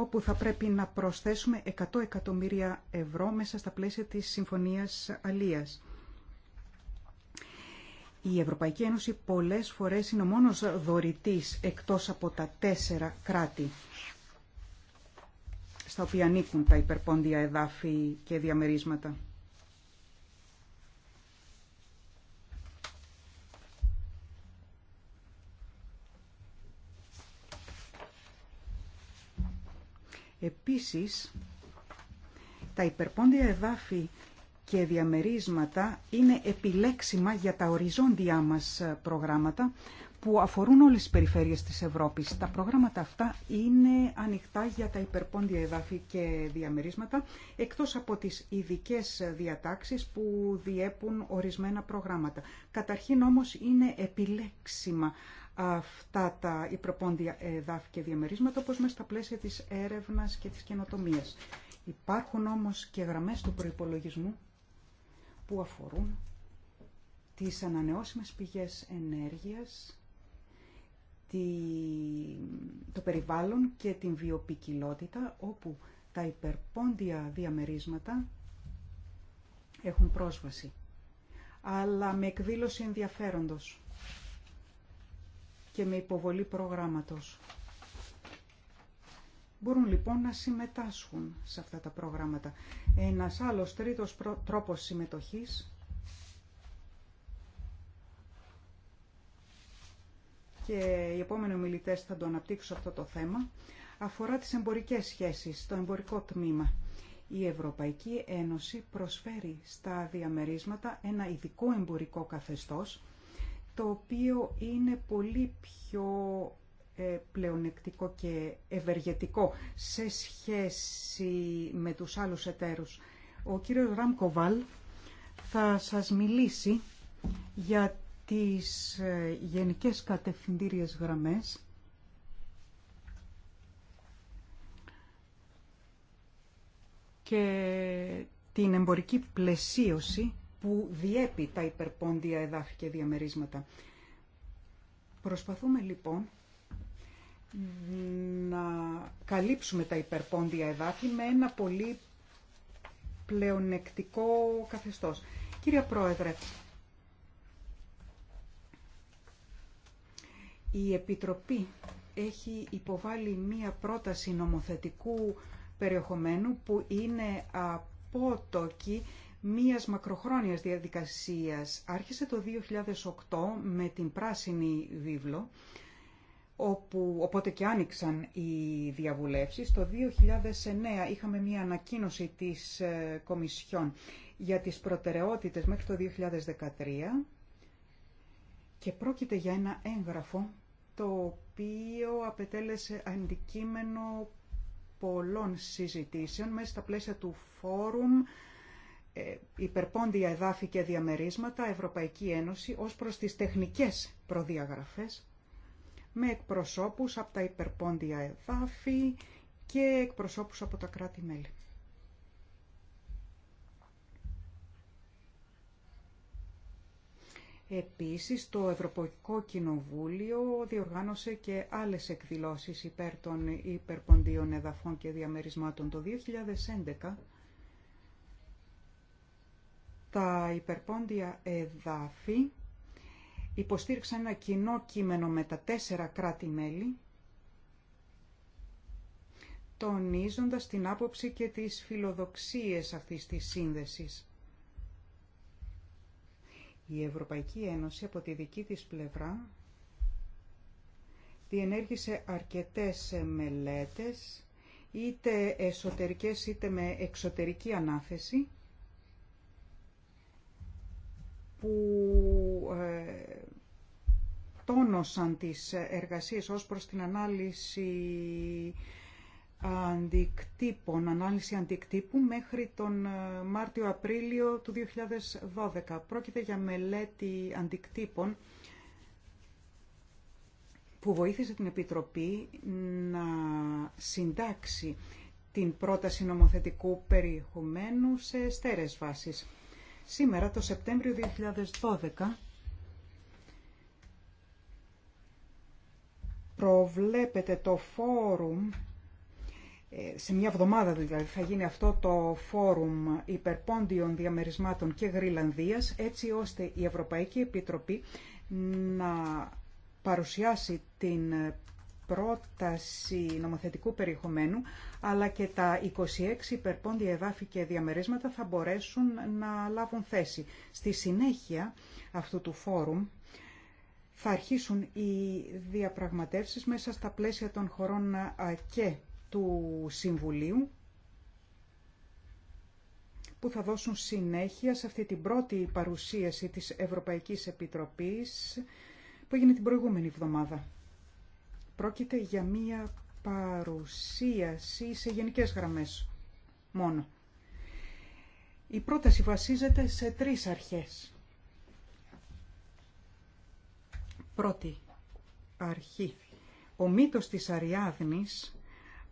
όπου θα πρέπει να προσθέσουμε 100 εκατομμύρια ευρώ μέσα στα πλαίσια της Συμφωνίας Αλίας. Η Ευρωπαϊκή Ένωση πολλές φορές είναι ο μόνος δωρητής εκτός από τα τέσσερα κράτη στα οποία ανήκουν τα υπερπόντια εδάφη και διαμερίσματα. Επίσης, τα υπερπόντια εδάφη και διαμερίσματα είναι επιλέξιμα για τα οριζόντια μας προγράμματα που αφορούν όλες τις περιφέρειες της Ευρώπης. Τα προγράμματα αυτά είναι ανοιχτά για τα υπερπόντια εδάφη και διαμερίσματα, εκτός από τις ειδικέ διατάξεις που διέπουν ορισμένα προγράμματα. Καταρχήν όμως είναι επιλέξιμα αυτά τα υπροπόντια εδάφη και διαμερίσματα, όπως μέσα στα πλαίσια της έρευνας και της καινοτομίας. Υπάρχουν όμως και γραμμές του προϋπολογισμού που αφορούν τις ανανεώσιμες πηγές ενέργειας, το περιβάλλον και την βιοπικιλότητα, όπου τα υπερπόντια διαμερίσματα έχουν πρόσβαση, αλλά με εκδήλωση ενδιαφέροντος και με υποβολή προγράμματος. Μπορούν λοιπόν να συμμετάσχουν σε αυτά τα προγράμματα. Ένας άλλος τρίτος τρόπος συμμετοχής και οι επόμενοι ομιλητέ θα το αναπτύξουν αυτό το θέμα, αφορά τις εμπορικές σχέσεις, το εμπορικό τμήμα. Η Ευρωπαϊκή Ένωση προσφέρει στα διαμερίσματα ένα ειδικό εμπορικό καθεστώς το οποίο είναι πολύ πιο ε, πλεονεκτικό και ευεργετικό σε σχέση με τους άλλους εταίρους. Ο κύριος Ράμκοβαλ θα σας μιλήσει για τις ε, γενικές κατευθυντήριες γραμμές και την εμπορική πλαισίωση που διέπει τα υπερπόντια εδάφη και διαμερίσματα. Προσπαθούμε λοιπόν να καλύψουμε τα υπερπόντια εδάφη με ένα πολύ πλεονεκτικό καθεστώς. Κύριε Πρόεδρε, η Επιτροπή έχει υποβάλει μία πρόταση νομοθετικού περιεχομένου που είναι απότοκη μίας μακροχρόνιας διαδικασίας. Άρχισε το 2008 με την πράσινη βίβλο, όπου, οπότε και άνοιξαν οι διαβουλεύσεις. Το 2009 είχαμε μία ανακοίνωση της ε, Κομισιόν για τις προτεραιότητες μέχρι το 2013 και πρόκειται για ένα έγγραφο το οποίο απετέλεσε αντικείμενο πολλών συζητήσεων μέσα στα πλαίσια του φόρουμ ε, υπερπόντια εδάφη και διαμερίσματα, Ευρωπαϊκή Ένωση, ως προς τις τεχνικές προδιαγραφές, με εκπροσώπους από τα υπερπόντια εδάφη και εκπροσώπους από τα κράτη-μέλη. Επίσης, το Ευρωπαϊκό Κοινοβούλιο διοργάνωσε και άλλες εκδηλώσεις υπέρ των υπερποντίων εδαφών και διαμερισμάτων το 2011 τα υπερπόντια εδάφη υποστήριξαν ένα κοινό κείμενο με τα τέσσερα κράτη-μέλη, τονίζοντας την άποψη και τις φιλοδοξίες αυτής της σύνδεσης. Η Ευρωπαϊκή Ένωση από τη δική της πλευρά διενέργησε αρκετές μελέτες, είτε εσωτερικές είτε με εξωτερική ανάθεση, που ε, τόνωσαν τις εργασίες ως προς την ανάλυση αντικτύπων, ανάλυση αντικτύπου μέχρι τον ε, Μάρτιο-Απρίλιο του 2012. Πρόκειται για μελέτη αντικτύπων που βοήθησε την Επιτροπή να συντάξει την πρόταση νομοθετικού περιεχομένου σε στέρες βάσεις. Σήμερα, το Σεπτέμβριο 2012, προβλέπεται το φόρουμ, ε, σε μια εβδομάδα δηλαδή θα γίνει αυτό το φόρουμ υπερπόντιων διαμερισμάτων και Γρυλανδίας, έτσι ώστε η Ευρωπαϊκή Επιτροπή να παρουσιάσει την πρόταση νομοθετικού περιεχομένου, αλλά και τα 26 υπερπόντια εδάφη και διαμερίσματα θα μπορέσουν να λάβουν θέση. Στη συνέχεια αυτού του φόρουμ θα αρχίσουν οι διαπραγματεύσεις μέσα στα πλαίσια των χωρών και του Συμβουλίου, που θα δώσουν συνέχεια σε αυτή την πρώτη παρουσίαση της Ευρωπαϊκής Επιτροπής που έγινε την προηγούμενη εβδομάδα. Πρόκειται για μία παρουσίαση σε γενικές γραμμές μόνο. Η πρόταση βασίζεται σε τρεις αρχές. Πρώτη αρχή. Ο μύτος της Αριάδνης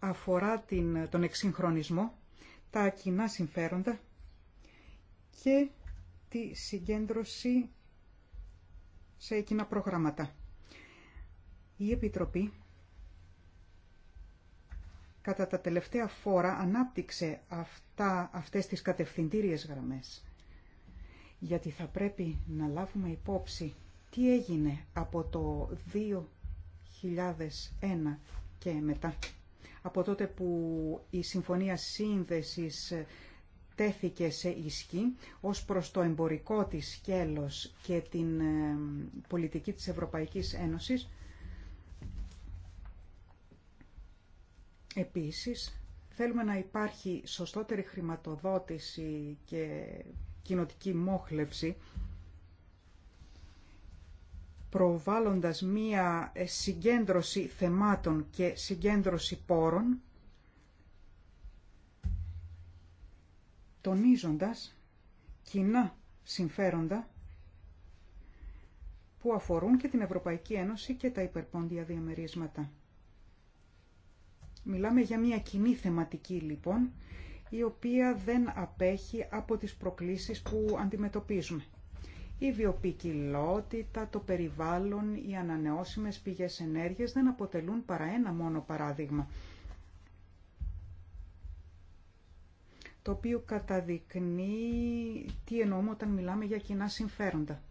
αφορά την, τον εξυγχρονισμό, τα κοινά συμφέροντα και τη συγκέντρωση σε εκείνα προγράμματα. Η Επιτροπή κατά τα τελευταία φόρα ανάπτυξε αυτά, αυτές τις κατευθυντήριες γραμμές. Γιατί θα πρέπει να λάβουμε υπόψη τι έγινε από το 2001 και μετά. Από τότε που η Συμφωνία Σύνδεσης τέθηκε σε ισχύ ως προς το εμπορικό της σκέλος και την ε, πολιτική της Ευρωπαϊκής Ένωσης, Επίσης, θέλουμε να υπάρχει σωστότερη χρηματοδότηση και κοινοτική μόχλευση, προβάλλοντας μία ε, συγκέντρωση θεμάτων και συγκέντρωση πόρων, τονίζοντας κοινά συμφέροντα που αφορούν και την Ευρωπαϊκή Ένωση και τα υπερπόντια διαμερίσματα. Μιλάμε για μια κοινή θεματική λοιπόν, η οποία δεν απέχει από τις προκλήσεις που αντιμετωπίζουμε. Η βιοπικιλότητα, το περιβάλλον, οι ανανεώσιμες πηγές ενέργειας δεν αποτελούν παρά ένα μόνο παράδειγμα, το οποίο καταδεικνύει τι εννοούμε όταν μιλάμε για κοινά συμφέροντα.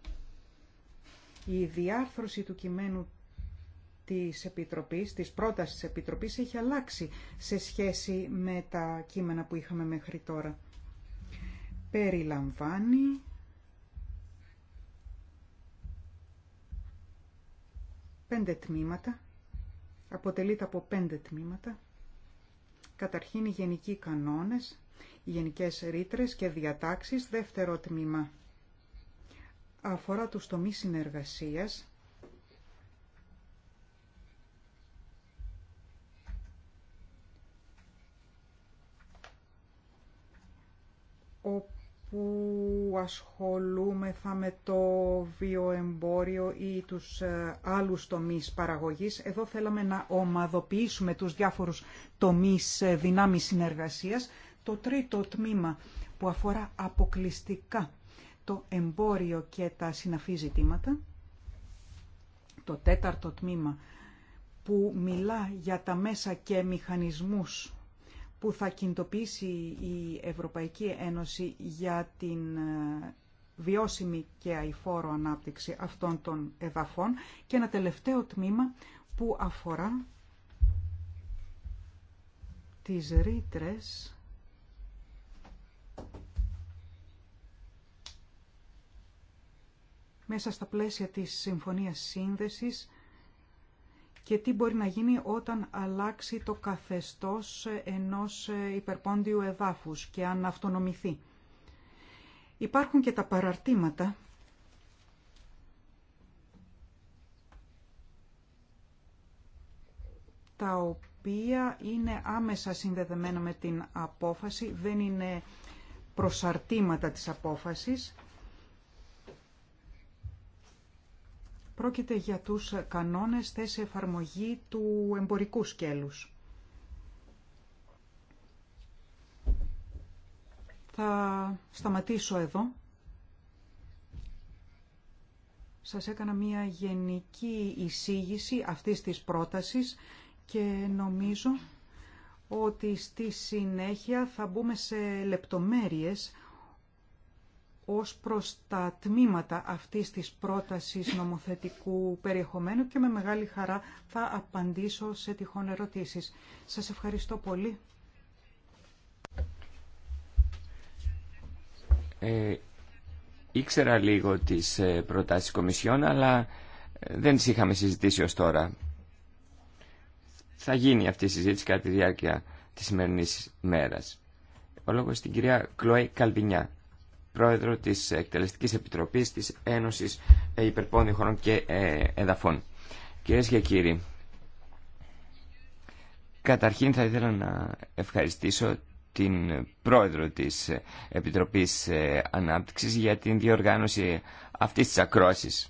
Η διάρθρωση του κειμένου της Επιτροπής, της πρότασης της Επιτροπής έχει αλλάξει σε σχέση με τα κείμενα που είχαμε μέχρι τώρα. Περιλαμβάνει πέντε τμήματα, αποτελείται από πέντε τμήματα. Καταρχήν οι γενικοί κανόνες, οι γενικές ρήτρες και διατάξεις, δεύτερο τμήμα. Αφορά τους τομείς συνεργασίας, όπου ασχολούμεθα με το βιοεμπόριο ή τους ε, άλλους τομείς παραγωγής. Εδώ θέλαμε να ομαδοποιήσουμε τους διάφορους τομείς ε, δυνάμεις συνεργασίας. Το τρίτο τμήμα που αφορά αποκλειστικά το εμπόριο και τα συναφή ζητήματα. Το τέταρτο τμήμα που μιλά για τα μέσα και μηχανισμούς που θα κινητοποιήσει η Ευρωπαϊκή Ένωση για την ε, βιώσιμη και αηφόρο ανάπτυξη αυτών των εδαφών και ένα τελευταίο τμήμα που αφορά τις ρήτρε μέσα στα πλαίσια της Συμφωνίας Σύνδεσης και τι μπορεί να γίνει όταν αλλάξει το καθεστώς ενός υπερπόντιου εδάφους και αν αυτονομηθεί. Υπάρχουν και τα παραρτήματα τα οποία είναι άμεσα συνδεδεμένα με την απόφαση, δεν είναι προσαρτήματα της απόφασης Πρόκειται για τους κανόνες θέση εφαρμογή του εμπορικού σκέλους. Θα σταματήσω εδώ. Σας έκανα μια γενική εισήγηση αυτής της πρότασης και νομίζω ότι στη συνέχεια θα μπούμε σε λεπτομέρειες ως προς τα τμήματα αυτής της πρότασης νομοθετικού περιεχομένου και με μεγάλη χαρά θα απαντήσω σε τυχόν ερωτήσεις. Σας ευχαριστώ πολύ. Ε, ήξερα λίγο τις ε, προτάσεις Κομισιόν, αλλά ε, δεν τις είχαμε συζητήσει ως τώρα. Θα γίνει αυτή η συζήτηση κατά τη διάρκεια της σημερινής μέρας. Ο λόγος στην κυρία Κλοέ Καλβινιά πρόεδρο της Εκτελεστική Επιτροπή της Ένωση Υπερπόντιων Χωρών και ε, Εδαφών. Κυρίε και κύριοι, καταρχήν θα ήθελα να ευχαριστήσω την πρόεδρο της Επιτροπής ε, Ανάπτυξης για την διοργάνωση αυτής της ακρόασης,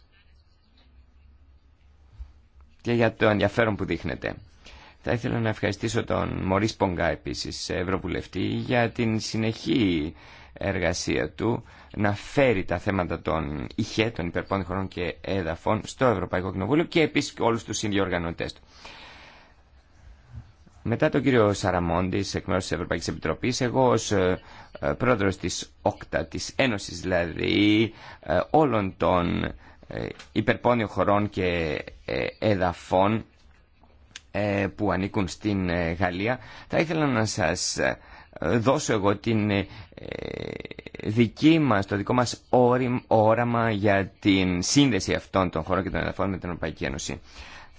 και για το ενδιαφέρον που δείχνετε. Θα ήθελα να ευχαριστήσω τον Μωρίς Πονγκά επίσης, Ευρωβουλευτή, για την συνεχή εργασία του να φέρει τα θέματα των ΙΧΕ, των υπερπών χωρών και έδαφων στο Ευρωπαϊκό Κοινοβούλιο και επίσης όλους τους συνδιοργανωτές του. Μετά τον κύριο Σαραμόντη, εκ μέρου τη Ευρωπαϊκή Επιτροπή, εγώ ω ε, ε, πρόεδρο τη ΟΚΤΑ, τη Ένωση δηλαδή ε, όλων των υπερπόνιων χωρών και εδαφών που ανήκουν στην Γαλλία, θα ήθελα να σας δώσω εγώ την ε, δική μας, το δικό μας όραμα για την σύνδεση αυτών των χωρών και των εδαφών με την Ευρωπαϊκή Ένωση.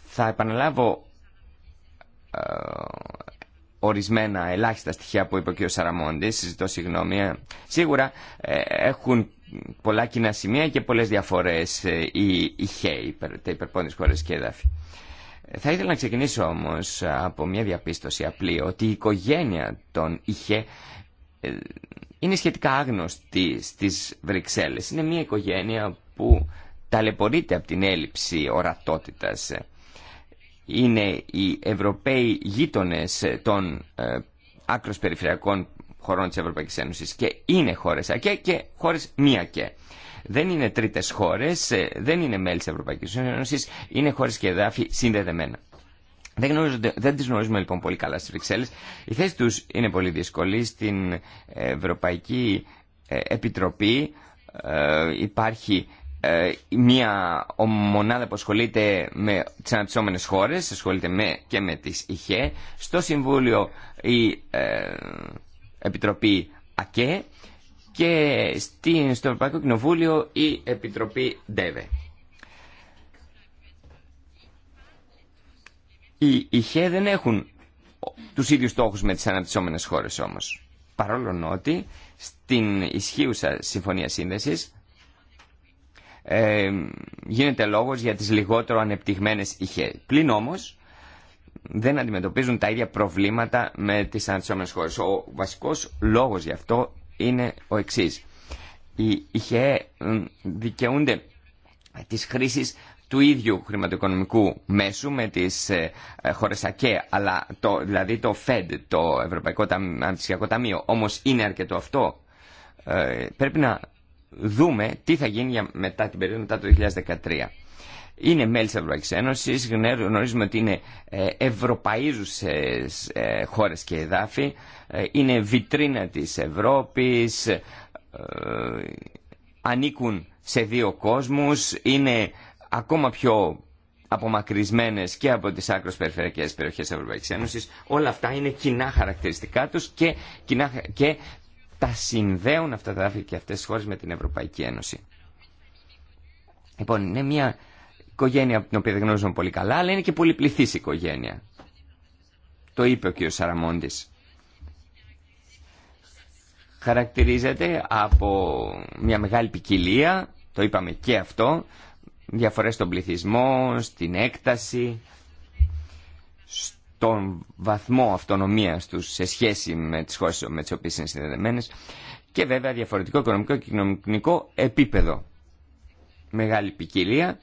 Θα επαναλάβω ε, ορισμένα ελάχιστα στοιχεία που είπε ο κ. Σαραμόντη, συζητώ συγγνώμη. Ε. Σίγουρα έχουν πολλά κοινά σημεία και πολλές διαφορές οι, οι χέοι, τα υπερπόντες χώρες και εδάφη. Θα ήθελα να ξεκινήσω όμως από μια διαπίστωση απλή ότι η οικογένεια των είχε ε, είναι σχετικά άγνωστη στις Βρυξέλλες. Είναι μια οικογένεια που ταλαιπωρείται από την έλλειψη ορατότητας. Είναι οι Ευρωπαίοι γείτονες των άκρο ε, άκρος περιφερειακών χωρών της Ευρωπαϊκής Ένωσης και είναι χώρες ΑΚΕ και χώρες μία ΑΚΕ δεν είναι τρίτες χώρες, ε, δεν είναι μέλη τη Ευρωπαϊκή Ένωση, είναι χώρες και εδάφη συνδεδεμένα. Δεν, γνωρίζονται, δεν τις γνωρίζουμε λοιπόν πολύ καλά στις Βρυξέλλες. Η θέση τους είναι πολύ δύσκολη. Στην Ευρωπαϊκή ε, Επιτροπή ε, υπάρχει μια μονάδα που ασχολείται με τις αναπτυσσόμενες χώρες, ασχολείται με, και με τις ΙΧΕ. Στο Συμβούλιο η Επιτροπή ΑΚΕ και στο Ευρωπαϊκό Κοινοβούλιο η Επιτροπή ΔΕΒΕ. Οι ΙΧΕ δεν έχουν τους ίδιους στόχους με τις αναπτυσσόμενες χώρες όμως. Παρόλο ότι στην ισχύουσα συμφωνία σύνδεσης ε, γίνεται λόγος για τις λιγότερο ανεπτυγμένες ΙΧΕ. Πλην όμως δεν αντιμετωπίζουν τα ίδια προβλήματα με τις αναπτυσσόμενες χώρες. Ο βασικός λόγος γι' αυτό είναι ο εξή. Οι ΙΧΕ δικαιούνται της χρήσης του ίδιου χρηματοοικονομικού μέσου με τι ε, ε ΑΚΕ, αλλά το, δηλαδή το ΦΕΔ, το Ευρωπαϊκό Αναπτυξιακό Ταμείο, όμω είναι αρκετό αυτό. Ε, πρέπει να δούμε τι θα γίνει μετά την περίοδο μετά το 2013 είναι μέλη της Ευρωπαϊκής Ένωση. γνωρίζουμε ότι είναι ε, ευρωπαϊζουσε ε, χώρες και εδάφη, ε, είναι βιτρίνα της Ευρώπης, ανήκουν σε δύο κόσμου, είναι ακόμα πιο απομακρυσμένες και από τις άκρως περιφερειακές περιοχές της Ευρωπαϊκής Ένωσης. Όλα αυτά είναι κοινά χαρακτηριστικά τους και, και τα συνδέουν αυτά τα έδαφη και αυτέ τι χώρε με την Ευρωπαϊκή Ένωση. Λοιπόν, είναι μια οικογένεια την οποία δεν γνωρίζουμε πολύ καλά, αλλά είναι και πολυπληθής οικογένεια. Το είπε ο κ. Σαραμόντης. Χαρακτηρίζεται από μια μεγάλη ποικιλία, το είπαμε και αυτό, διαφορές στον πληθυσμό, στην έκταση, στον βαθμό αυτονομίας τους σε σχέση με τις χώρες με τις οποίες είναι συνδεδεμένες και βέβαια διαφορετικό οικονομικό και κοινωνικό επίπεδο. Μεγάλη ποικιλία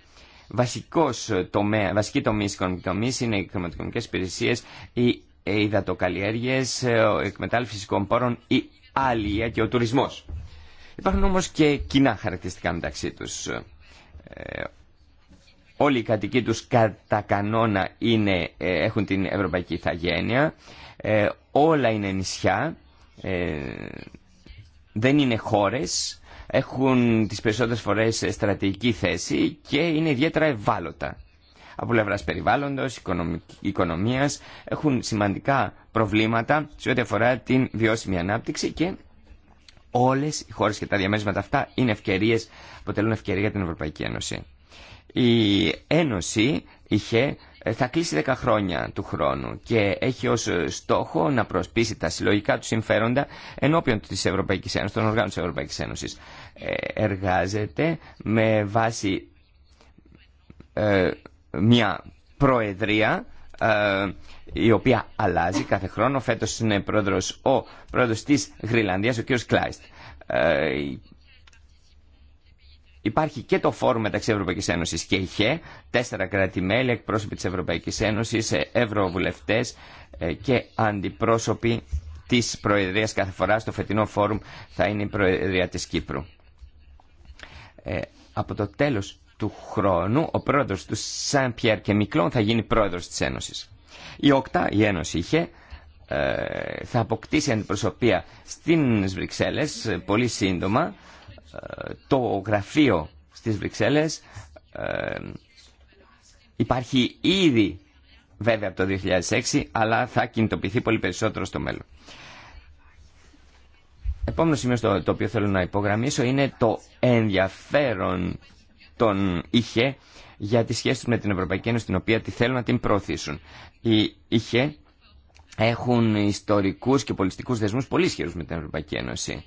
Βασικός τομέα, βασική τομή τομή είναι οι χρηματοοικονομικέ υπηρεσίε, οι ε, υδατοκαλλιέργειε, ε, η εκμετάλλευση φυσικών πόρων, η αλληλεία και ο τουρισμό. Υπάρχουν όμως και κοινά χαρακτηριστικά μεταξύ τους. Ε, όλοι οι κατοικοί του κατά κανόνα είναι, έχουν την ευρωπαϊκή ηθαγένεια. όλα είναι νησιά. δεν είναι χώρες έχουν τις περισσότερες φορές στρατηγική θέση και είναι ιδιαίτερα ευάλωτα. Από πλευρά περιβάλλοντος, οικονομίας έχουν σημαντικά προβλήματα σε ό,τι αφορά την βιώσιμη ανάπτυξη και όλες οι χώρες και τα διαμέσματα αυτά είναι ευκαιρίες, αποτελούν ευκαιρία για την Ευρωπαϊκή Ένωση. Η Ένωση είχε ε, θα κλείσει 10 χρόνια του χρόνου και έχει ως ε, στόχο να προσπίσει τα συλλογικά του συμφέροντα ενώπιον της Ευρωπαϊκής Ένωσης, των οργάνων της Ευρωπαϊκής Ένωσης. Ε, εργάζεται με βάση μια προεδρία η οποία αλλάζει κάθε χρόνο. Φέτος είναι πρόεδρος, ο πρόεδρος της Γρυλανδίας, ο κ. Κλάιστ. Υπάρχει και το φόρουμ μεταξύ Ευρωπαϊκή Ένωση και ΧΕ. τέσσερα κράτη-μέλη, εκπρόσωποι τη Ευρωπαϊκή Ένωση, ε, ευρωβουλευτέ ε, και αντιπρόσωποι τη Προεδρία κάθε φορά. Στο φετινό φόρουμ θα είναι η Προεδρία τη Κύπρου. Ε, από το τέλο του χρόνου, ο πρόεδρο του Σαν Πιέρ και Μικλόν θα γίνει πρόεδρο τη Ένωση. Η ΟΚΤΑ, η Ένωση ΧΕ, θα αποκτήσει αντιπροσωπεία στι Βρυξέλλε πολύ σύντομα το γραφείο στις Βρυξέλλες ε, υπάρχει ήδη βέβαια από το 2006 αλλά θα κινητοποιηθεί πολύ περισσότερο στο μέλλον. Επόμενο σημείο στο, το οποίο θέλω να υπογραμμίσω είναι το ενδιαφέρον των ΙΧΕ για τις σχέσεις με την Ευρωπαϊκή Ένωση την οποία τη θέλουν να την προωθήσουν. Οι ΙΧΕ έχουν ιστορικούς και πολιτιστικούς δεσμούς πολύ ισχυρούς με την Ευρωπαϊκή Ένωση.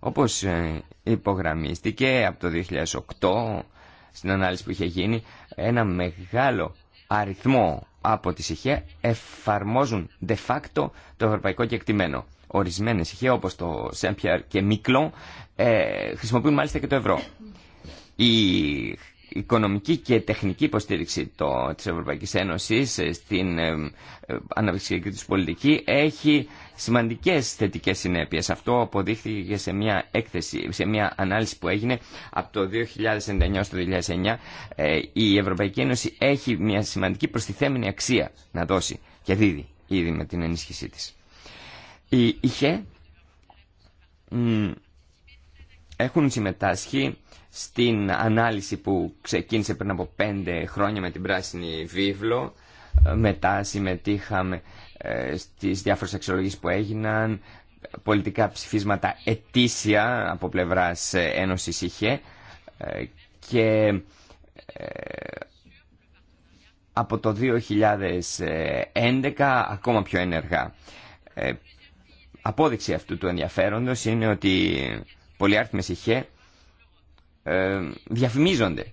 Όπως ε, υπογραμμίστηκε από το 2008 στην ανάλυση που είχε γίνει, ένα μεγάλο αριθμό από τις ηχεία εφαρμόζουν de facto το ευρωπαϊκό κεκτημένο. Ορισμένες συχέ όπως το Σέμπιαρ και Μικλό ε, χρησιμοποιούν μάλιστα και το ευρώ. Η οικονομική και τεχνική υποστήριξη τη της Ευρωπαϊκής Ένωσης ε, στην ε, ε, αναπτυξιακή της πολιτική έχει σημαντικές θετικές συνέπειες. Αυτό αποδείχθηκε σε μια έκθεση, σε μια ανάλυση που έγινε από το 2009 στο 2009. η Ευρωπαϊκή Ένωση έχει μια σημαντική προστιθέμενη αξία να δώσει και δίδει ήδη με την ενίσχυσή της. Η, έχουν συμμετάσχει στην ανάλυση που ξεκίνησε πριν από πέντε χρόνια με την πράσινη βίβλο. Ε, μετά συμμετείχαμε ε, στις διάφορες αξιολογίες που έγιναν, πολιτικά ψηφίσματα ετήσια από πλευράς ε, Ένωσης είχε και από το 2011 ακόμα πιο ενεργά. Απόδειξη αυτού του ενδιαφέροντος είναι ότι πολυάριθμες είχε ε, διαφημίζονται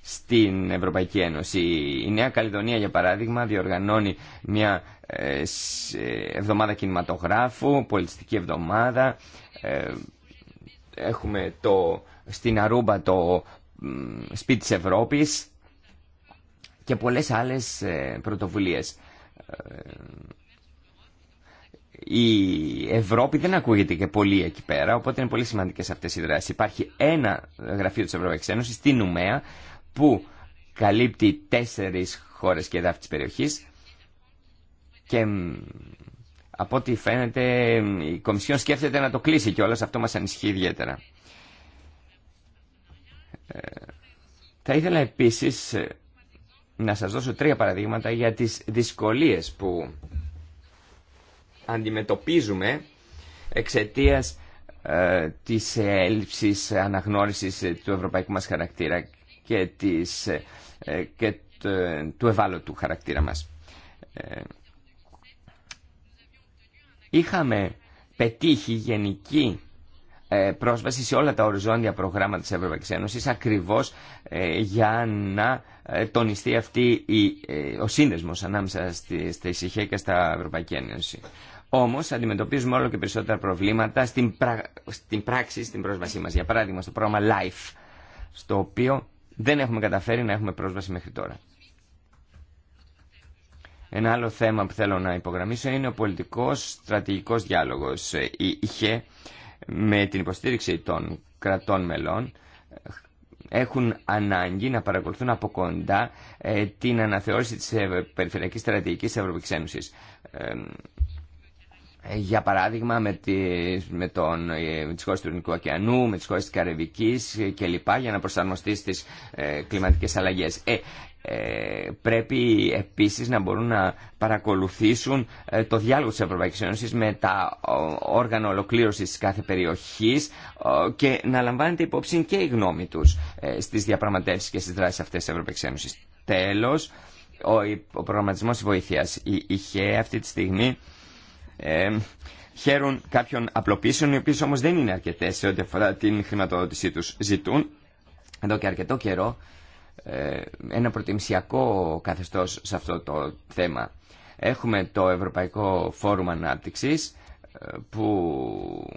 στην Ευρωπαϊκή Ένωση. Η Νέα Καλυδονία, για παράδειγμα, διοργανώνει μια ε, ε, εβδομάδα κινηματογράφου, πολιτιστική εβδομάδα. Έχουμε το, στην Αρούμπα το σπίτι της Ευρώπης και πολλές άλλες πρωτοβουλίες η Ευρώπη δεν ακούγεται και πολύ εκεί πέρα, οπότε είναι πολύ σημαντικές αυτές οι δρασει. Υπάρχει ένα γραφείο τη Ευρωπαϊκή Ένωση στην Ουμαία, που καλύπτει τέσσερι χώρες και εδάφη τη περιοχής και από ό,τι φαίνεται η Κομισιόν σκέφτεται να το κλείσει και όλα αυτό μας ανισχύει ιδιαίτερα. Ε, θα ήθελα επίσης να σας δώσω τρία παραδείγματα για τις δυσκολίες που αντιμετωπίζουμε εξαιτία ε, της έλλειψης αναγνώρισης του ευρωπαϊκού μας χαρακτήρα και, της, ε, και το, του ευάλωτου χαρακτήρα μας. Ε, είχαμε πετύχει γενική ε, πρόσβαση σε όλα τα οριζόντια προγράμματα της Ευρωπαϊκής Ένωσης ακριβώς ε, για να τονιστεί αυτή η, ο σύνδεσμος ανάμεσα στη, στη ΣΥΧΕ και στα Ευρωπαϊκή Ένωση όμω, αντιμετωπίζουμε όλο και περισσότερα προβλήματα στην, στην πράξη, στην πρόσβασή μας. Για παράδειγμα στο πρόγραμμα LIFE, στο οποίο δεν έχουμε καταφέρει να έχουμε πρόσβαση μέχρι τώρα. Ένα άλλο θέμα που θέλω να υπογραμμίσω είναι ο πολιτικός στρατηγικός διάλογος. Ε, είχε με την υποστήριξη των κρατών μελών έχουν ανάγκη να παρακολουθούν από κοντά ε, την αναθεώρηση της ε, περιφερειακής στρατηγικής Ευρωπαϊκής Ένωσης. Ε, για παράδειγμα με, τις, με, τον, ε, με τις χώρες του Ελληνικού Ωκεανού, με τις χώρες της Καρεβικής ε, κλπ. για να προσαρμοστεί στις ε, κλιματικές αλλαγές. Ε, πρέπει επίσης να μπορούν να παρακολουθήσουν το διάλογο της Ευρωπαϊκής Ένωσης με τα όργανα ολοκλήρωσης της κάθε περιοχής και να λαμβάνεται υπόψη και η γνώμη τους στις διαπραγματεύσεις και στις δράσεις αυτές της Ευρωπαϊκής Ένωσης. Τέλος, ο, ο προγραμματισμός βοήθειας. Η, αυτή τη στιγμή ε, χαίρουν κάποιων απλοποίησεων, οι οποίε όμω δεν είναι αρκετέ σε ό,τι αφορά την χρηματοδότησή του. Ζητούν εδώ και αρκετό καιρό ε, ένα προτιμησιακό καθεστώ σε αυτό το θέμα. Έχουμε το Ευρωπαϊκό Φόρουμ Ανάπτυξης ε, που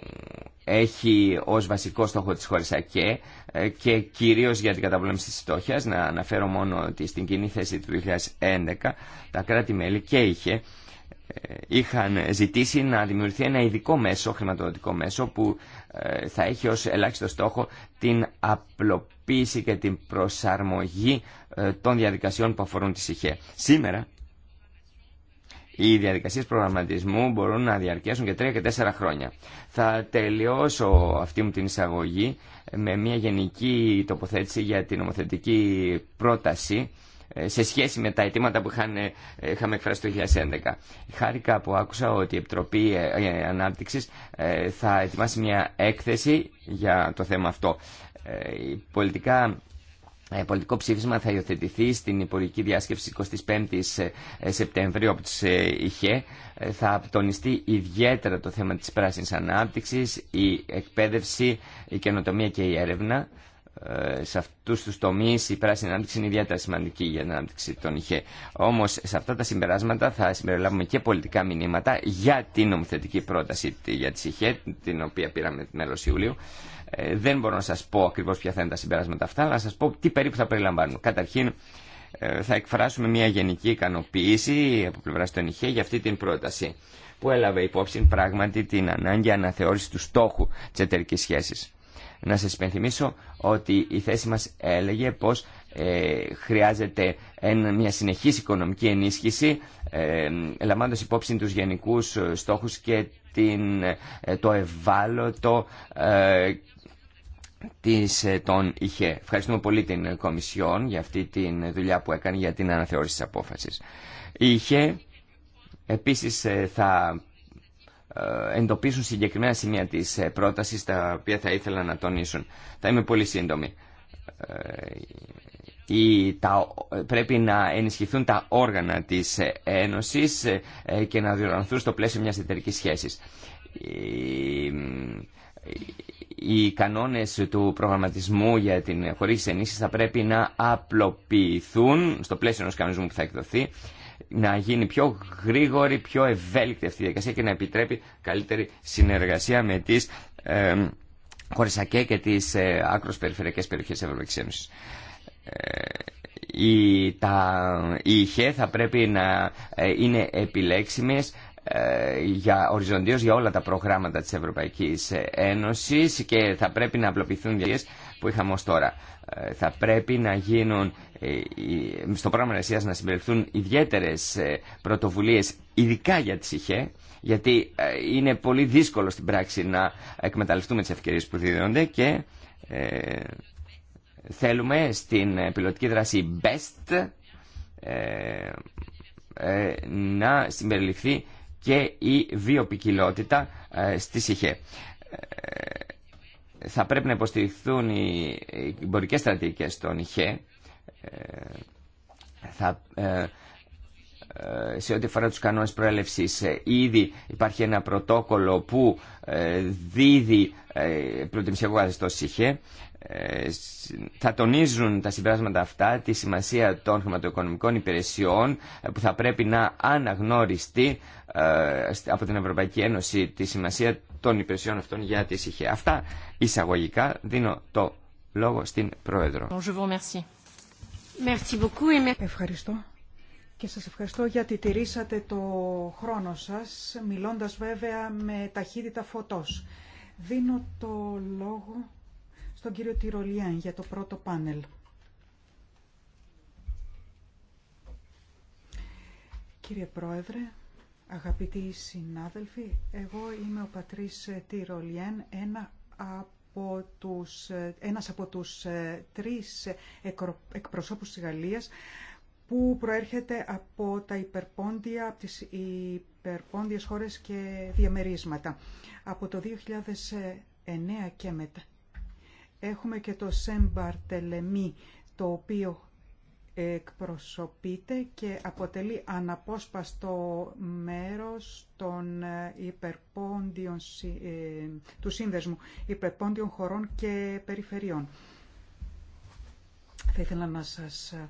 έχει ως βασικό στόχο της χώρας ΑΚΕ ε, και κυρίως για την καταβολή της φτώχεια. να αναφέρω μόνο ότι στην κοινή θέση του 2011 τα κράτη-μέλη και είχε είχαν ζητήσει να δημιουργηθεί ένα ειδικό μέσο, χρηματοδοτικό μέσο, που ε, θα έχει ως ελάχιστο στόχο την απλοποίηση και την προσαρμογή ε, των διαδικασιών που αφορούν τη ΣΥΧΕ. Σήμερα, οι διαδικασίες προγραμματισμού μπορούν να διαρκέσουν και τρία και τέσσερα χρόνια. Θα τελειώσω αυτή μου την εισαγωγή με μια γενική τοποθέτηση για την νομοθετική πρόταση ε, σε σχέση με τα αιτήματα που ε, είχαμε εκφράσει το 2011. Χάρηκα που άκουσα ότι η Επιτροπή ε, Ανάπτυξης θα ετοιμάσει μια έκθεση για το θέμα αυτό. Η πολιτικό ψήφισμα θα υιοθετηθεί στην υπουργική διάσκεψη 25 Σεπτεμβρίου από τις ΙΧΕ. Θα τονιστεί ιδιαίτερα το θέμα της πράσινης ανάπτυξης, η εκπαίδευση, η καινοτομία και η έρευνα. Ε, σε αυτού του τομεί η πράσινη ανάπτυξη είναι ιδιαίτερα σημαντική για την ανάπτυξη των ΙΧΕ. Όμω σε αυτά τα συμπεράσματα θα συμπεριλάβουμε και πολιτικά μηνύματα για την νομοθετική πρόταση για τι ΙΧΕ, την οποία πήραμε μέλο Ιουλίου. Ε, δεν μπορώ να σα πω ακριβώ ποια θα είναι τα συμπεράσματα αυτά, αλλά να σα πω τι περίπου θα περιλαμβάνουν. Καταρχήν, ε, θα εκφράσουμε μια γενική ικανοποίηση από πλευρά των ΙΧΕ για αυτή την πρόταση που έλαβε υπόψη πράγματι την ανάγκη αναθεώρηση του στόχου τη εταιρική σχέση να σας υπενθυμίσω ότι η θέση μας έλεγε πως ε, χρειάζεται μια συνεχής οικονομική ενίσχυση ε, λαμβάνοντας υπόψη τους γενικούς ε, στόχους και την, ε, το ευάλωτο ε, της, ε, τον είχε. Ευχαριστούμε πολύ την Κομισιόν για αυτή τη δουλειά που έκανε για την αναθεώρηση της απόφασης. Είχε, επίσης θα ε, εντοπίσουν συγκεκριμένα σημεία της ε, πρότασης τα οποία θα ήθελα να τονίσουν. Θα είμαι πολύ σύντομη. Ε, η, τα, πρέπει να ενισχυθούν τα όργανα της Ένωσης και να διοργανωθούν στο πλαίσιο μιας εταιρικής σχέσης. Οι, οι κανόνες του προγραμματισμού για την χωρίς ενίσχυση θα πρέπει να απλοποιηθούν στο πλαίσιο ενός κανονισμού που θα εκδοθεί να γίνει πιο γρήγορη, πιο ευέλικτη αυτή η διαδικασία και να επιτρέπει καλύτερη συνεργασία με τις ε, ΑΚΕ και τις ε, άκρος περιφερειακές περιοχές της Ευρωπαϊκής οι, ε, τα, ΙΧΕ θα πρέπει να ε, είναι επιλέξιμες ε, για οριζοντίως για όλα τα προγράμματα της Ευρωπαϊκής Ένωσης και θα πρέπει να απλοποιηθούν διαδικασίες που είχαμε ω τώρα. Ε, θα πρέπει να γίνουν ε, στο πρόγραμμα εργασία να συμπεριληφθούν ιδιαίτερε πρωτοβουλίε, ειδικά για τη Συχέ, γιατί ε, είναι πολύ δύσκολο στην πράξη να εκμεταλλευτούμε τι ευκαιρίε που δίδονται και θέλουμε στην πιλωτική δράση BEST ε, να συμπεριληφθεί και η βιοπικιλότητα στη ΣΥΧΕ θα πρέπει να υποστηριχθούν οι εμπορικέ στρατηγικέ των ΙΧΕ ε, θα, ε, ε, σε ό,τι αφορά τους κανόνες προέλευσης ήδη υπάρχει ένα πρωτόκολλο που δίδει προτιμησιακό καθεστώς ΙΧΕ θα τονίζουν τα συμπεράσματα αυτά τη σημασία των χρηματοοικονομικών υπηρεσιών ε, που θα πρέπει να αναγνωριστεί ε, από την Ευρωπαϊκή Ένωση τη σημασία των υπηρεσιών αυτών για τη ΣΥΧΕ. Αυτά εισαγωγικά δίνω το λόγο στην Πρόεδρο. Ευχαριστώ. Και σας ευχαριστώ γιατί τηρήσατε το χρόνο σας, μιλώντας βέβαια με ταχύτητα φωτός. Δίνω το λόγο στον κύριο Τυρολιάν για το πρώτο πάνελ. Κύριε Πρόεδρε, αγαπητοί συνάδελφοι, εγώ είμαι ο Πατρίς Τυρολιέν, ένα από τους, ένας από τους ε, τρεις εκπροσώπους της Γαλλίας που προέρχεται από τα υπερπόντια, από τις υπερπόντιες χώρες και διαμερίσματα. Από το 2009 και μετά Έχουμε και το σέμπαρτελεμί το οποίο εκπροσωπείται και αποτελεί αναπόσπαστο μέρος των ε, υπερπόντιων, ε, του σύνδεσμου υπερπόντιων χωρών και περιφερειών. Θα ήθελα να σας ε,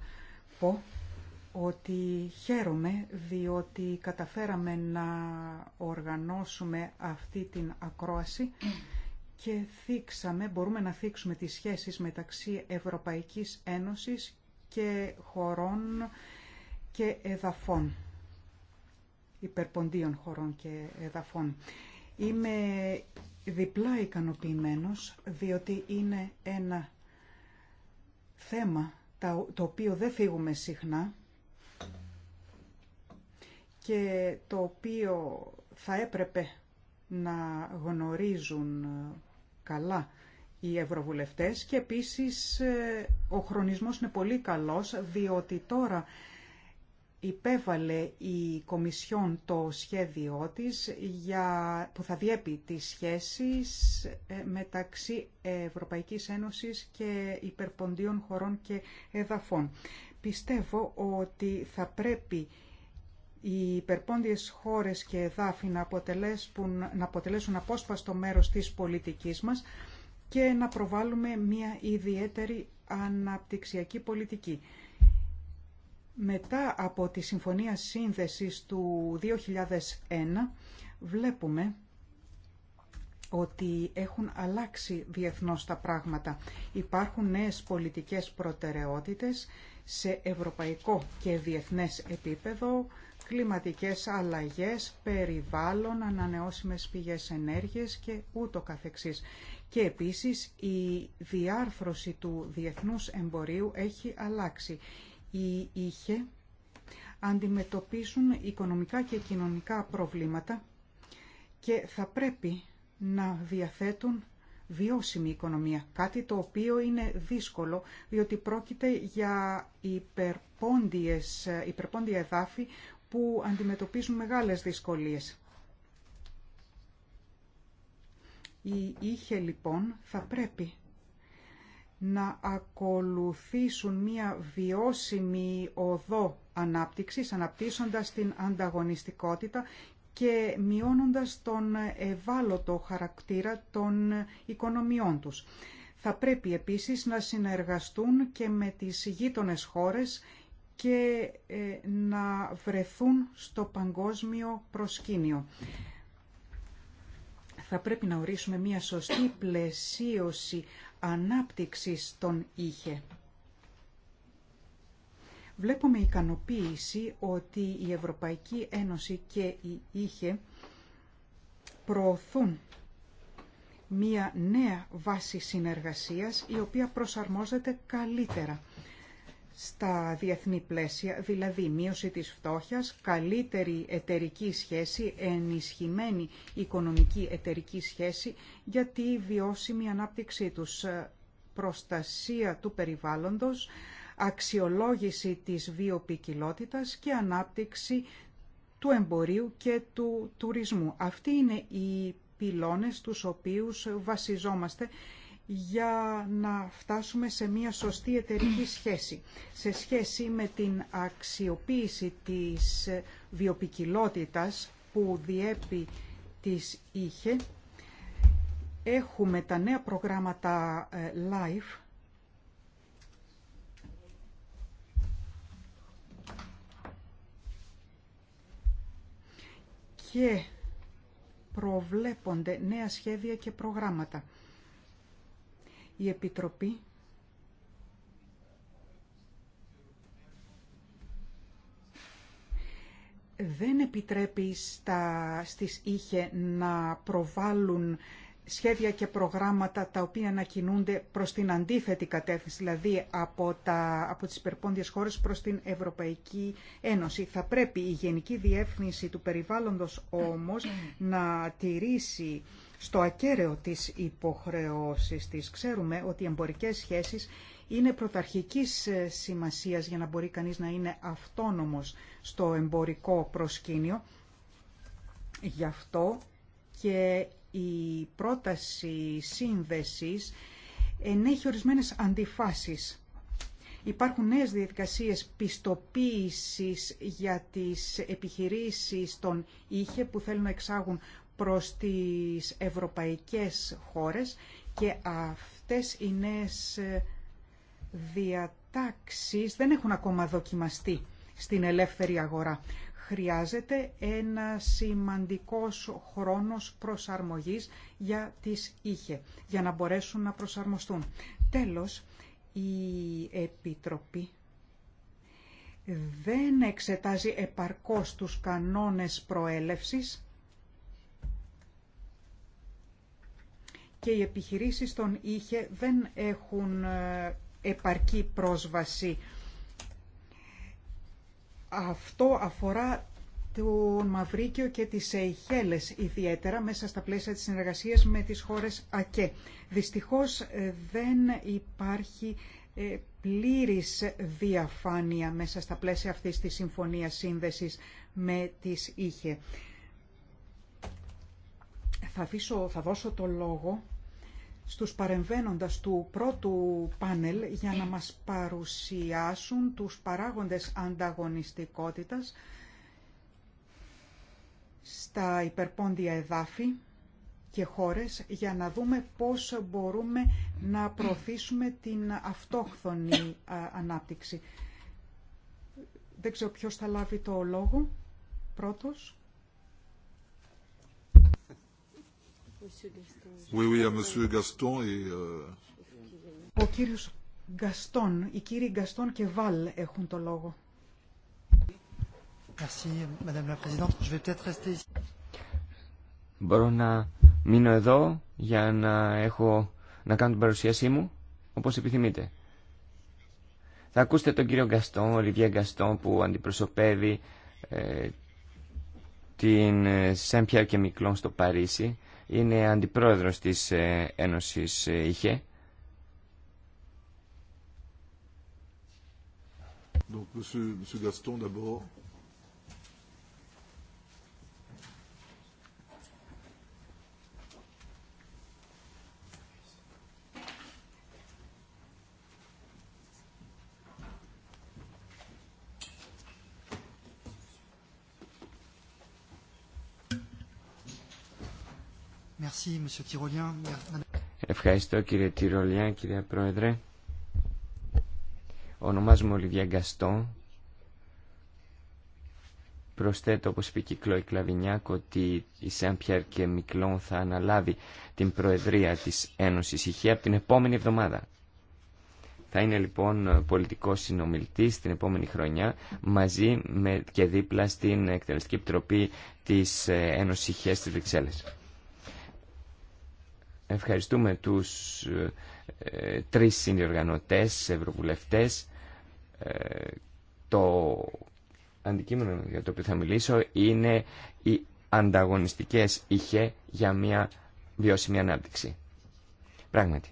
πω ότι χαίρομαι διότι καταφέραμε να οργανώσουμε αυτή την ακρόαση και θίξαμε, μπορούμε να θίξουμε τις σχέσεις μεταξύ Ευρωπαϊκής Ένωσης και χωρών και εδαφών, υπερποντίων χωρών και εδαφών. Είμαι διπλά ικανοποιημένος διότι είναι ένα θέμα το οποίο δεν φύγουμε συχνά και το οποίο θα έπρεπε να γνωρίζουν καλά οι ευρωβουλευτές και επίσης ε, ο χρονισμός είναι πολύ καλός διότι τώρα υπέβαλε η Κομισιόν το σχέδιό της για, που θα διέπει τις σχέσεις ε, μεταξύ Ευρωπαϊκής Ένωσης και υπερποντίων χωρών και εδαφών. Πιστεύω ότι θα πρέπει οι υπερπόντιες χώρες και εδάφη να αποτελέσουν, να αποτελέσουν απόσπαστο μέρος της πολιτικής μας και να προβάλλουμε μια ιδιαίτερη αναπτυξιακή πολιτική. Μετά από τη Συμφωνία Σύνδεσης του 2001 βλέπουμε ότι έχουν αλλάξει διεθνώς τα πράγματα. Υπάρχουν νέες πολιτικές προτεραιότητες σε ευρωπαϊκό και διεθνές επίπεδο κλιματικές αλλαγές, περιβάλλον, ανανεώσιμες πηγές ενέργειας και ούτω καθεξής. Και επίσης η διάρθρωση του διεθνούς εμπορίου έχει αλλάξει. Οι είχε αντιμετωπίσουν οικονομικά και κοινωνικά προβλήματα και θα πρέπει να διαθέτουν βιώσιμη οικονομία. Κάτι το οποίο είναι δύσκολο, διότι πρόκειται για υπερπόντιες, υπερπόντια εδάφη που αντιμετωπίζουν μεγάλες δυσκολίες. Οι είχε λοιπόν θα πρέπει να ακολουθήσουν μία βιώσιμη οδό ανάπτυξης, αναπτύσσοντας την ανταγωνιστικότητα και μειώνοντας τον ευάλωτο χαρακτήρα των οικονομιών τους. Θα πρέπει επίσης να συνεργαστούν και με τις γείτονες χώρες και ε, να βρεθούν στο παγκόσμιο προσκήνιο. Θα πρέπει να ορίσουμε μια σωστή πλαισίωση ανάπτυξης των είχε. Βλέπουμε ικανοποίηση ότι η Ευρωπαϊκή Ένωση και η είχε προωθούν μια νέα βάση συνεργασίας η οποία προσαρμόζεται καλύτερα στα διεθνή πλαίσια, δηλαδή μείωση της φτώχειας, καλύτερη εταιρική σχέση, ενισχυμένη οικονομική εταιρική σχέση για τη βιώσιμη ανάπτυξή τους, ε, προστασία του περιβάλλοντος, αξιολόγηση της βιοποικιλότητας και ανάπτυξη του εμπορίου και του τουρισμού. Αυτοί είναι οι πυλώνες τους οποίους βασιζόμαστε για να φτάσουμε σε μια σωστή εταιρική σχέση. Σε σχέση με την αξιοποίηση της βιοπικιλότητας που διέπει της είχε, έχουμε τα νέα προγράμματα ε, live και προβλέπονται νέα σχέδια και προγράμματα η Επιτροπή δεν επιτρέπει στα, στις ΙΧΕ να προβάλλουν σχέδια και προγράμματα τα οποία να κινούνται προς την αντίθετη κατεύθυνση, δηλαδή από, τα, από τις υπερπόντιες χώρες προς την Ευρωπαϊκή Ένωση. Θα πρέπει η Γενική Διεύθυνση του Περιβάλλοντος όμως να τηρήσει στο ακέραιο της υποχρεώσης της. Ξέρουμε ότι οι εμπορικές σχέσεις είναι πρωταρχικής ε, σημασίας για να μπορεί κανείς να είναι αυτόνομος στο εμπορικό προσκήνιο. Γι' αυτό και η πρόταση σύνδεσης ενέχει ορισμένες αντιφάσεις. Υπάρχουν νέες διαδικασίες πιστοποίησης για τις επιχειρήσεις των ΙΧΕ που θέλουν να εξάγουν προς τις ευρωπαϊκές χώρες και αυτές οι νέες ε, διατάξεις δεν έχουν ακόμα δοκιμαστεί στην ελεύθερη αγορά. Χρειάζεται ένα σημαντικός χρόνος προσαρμογής για τις είχε, για να μπορέσουν να προσαρμοστούν. Τέλος, η Επιτροπή δεν εξετάζει επαρκώς τους κανόνες προέλευσης και οι επιχειρήσεις των ΙΧΕ δεν έχουν ε, επαρκή πρόσβαση. Αυτό αφορά τον Μαυρίκιο και τις Σεϊχέλες ιδιαίτερα μέσα στα πλαίσια της συνεργασίας με τις χώρες ΑΚΕ. Δυστυχώς ε, δεν υπάρχει ε, πλήρης διαφάνεια μέσα στα πλαίσια αυτής της συμφωνίας σύνδεσης με τις ΙΧΕ. αφήσω, θα δώσω το λόγο στους παρεμβαίνοντας του πρώτου πάνελ για να μας παρουσιάσουν τους παράγοντες ανταγωνιστικότητας στα υπερπόντια εδάφη και χώρες για να δούμε πώς μπορούμε να προωθήσουμε την αυτόχθονη ανάπτυξη. Δεν ξέρω ποιος θα λάβει το λόγο πρώτος. Oui, oui, à Monsieur Gaston et... Euh, Ο κύριος Γκαστόν, οι κύριοι Γκαστόν και Βάλ έχουν το λόγο. Μπορώ να μείνω εδώ για να, έχω, να κάνω την παρουσίασή μου, όπως επιθυμείτε. Θα ακούσετε τον κύριο Γκαστόν, Ολιβιέ Γκαστόν, που αντιπροσωπεύει ε, την Σέμπιαρ ε, και Μικλόν στο Παρίσι είναι αντιπρόεδρος της ε, Ένωσης ε, ΙΧΕ. Donc, monsieur, monsieur Gaston, d'abord, Ευχαριστώ κύριε Τυρολιά, κύριε Πρόεδρε. Ονομάζομαι Ολιβιά Γκαστό. Προσθέτω, όπως είπε και η Κλώη Κλαβινιάκ, ότι η Πιέρ και Μικλόν θα αναλάβει την Προεδρία της Ένωσης ΥΧΕ από την επόμενη εβδομάδα. Θα είναι λοιπόν πολιτικός συνομιλητής την επόμενη χρονιά μαζί με και δίπλα στην Εκτελεστική Επιτροπή της ε, Ένωσης ΥΧΕ της Βρυξέλλες. Ευχαριστούμε τους ε, τρεις συνδιοργανωτές, ευρωβουλευτές. Ε, το αντικείμενο για το οποίο θα μιλήσω είναι οι ανταγωνιστικές είχε για μια βιώσιμη ανάπτυξη. Πράγματι,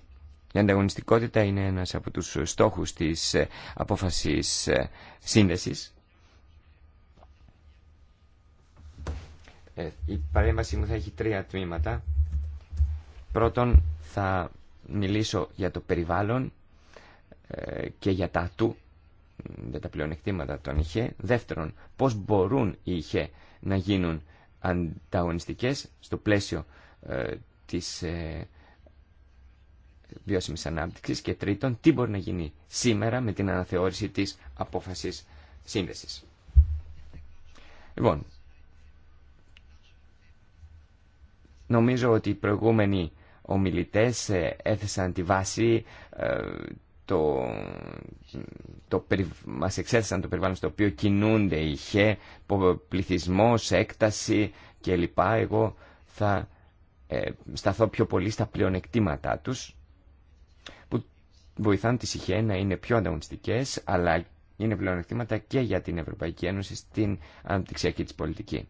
η ανταγωνιστικότητα είναι ένας από τους στόχους της ε, απόφασης ε, σύνδεσης. Η παρέμβαση μου θα έχει τρία τμήματα. Πρώτον, θα μιλήσω για το περιβάλλον ε, και για τα του, για τα πλεονεκτήματα των ΙΧΕ. Δεύτερον, πώς μπορούν οι ΙΧΕ να γίνουν ανταγωνιστικές στο πλαίσιο ε, της ε, βιώσιμης ανάπτυξης. Και τρίτον, τι μπορεί να γίνει σήμερα με την αναθεώρηση της απόφασης σύνδεσης. Λοιπόν, νομίζω ότι η προηγούμενη ομιλητές ε, έθεσαν τη βάση, ε, το, το, μας εξέθεσαν το περιβάλλον στο οποίο κινούνται οι χέ, πληθυσμός, έκταση κλπ. Εγώ θα ε, σταθώ πιο πολύ στα πλεονεκτήματά τους που βοηθάνε τις ΧΕ να είναι πιο ανταγωνιστικές αλλά είναι πλεονεκτήματα και για την Ευρωπαϊκή Ένωση στην αναπτυξιακή της πολιτική.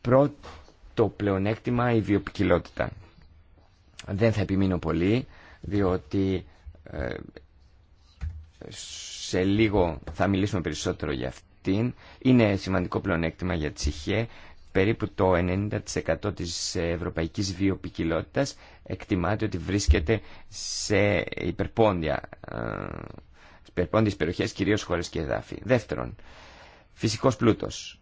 Πρώτο πλεονέκτημα η βιοπικιλότητα. Δεν θα επιμείνω πολύ, διότι ε, σε λίγο θα μιλήσουμε περισσότερο για αυτήν. Είναι σημαντικό πλεονέκτημα για τη ΣΥΧΕ. Περίπου το 90% της ευρωπαϊκής βιοποικιλότητας εκτιμάται ότι βρίσκεται σε υπερπόντια, ε, υπερπόντιες περιοχές, κυρίως χώρες και εδάφη. Δεύτερον, φυσικός πλούτος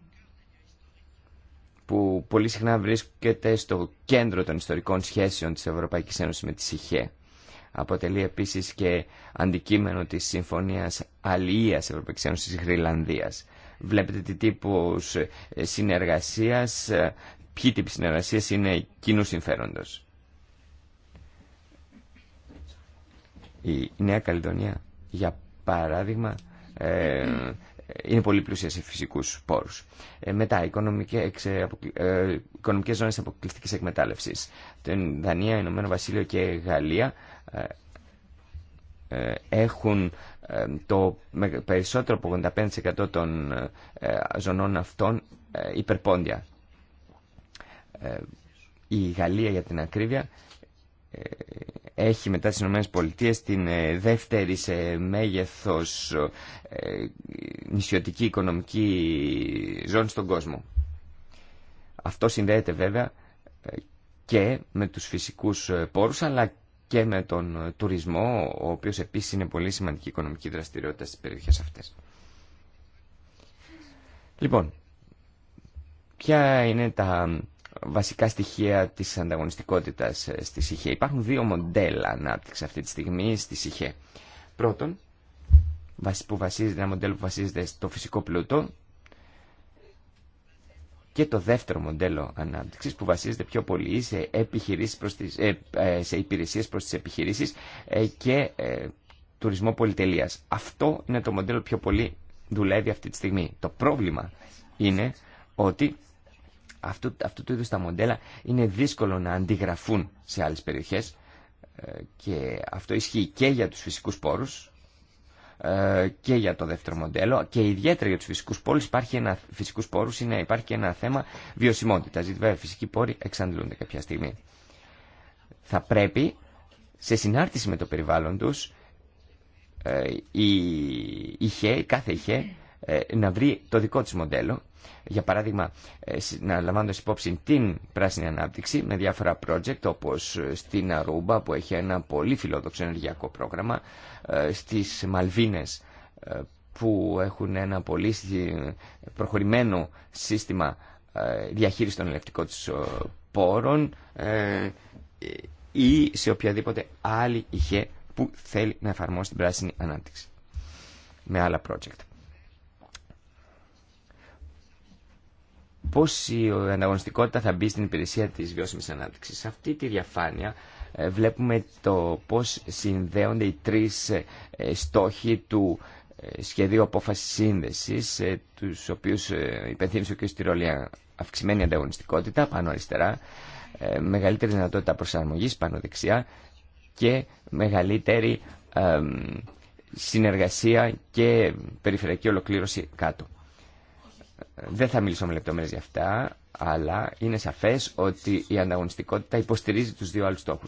που πολύ συχνά βρίσκεται στο κέντρο των ιστορικών σχέσεων της Ευρωπαϊκής Ένωσης με τη ΣΥΧΕ. Αποτελεί επίσης και αντικείμενο της Συμφωνίας Αλληλείας Ευρωπαϊκής Ένωσης Γρυλανδίας. Βλέπετε τι τύπους ε, συνεργασίας, ε, ποιοι τύποι συνεργασίας είναι κοινού συμφέροντος. Η Νέα Καλλιδονία, για παράδειγμα, ε, είναι πολύ πλούσια σε φυσικούς πόρους. Ε, μετά, οικονομικές, ζώνε ε, οικονομικές ζώνες αποκλειστικής εκμετάλλευσης. Την Δανία, Ηνωμένο Βασίλειο και Γαλλία ε, έχουν το περισσότερο από 85% των ζωνών αυτών υπερπόντια. Η Γαλλία, για την ακρίβεια, ε, έχει μετά στις Ηνωμένες Πολιτείες την ε, δεύτερη σε μέγεθος ε, νησιωτική οικονομική ζώνη στον κόσμο. Αυτό συνδέεται βέβαια και με τους φυσικούς πόρους αλλά και με τον τουρισμό ο οποίος επίσης είναι πολύ σημαντική οικονομική δραστηριότητα στις περιοχές αυτές. Λοιπόν, ποια είναι τα βασικά στοιχεία της ανταγωνιστικότητας ε, στη ΣΥΧΕ. Υπάρχουν δύο μοντέλα ανάπτυξη αυτή τη στιγμή στη ΣΥΧΕ. Πρώτον, που βασίζεται, ένα μοντέλο που βασίζεται στο φυσικό πλούτο και το δεύτερο μοντέλο ανάπτυξης που βασίζεται πιο πολύ σε, επιχειρήσεις προς τις, ε, ε, σε υπηρεσίες προς τις επιχειρήσεις και τουρισμό πολυτελείας. Αυτό είναι το μοντέλο πιο πολύ δουλεύει αυτή τη στιγμή. Το πρόβλημα είναι ότι αυτού, αυτού του είδους τα μοντέλα είναι δύσκολο να αντιγραφούν σε άλλες περιοχές ε, και αυτό ισχύει και για τους φυσικούς πόρους ε, και για το δεύτερο μοντέλο και ιδιαίτερα για τους φυσικούς πόρους υπάρχει ένα, φυσικούς πόρους είναι, υπάρχει ένα θέμα βιωσιμότητας γιατί βέβαια φυσικοί πόροι εξαντλούνται κάποια στιγμή θα πρέπει σε συνάρτηση με το περιβάλλον τους ε, η, η, η, κάθε ηχέ να βρει το δικό της μοντέλο για παράδειγμα, ε, να λαμβάνοντα υπόψη την πράσινη ανάπτυξη με διάφορα project όπως ε, στην Αρούμπα που έχει ένα πολύ φιλόδοξο ενεργειακό πρόγραμμα, ε, στις Μαλβίνες που έχουν ένα πολύ προχωρημένο σύστημα διαχείριση των ελευτικών της πόρων ή σε οποιαδήποτε άλλη είχε που θέλει να εφαρμόσει την πράσινη ανάπτυξη με άλλα project. Πώ η ανταγωνιστικότητα θα μπει στην υπηρεσία της βιώσιμη ανάπτυξη, Σε αυτή τη διαφάνεια ε, βλέπουμε το πώ συνδέονται οι τρει ε, ε, στόχοι του σχεδίου απόφαση σύνδεση, του οποίου υπενθύμισε ο κ. Τυρολία αυξημένη ανταγωνιστικότητα πάνω αριστερά, μεγαλύτερη δυνατότητα προσαρμογή, πάνω δεξιά και μεγαλύτερη συνεργασία και περιφερειακή ολοκλήρωση κάτω. Δεν θα μιλήσω με λεπτομέρειε για αυτά, αλλά είναι σαφές ότι η ανταγωνιστικότητα υποστηρίζει τους δύο άλλου στόχου.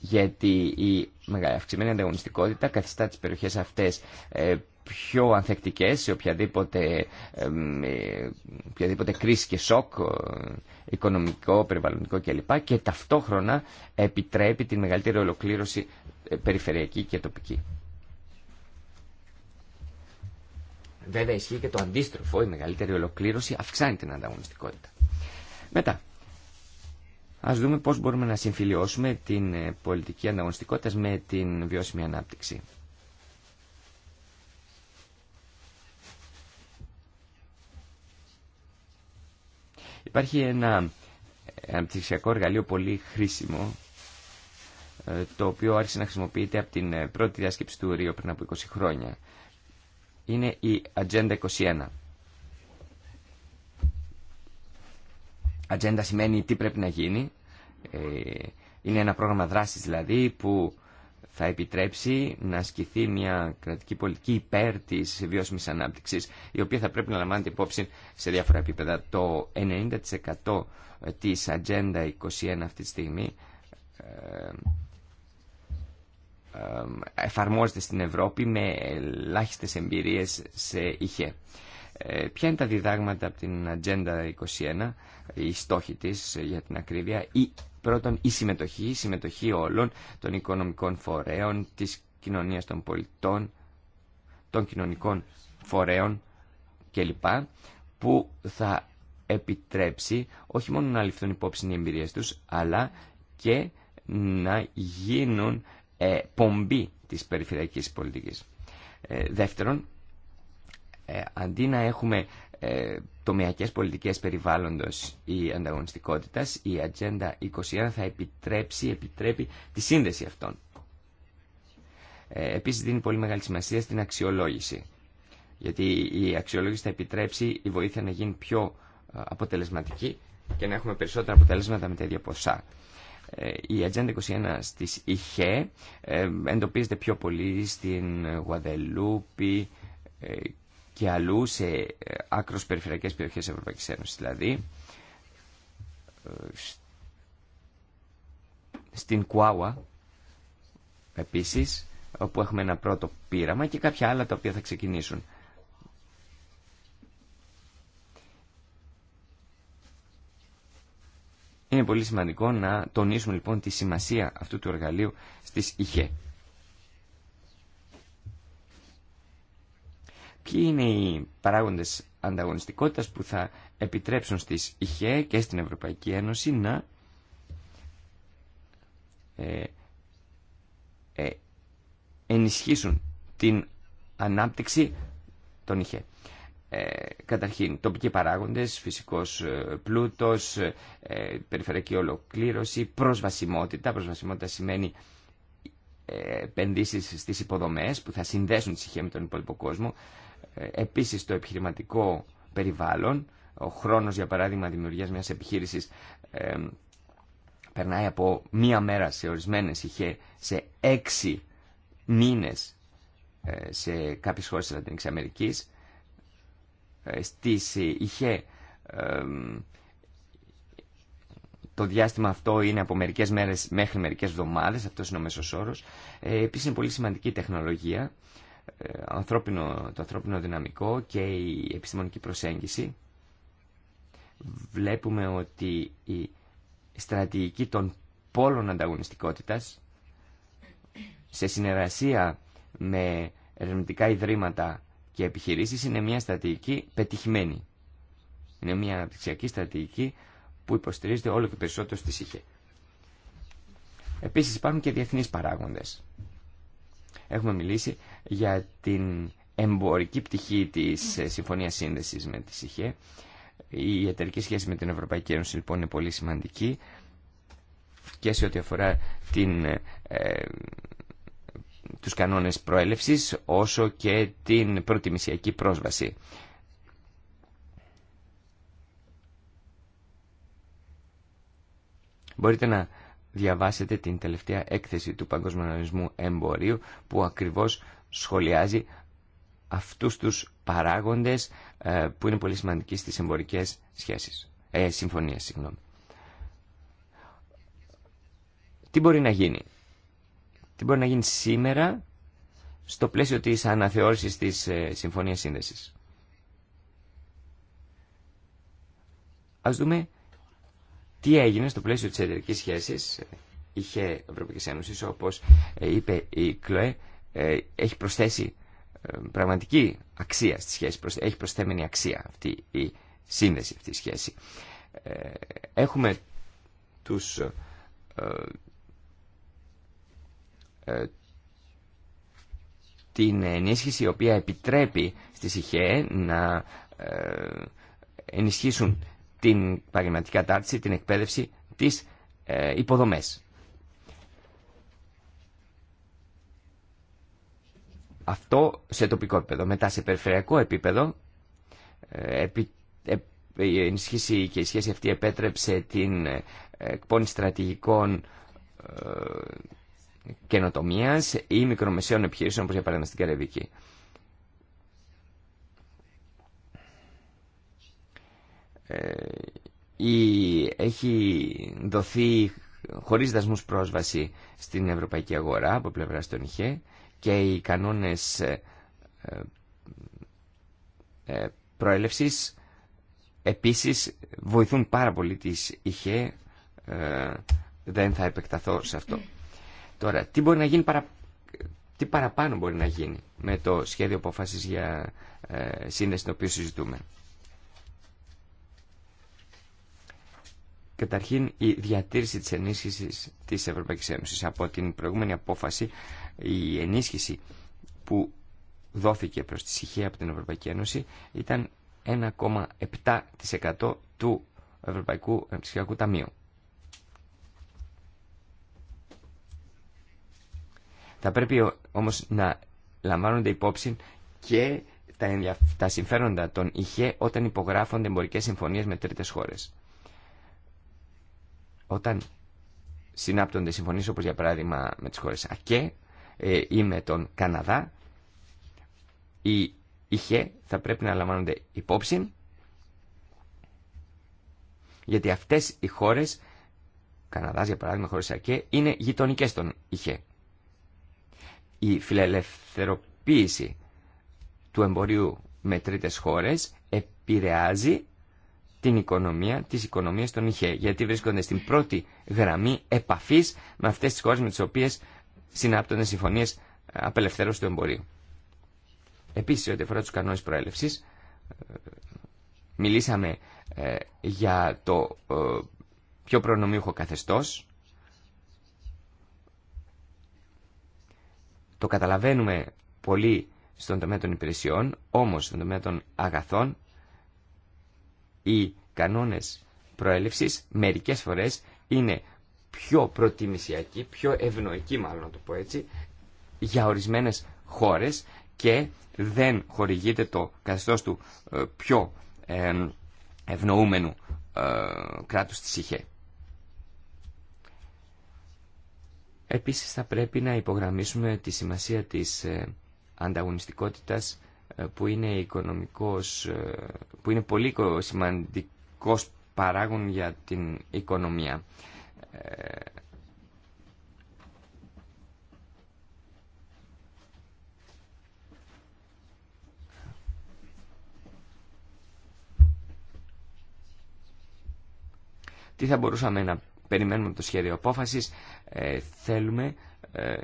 Γιατί η αυξημένη ανταγωνιστικότητα καθιστά τις περιοχές αυτές ε, πιο ανθεκτικές σε οποιαδήποτε, ε, οποιαδήποτε κρίση και σοκ, ε, οικονομικό, περιβαλλοντικό κλπ. Και ταυτόχρονα επιτρέπει την μεγαλύτερη ολοκλήρωση περιφερειακή και τοπική. Βέβαια ισχύει και το αντίστροφο, η μεγαλύτερη ολοκλήρωση αυξάνει την ανταγωνιστικότητα. Μετά, ας δούμε πώς μπορούμε να συμφιλειώσουμε την ε, πολιτική ανταγωνιστικότητα με την βιώσιμη ανάπτυξη. Υπάρχει ένα ε, αναπτυξιακό εργαλείο πολύ χρήσιμο, ε, το οποίο άρχισε να χρησιμοποιείται από την πρώτη διάσκεψη του Ρίο πριν από 20 χρόνια είναι η Ατζέντα 21. Ατζέντα σημαίνει τι πρέπει να γίνει. Ε, είναι ένα πρόγραμμα δράσης δηλαδή που θα επιτρέψει να ασκηθεί μια κρατική πολιτική υπέρ τη βιώσιμη ανάπτυξη, η οποία θα πρέπει να λαμβάνεται υπόψη σε διάφορα επίπεδα. Το 90% τη Ατζέντα 21 αυτή τη στιγμή ε, εφαρμόζεται στην Ευρώπη με ελάχιστε εμπειρίες σε ΙΧΕ. Ε, ποια είναι τα διδάγματα από την Ατζέντα 21, οι στόχοι τη ε, για την ακρίβεια, η, πρώτον η συμμετοχή, η συμμετοχή όλων των οικονομικών φορέων, της κοινωνίας των πολιτών, των κοινωνικών φορέων κλπ. που θα επιτρέψει όχι μόνο να ληφθούν υπόψη οι εμπειρίες τους, αλλά και να γίνουν ε, πομπή της περιφερειακής πολιτικής. Ε, δεύτερον, ε, αντί να έχουμε τομεακές πολιτικές περιβάλλοντος ή ανταγωνιστικότητας, η Ατζέντα 21 θα επιτρέψει, επιτρέπει τη σύνδεση αυτών. Επίσης δίνει πολύ μεγάλη σημασία στην αξιολόγηση. Γιατί η αξιολόγηση θα επιτρέψει η βοήθεια να γίνει πιο αποτελεσματική και να έχουμε περισσότερα αποτελέσματα με τέτοια ποσά. Ε, η Ατζέντα 21 στις ΙΧΕ ε, εντοπίζεται πιο πολύ στην Γουαδελούπη ε, και αλλού σε άκρος περιφερειακές περιοχές Ευρωπαϊκής Ένωσης δηλαδή στην Κουάουα επίσης όπου έχουμε ένα πρώτο πείραμα και κάποια άλλα τα οποία θα ξεκινήσουν Είναι πολύ σημαντικό να τονίσουμε λοιπόν τη σημασία αυτού του εργαλείου στις ΙΧΕ. Ποιοι είναι οι παράγοντες ανταγωνιστικότητας που θα επιτρέψουν στις ΙΧΕ και στην Ευρωπαϊκή Ένωση να ε, ε ενισχύσουν την ανάπτυξη των ΙΧΕ. Ε, καταρχήν, τοπικοί παράγοντες, φυσικός ε, πλούτος, ε, περιφερειακή ολοκλήρωση, προσβασιμότητα. Προσβασιμότητα σημαίνει επενδύσεις στις υποδομές που θα συνδέσουν τη συχεία με τον υπόλοιπο κόσμο. Επίσης, το επιχειρηματικό περιβάλλον, ο χρόνος για παράδειγμα δημιουργίας μιας επιχείρησης περνάει από μία μέρα σε ορισμένες είχε σε έξι μήνες σε κάποιες χώρες της Λατινικής Αμερικής στις είχε το διάστημα αυτό είναι από μερικέ μέρε μέχρι μερικέ εβδομάδε, αυτό είναι ο μέσο όρο. Ε, Επίση είναι πολύ σημαντική τεχνολογία, ε, ανθρώπινο, το ανθρώπινο δυναμικό και η επιστημονική προσέγγιση. Βλέπουμε ότι η στρατηγική των πόλων ανταγωνιστικότητας σε συνεργασία με ερευνητικά ιδρύματα και επιχειρήσει είναι μια στρατηγική πετυχημένη. Είναι μια αναπτυξιακή στρατηγική που υποστηρίζεται όλο και περισσότερο στη ΣΥΧΕ. Επίσης υπάρχουν και διεθνεί παράγοντες. Έχουμε μιλήσει για την εμπορική πτυχή της Συμφωνίας Σύνδεσης με τη ΣΥΧΕ. Η εταιρική σχέση με την Ευρωπαϊκή Ένωση λοιπόν είναι πολύ σημαντική και σε ό,τι αφορά την ε, τους κανόνες προέλευσης όσο και την προτιμησιακή πρόσβαση. Μπορείτε να διαβάσετε την τελευταία έκθεση του Παγκόσμιου Εμπορίου που ακριβώς σχολιάζει αυτούς τους παράγοντες ε, που είναι πολύ σημαντικοί στις εμπορικές σχέσεις, ε, συμφωνίες. Συγγνώμη. Τι μπορεί να γίνει τι μπορεί να γίνει σήμερα στο πλαίσιο της αναθεώρησης της ε, Συμφωνίας Σύνδεσης. Ας δούμε τι έγινε στο πλαίσιο της εταιρικής σχέσης. Είχε Ευρωπαϊκή Ένωση, όπως ε, είπε η ΚΛΟΕ, έχει προσθέσει ε, πραγματική αξία στη σχέση, έχει προσθέμενη αξία αυτή η σύνδεση, αυτή η σχέση. Έχουμε τους ε, την ενίσχυση η οποία επιτρέπει στη ΙΧΕ να ε, ενισχύσουν την παγκληματική κατάρτιση, την εκπαίδευση, της ε, υποδομές. Αυτό σε τοπικό επίπεδο. Μετά σε περιφερειακό επίπεδο η ενισχύση και η σχέση αυτή επέτρεψε την εκπόνηση στρατηγικών καινοτομία ή μικρομεσαίων επιχειρήσεων, όπω για παράδειγμα στην Καραϊβική. ή ε, έχει δοθεί χωρί δασμού πρόσβαση στην ευρωπαϊκή αγορά από πλευρά των ΙΧΕ και οι κανόνες ε, ε, προέλευσης επίσης βοηθούν πάρα πολύ τι ΙΧΕ δεν θα επεκταθώ σε αυτό. Τώρα, τι, μπορεί να γίνει παραπάνω μπορεί να γίνει με το σχέδιο αποφάσης για ε, σύνδεση το οποίο συζητούμε. Καταρχήν, η διατήρηση της ενίσχυσης της Ευρωπαϊκής Ένωσης. Από την προηγούμενη απόφαση, η ενίσχυση που δόθηκε προς τη Συχία από την Ευρωπαϊκή Ένωση ήταν 1,7% του Ευρωπαϊκού Αναπτυξιακού Ταμείου. Θα πρέπει όμως να λαμβάνονται υπόψη και τα, τα συμφέροντα των ΙΧΕ όταν υπογράφονται εμπορικές συμφωνίες με τρίτες χώρες. Όταν συνάπτονται συμφωνίες όπως για παράδειγμα με τις χώρες ΑΚΕ ε, ή με τον Καναδά, οι ΙΧΕ θα πρέπει να λαμβάνονται υπόψη γιατί αυτές οι χώρες, Καναδάς για παράδειγμα, χώρες ΑΚΕ, είναι γειτονικές των ΙΧΕ η φιλελευθεροποίηση του εμπορίου με τρίτες χώρες επηρεάζει την οικονομία, τις οικονομίες των ΙΧΕ, γιατί βρίσκονται στην πρώτη γραμμή επαφής με αυτές τις χώρες με τις οποίες συνάπτονται συμφωνίες απελευθέρωση του εμπορίου. Επίσης, ό,τι αφορά τους κανόνες προέλευσης, ε, μιλήσαμε ε, για το ε, πιο προνομίουχο καθεστώς, Το καταλαβαίνουμε πολύ στον τομέα των υπηρεσιών, όμως στον τομέα των αγαθών οι κανόνες προέλευσης μερικές φορές είναι πιο προτιμησιακοί, πιο ευνοϊκοί μάλλον να το πω έτσι, για ορισμένες χώρες και δεν χορηγείται το καθεστώς του ε, πιο ε, ευνοούμενου ε, κράτους της ΙΧΕ. Επίσης θα πρέπει να υπογραμμίσουμε τη σημασία της ε, ανταγωνιστικότητας ε, που είναι, οικονομικός, ε, που είναι πολύ σημαντικός παράγων για την οικονομία. Τι θα μπορούσαμε να περιμένουμε από το σχέδιο απόφασης ε, θέλουμε ε,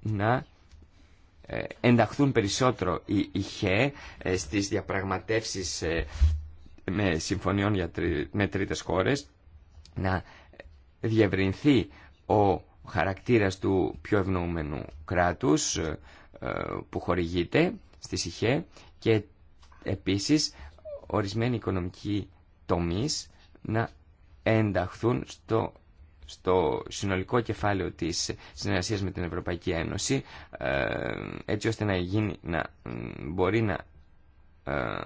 να ε, ενταχθούν περισσότερο οι, ΙΧΕ ΧΕ στις διαπραγματεύσεις με συμφωνιών για με τρίτες χώρες, να διευρυνθεί ο χαρακτήρας του πιο ευνοούμενου κράτους που χορηγείται στις ΙΧΕ και επίσης ορισμένοι οικονομικοί τομείς να ενταχθούν στο στο συνολικό κεφάλαιο της συνεργασίας με την Ευρωπαϊκή Ένωση ε, έτσι ώστε να, γίνει, να μπορεί να ε,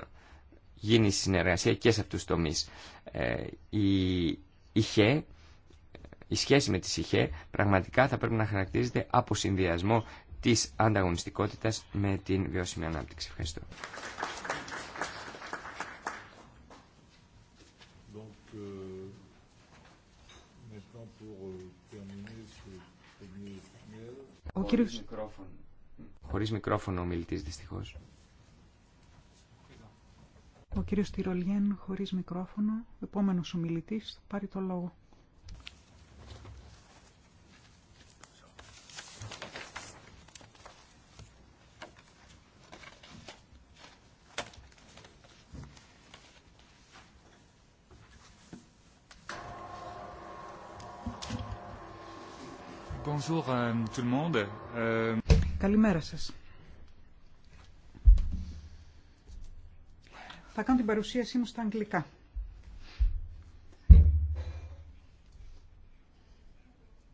γίνει συνεργασία και σε αυτούς τους τομείς. Ε, η, ΧΕ, η σχέση με τις ΙΧΕ πραγματικά θα πρέπει να χαρακτηρίζεται από συνδυασμό της ανταγωνιστικότητας με την βιώσιμη ανάπτυξη. Ευχαριστώ. Ο κύριος... Μικρόφωνο. Χωρίς μικρόφωνο ο μιλητής δυστυχώς. Ο κύριος Τυρολιέν χωρίς μικρόφωνο, επόμενος ομιλητής, θα πάρει το λόγο. Euh, euh, Καλημέρα σας. Θα κάνω την παρουσίασή μου στα αγγλικά.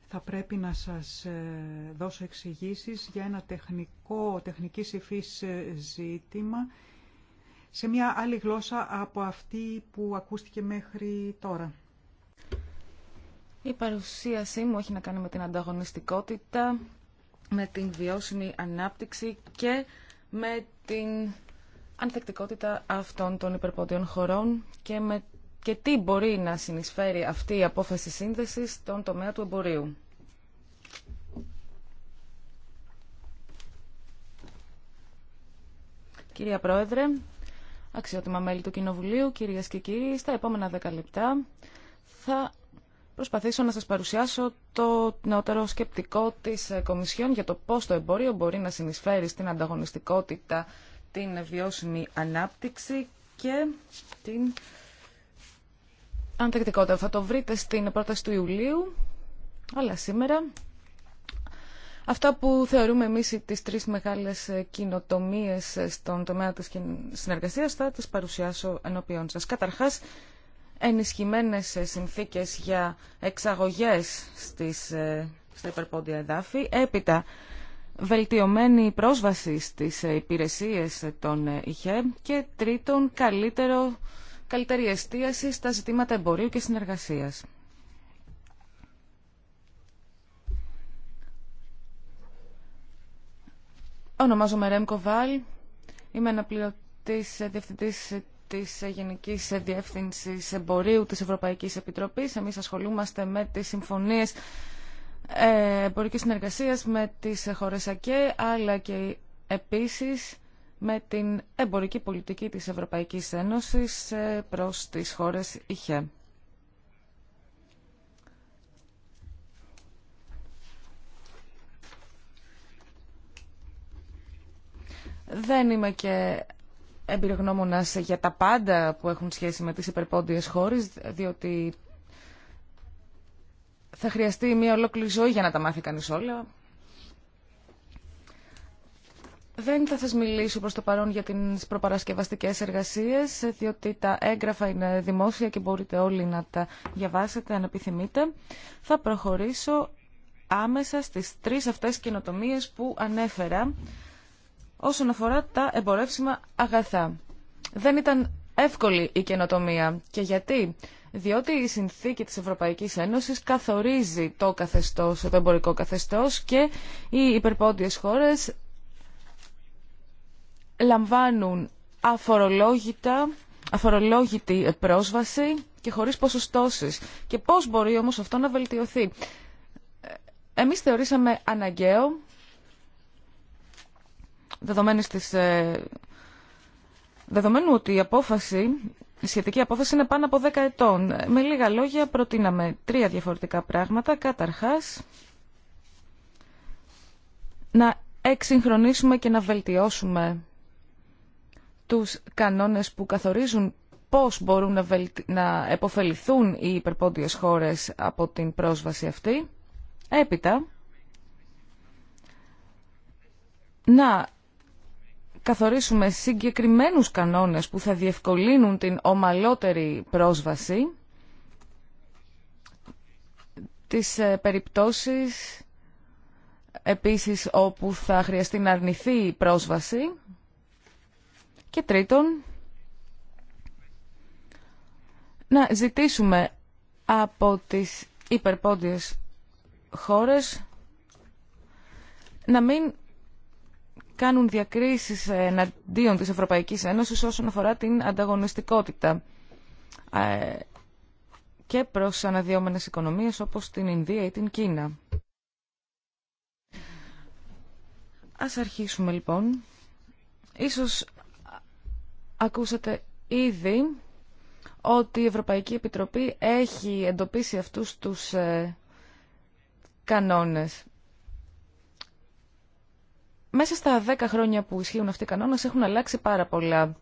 Θα πρέπει να σας ε, δώσω εξηγήσεις για ένα τεχνικό, τεχνικής υφής ε, ζήτημα σε μια άλλη γλώσσα από αυτή που ακούστηκε μέχρι τώρα. Η παρουσίασή μου έχει να κάνει με την ανταγωνιστικότητα, με την βιώσιμη ανάπτυξη και με την ανθεκτικότητα αυτών των υπερποντιών χωρών και, με, και τι μπορεί να συνεισφέρει αυτή η απόφαση σύνδεσης στον τομέα του εμπορίου. Κυρία Πρόεδρε, αξιότιμα μέλη του Κοινοβουλίου, κυρίες και κύριοι, στα επόμενα δέκα λεπτά θα προσπαθήσω να σας παρουσιάσω το νεότερο σκεπτικό της ε, Κομισιόν για το πώς το εμπόριο μπορεί να συνεισφέρει στην ανταγωνιστικότητα, την βιώσιμη ανάπτυξη και την αντακτικότητα. Θα το βρείτε στην πρόταση του Ιουλίου, αλλά σήμερα αυτά που θεωρούμε εμείς τις τρεις μεγάλες ε, κοινοτομίες ε, στον τομέα της συνεργασίας θα τις παρουσιάσω ενώπιον σας. Καταρχάς, ενισχυμένες ε, συνθήκες για εξαγωγές στις, ε, στα υπερπόντια εδάφη, έπειτα βελτιωμένη πρόσβαση στις ε, υπηρεσίες των ΙΧΕ και τρίτον καλύτερο, καλύτερη εστίαση στα ζητήματα εμπορίου και συνεργασίας. Ονομάζομαι Ρέμ Κοβάλ, είμαι αναπληρωτής διευθυντής της Γενικής Διεύθυνσης Εμπορίου της Ευρωπαϊκής Επιτροπής. Εμείς ασχολούμαστε με τις συμφωνίες ε, εμπορικής συνεργασίας με τις χώρες ΑΚΕ, αλλά και επίσης με την εμπορική πολιτική της Ευρωπαϊκής Ένωσης ε, προς τις χώρες ΙΧΕ. Δεν είμαι και εμπειρογνώμονα για τα πάντα που έχουν σχέση με τις υπερπόντιες χώρες, διότι θα χρειαστεί μια ολόκληρη ζωή για να τα μάθει κανείς όλα. Δεν θα σας μιλήσω προς το παρόν για τις προπαρασκευαστικές εργασίες, διότι τα έγγραφα είναι δημόσια και μπορείτε όλοι να τα διαβάσετε αν επιθυμείτε. Θα προχωρήσω άμεσα στις τρεις αυτές καινοτομίες που ανέφερα όσον αφορά τα εμπορεύσιμα αγαθά. Δεν ήταν εύκολη η καινοτομία. Και γιατί? Διότι η συνθήκη της Ευρωπαϊκής Ένωσης καθορίζει το, καθεστώς, το εμπορικό καθεστώς και οι υπερπόντιες χώρες λαμβάνουν αφορολόγητα, αφορολόγητη πρόσβαση και χωρίς ποσοστώσεις. Και πώς μπορεί όμως αυτό να βελτιωθεί. Ε, εμείς θεωρήσαμε αναγκαίο ε, δεδομένου ότι η απόφαση, η σχετική απόφαση είναι πάνω από 10 ετών. Με λίγα λόγια προτείναμε τρία διαφορετικά πράγματα. Καταρχάς, να εξυγχρονίσουμε και να βελτιώσουμε τους κανόνες που καθορίζουν πώς μπορούν να, να επωφεληθούν οι υπερπόντιες χώρες από την πρόσβαση αυτή. Έπειτα, να καθορίσουμε συγκεκριμένους κανόνες που θα διευκολύνουν την ομαλότερη πρόσβαση τις ε, περιπτώσεις επίσης όπου θα χρειαστεί να αρνηθεί η πρόσβαση και τρίτον να ζητήσουμε από τις υπερπόντιες χώρες να μην κάνουν διακρίσεις εναντίον της Ευρωπαϊκής Ένωσης όσον αφορά την ανταγωνιστικότητα ε, και προς αναδυόμενες οικονομίες όπως την Ινδία ή την Κίνα. Ας αρχίσουμε λοιπόν. Ίσως ακούσατε ήδη ότι η Ευρωπαϊκή Επιτροπή έχει εντοπίσει αυτούς τους ε, κανόνες. Μέσα στα 10 χρόνια που ισχύουν αυτοί οι κανόνες έχουν αλλάξει πάρα πολλά.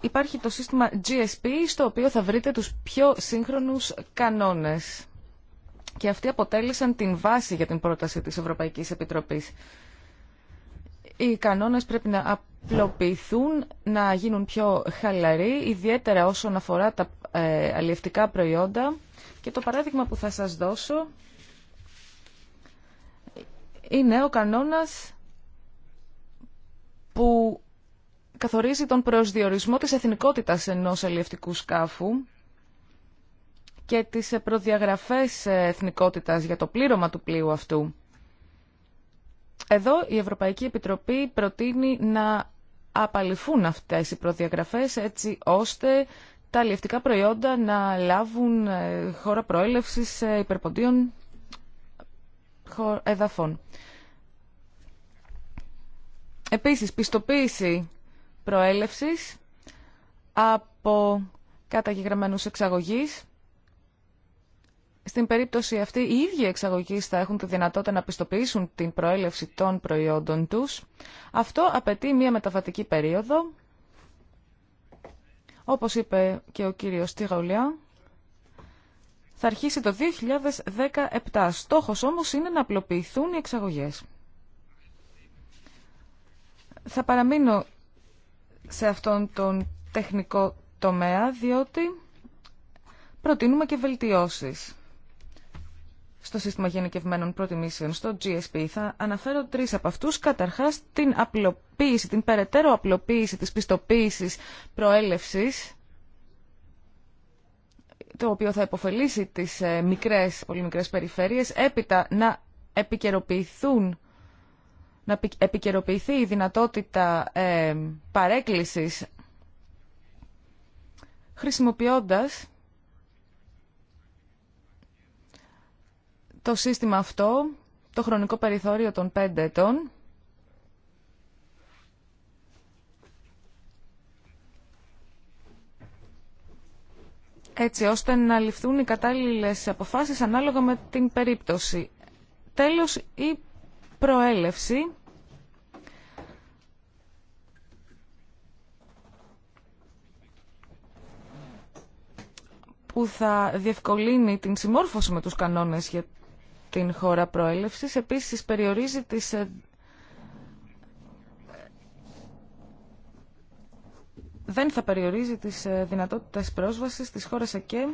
Υπάρχει το σύστημα GSP, στο οποίο θα βρείτε τους πιο σύγχρονους κανόνες. Και αυτοί αποτέλεσαν την βάση για την πρόταση της Ευρωπαϊκής Επιτροπής. Οι κανόνες πρέπει να απλοποιηθούν, να γίνουν πιο χαλαροί, ιδιαίτερα όσον αφορά τα ε, αλλιευτικά προϊόντα και το παράδειγμα που θα σας δώσω είναι ο κανόνας που καθορίζει τον προσδιορισμό της εθνικότητας ενός αλλιευτικού σκάφου και τις προδιαγραφές εθνικότητας για το πλήρωμα του πλοίου αυτού. Εδώ η Ευρωπαϊκή Επιτροπή προτείνει να απαλληφούν αυτές οι προδιαγραφές έτσι ώστε τα αλλιευτικά προϊόντα να λάβουν ε, χώρα προέλευσης ε, υπερποντίων εδαφών. Επίσης, πιστοποίηση προέλευσης από καταγεγραμμένους εξαγωγείς. Στην περίπτωση αυτή, οι ίδιοι εξαγωγείς θα έχουν τη δυνατότητα να πιστοποιήσουν την προέλευση των προϊόντων τους. Αυτό απαιτεί μία μεταβατική περίοδο όπως είπε και ο κύριος Τιγαουλιά, θα αρχίσει το 2017. Στόχος όμως είναι να απλοποιηθούν οι εξαγωγές. Θα παραμείνω σε αυτόν τον τεχνικό τομέα, διότι προτείνουμε και βελτιώσεις στο σύστημα γενικευμένων προτιμήσεων, στο GSP. Θα αναφέρω τρεις από αυτούς. Καταρχάς, την απλοποίηση, την περαιτέρω απλοποίηση της πιστοποίηση προέλευση, το οποίο θα υποφελήσει τις ε, μικρές, πολύ μικρές περιφέρειες, έπειτα να επικαιροποιηθούν να επικαιροποιηθεί η δυνατότητα ε, παρέκκλησης το σύστημα αυτό, το χρονικό περιθώριο των 5 ετών, έτσι ώστε να ληφθούν οι κατάλληλες αποφάσεις ανάλογα με την περίπτωση. Τέλος, η προέλευση. που θα διευκολύνει την συμμόρφωση με τους κανόνες την χώρα προέλευσης. Επίσης, περιορίζει τις ε, δεν θα περιορίζει τις ε, δυνατότητες πρόσβασης της χώρας ΑΚΕ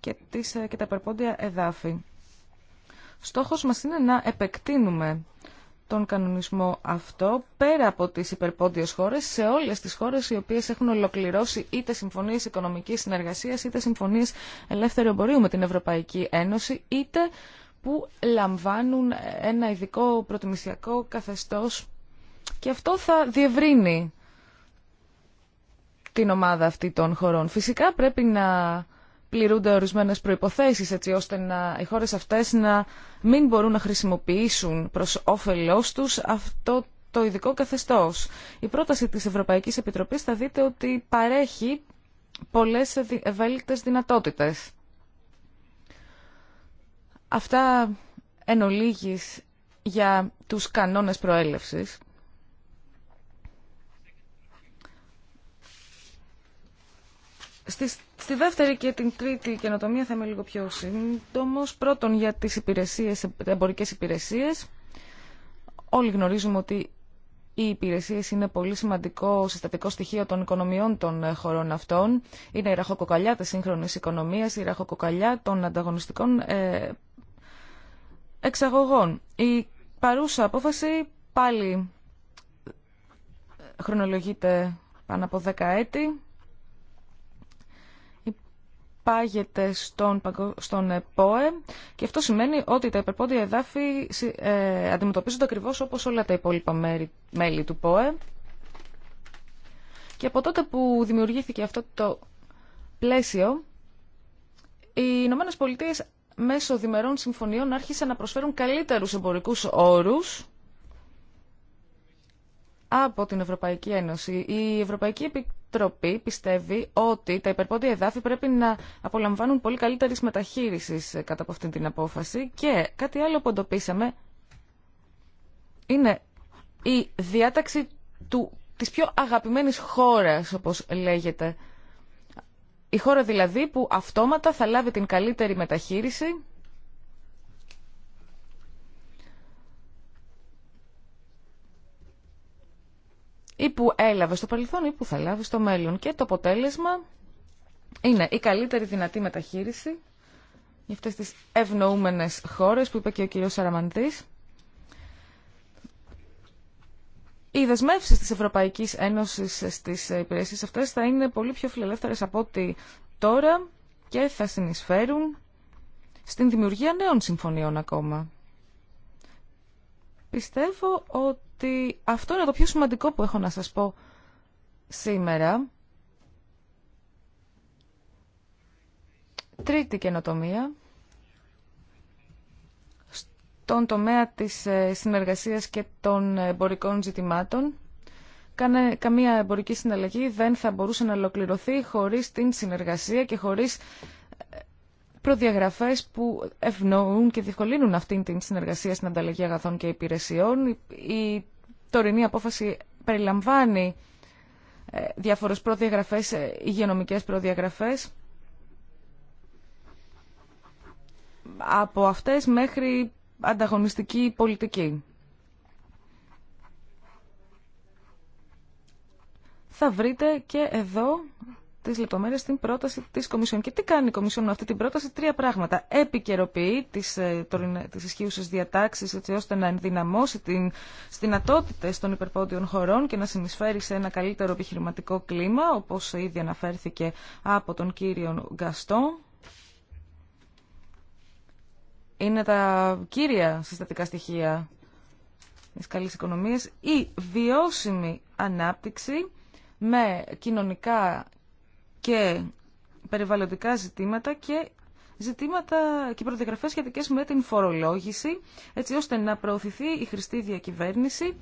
και, τις, ε, και τα περπόντια εδάφη. Στόχος μας είναι να επεκτείνουμε τον κανονισμό αυτό πέρα από τις υπερπόντιες χώρες σε όλες τις χώρες οι οποίες έχουν ολοκληρώσει είτε συμφωνίες οικονομικής συνεργασίας είτε συμφωνίες ελεύθερου εμπορίου με την Ευρωπαϊκή Ένωση είτε που λαμβάνουν ένα ειδικό προτιμησιακό καθεστώς και αυτό θα διευρύνει την ομάδα αυτή των χωρών. Φυσικά πρέπει να πληρούνται ορισμένες προϋποθέσεις έτσι ώστε να, οι χώρες αυτές να μην μπορούν να χρησιμοποιήσουν προς όφελός τους αυτό το ειδικό καθεστώς. Η πρόταση της Ευρωπαϊκής Επιτροπής θα δείτε ότι παρέχει πολλές ευέλικτες δυνατότητες. Αυτά εν ολίγης για τους κανόνες προέλευσης. Στη, στη δεύτερη και την τρίτη καινοτομία θα είμαι λίγο πιο σύντομο. Πρώτον για τις υπηρεσίες, εμπορικές υπηρεσίες. Όλοι γνωρίζουμε ότι οι υπηρεσίε είναι πολύ σημαντικό συστατικό στοιχείο των οικονομιών των χωρών αυτών. Είναι η ραχοκοκαλιά τη σύγχρονη οικονομία, η ραχοκοκαλιά των ανταγωνιστικών ε, εξαγωγών. Η παρούσα απόφαση πάλι χρονολογείται πάνω από 10 έτη. Υπάγεται στον, στον ΠΟΕ και αυτό σημαίνει ότι τα υπερπόντια εδάφη ε, αντιμετωπίζονται ακριβώς όπως όλα τα υπόλοιπα μέλη του ΠΟΕ. Και από τότε που δημιουργήθηκε αυτό το πλαίσιο, οι Ηνωμένε Πολιτείε μέσω διμερών συμφωνιών άρχισαν να προσφέρουν καλύτερους εμπορικούς όρους από την Ευρωπαϊκή Ένωση. Η Ευρωπαϊκή Επιτροπή πιστεύει ότι τα υπερπόντια εδάφη πρέπει να απολαμβάνουν πολύ καλύτερης μεταχείρισης ε, κατά από αυτή την απόφαση και κάτι άλλο που εντοπίσαμε είναι η διάταξη του, της πιο αγαπημένης χώρας, όπως λέγεται, η χώρα δηλαδή που αυτόματα θα λάβει την καλύτερη μεταχείριση ή που έλαβε στο παρελθόν ή που θα λάβει στο μέλλον. Και το αποτέλεσμα είναι η καλύτερη δυνατή μεταχείριση για αυτές τις ευνοούμενες χώρες που είπε και ο κύριος Σαραμαντής οι δεσμεύσει της Ευρωπαϊκής Ένωσης στις υπηρεσίε αυτές θα είναι πολύ πιο φιλελεύθερες από ό,τι τώρα και θα συνεισφέρουν στην δημιουργία νέων συμφωνιών ακόμα. Πιστεύω ότι αυτό είναι το πιο σημαντικό που έχω να σας πω σήμερα. Τρίτη καινοτομία τον τομέα της ε, συνεργασίας και των εμπορικών ζητημάτων. Καμία εμπορική συναλλαγή δεν θα μπορούσε να ολοκληρωθεί χωρίς την συνεργασία και χωρίς ε, προδιαγραφές που ευνοούν και διευκολύνουν αυτήν την συνεργασία στην ανταλλαγή αγαθών και υπηρεσιών. Η τωρινή απόφαση περιλαμβάνει ε, διάφορες προδιαγραφές, υγειονομικές προδιαγραφές από αυτές μέχρι ανταγωνιστική πολιτική. Θα βρείτε και εδώ τι λεπτομέρειε στην πρόταση τη Κομισιόν. Και τι κάνει η Κομισιόν με αυτή την πρόταση, τρία πράγματα. Επικαιροποιεί τι τις ε, ισχύουσε διατάξει έτσι ώστε να ενδυναμώσει τι δυνατότητε των υπερπόντιων χωρών και να συνεισφέρει σε ένα καλύτερο επιχειρηματικό κλίμα, όπω ήδη αναφέρθηκε από τον κύριο Γκαστό είναι τα κύρια συστατικά στοιχεία της καλής οικονομίας ή βιώσιμη ανάπτυξη με κοινωνικά και περιβαλλοντικά ζητήματα και ζητήματα και προδιαγραφές σχετικές με την φορολόγηση, έτσι ώστε να προωθηθεί η χρηστή διακυβέρνηση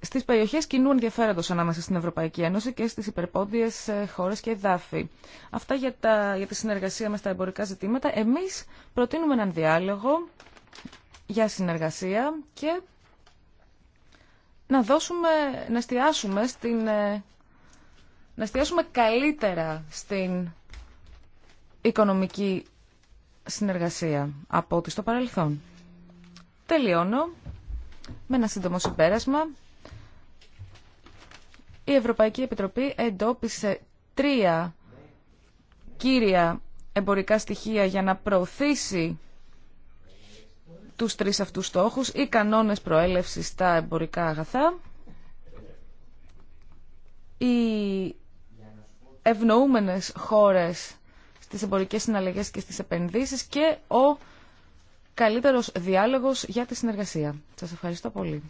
στις περιοχές κοινού ενδιαφέροντος ανάμεσα στην Ευρωπαϊκή Ένωση και στις υπερπόντιες ε, χώρες και εδάφη. Αυτά για, τα, για τη συνεργασία μας στα εμπορικά ζητήματα. Εμείς προτείνουμε έναν διάλογο για συνεργασία και να δώσουμε, να εστιάσουμε στην, ε, να εστιάσουμε καλύτερα στην οικονομική συνεργασία από ό,τι στο παρελθόν. Τελειώνω με ένα σύντομο συμπέρασμα η Ευρωπαϊκή Επιτροπή εντόπισε τρία κύρια εμπορικά στοιχεία για να προωθήσει τους τρεις αυτούς στόχους Οι κανόνες προέλευσης στα εμπορικά αγαθά, οι ευνοούμενες χώρες στις εμπορικές συναλλαγές και στις επενδύσεις και ο καλύτερος διάλογος για τη συνεργασία. Σας ευχαριστώ πολύ.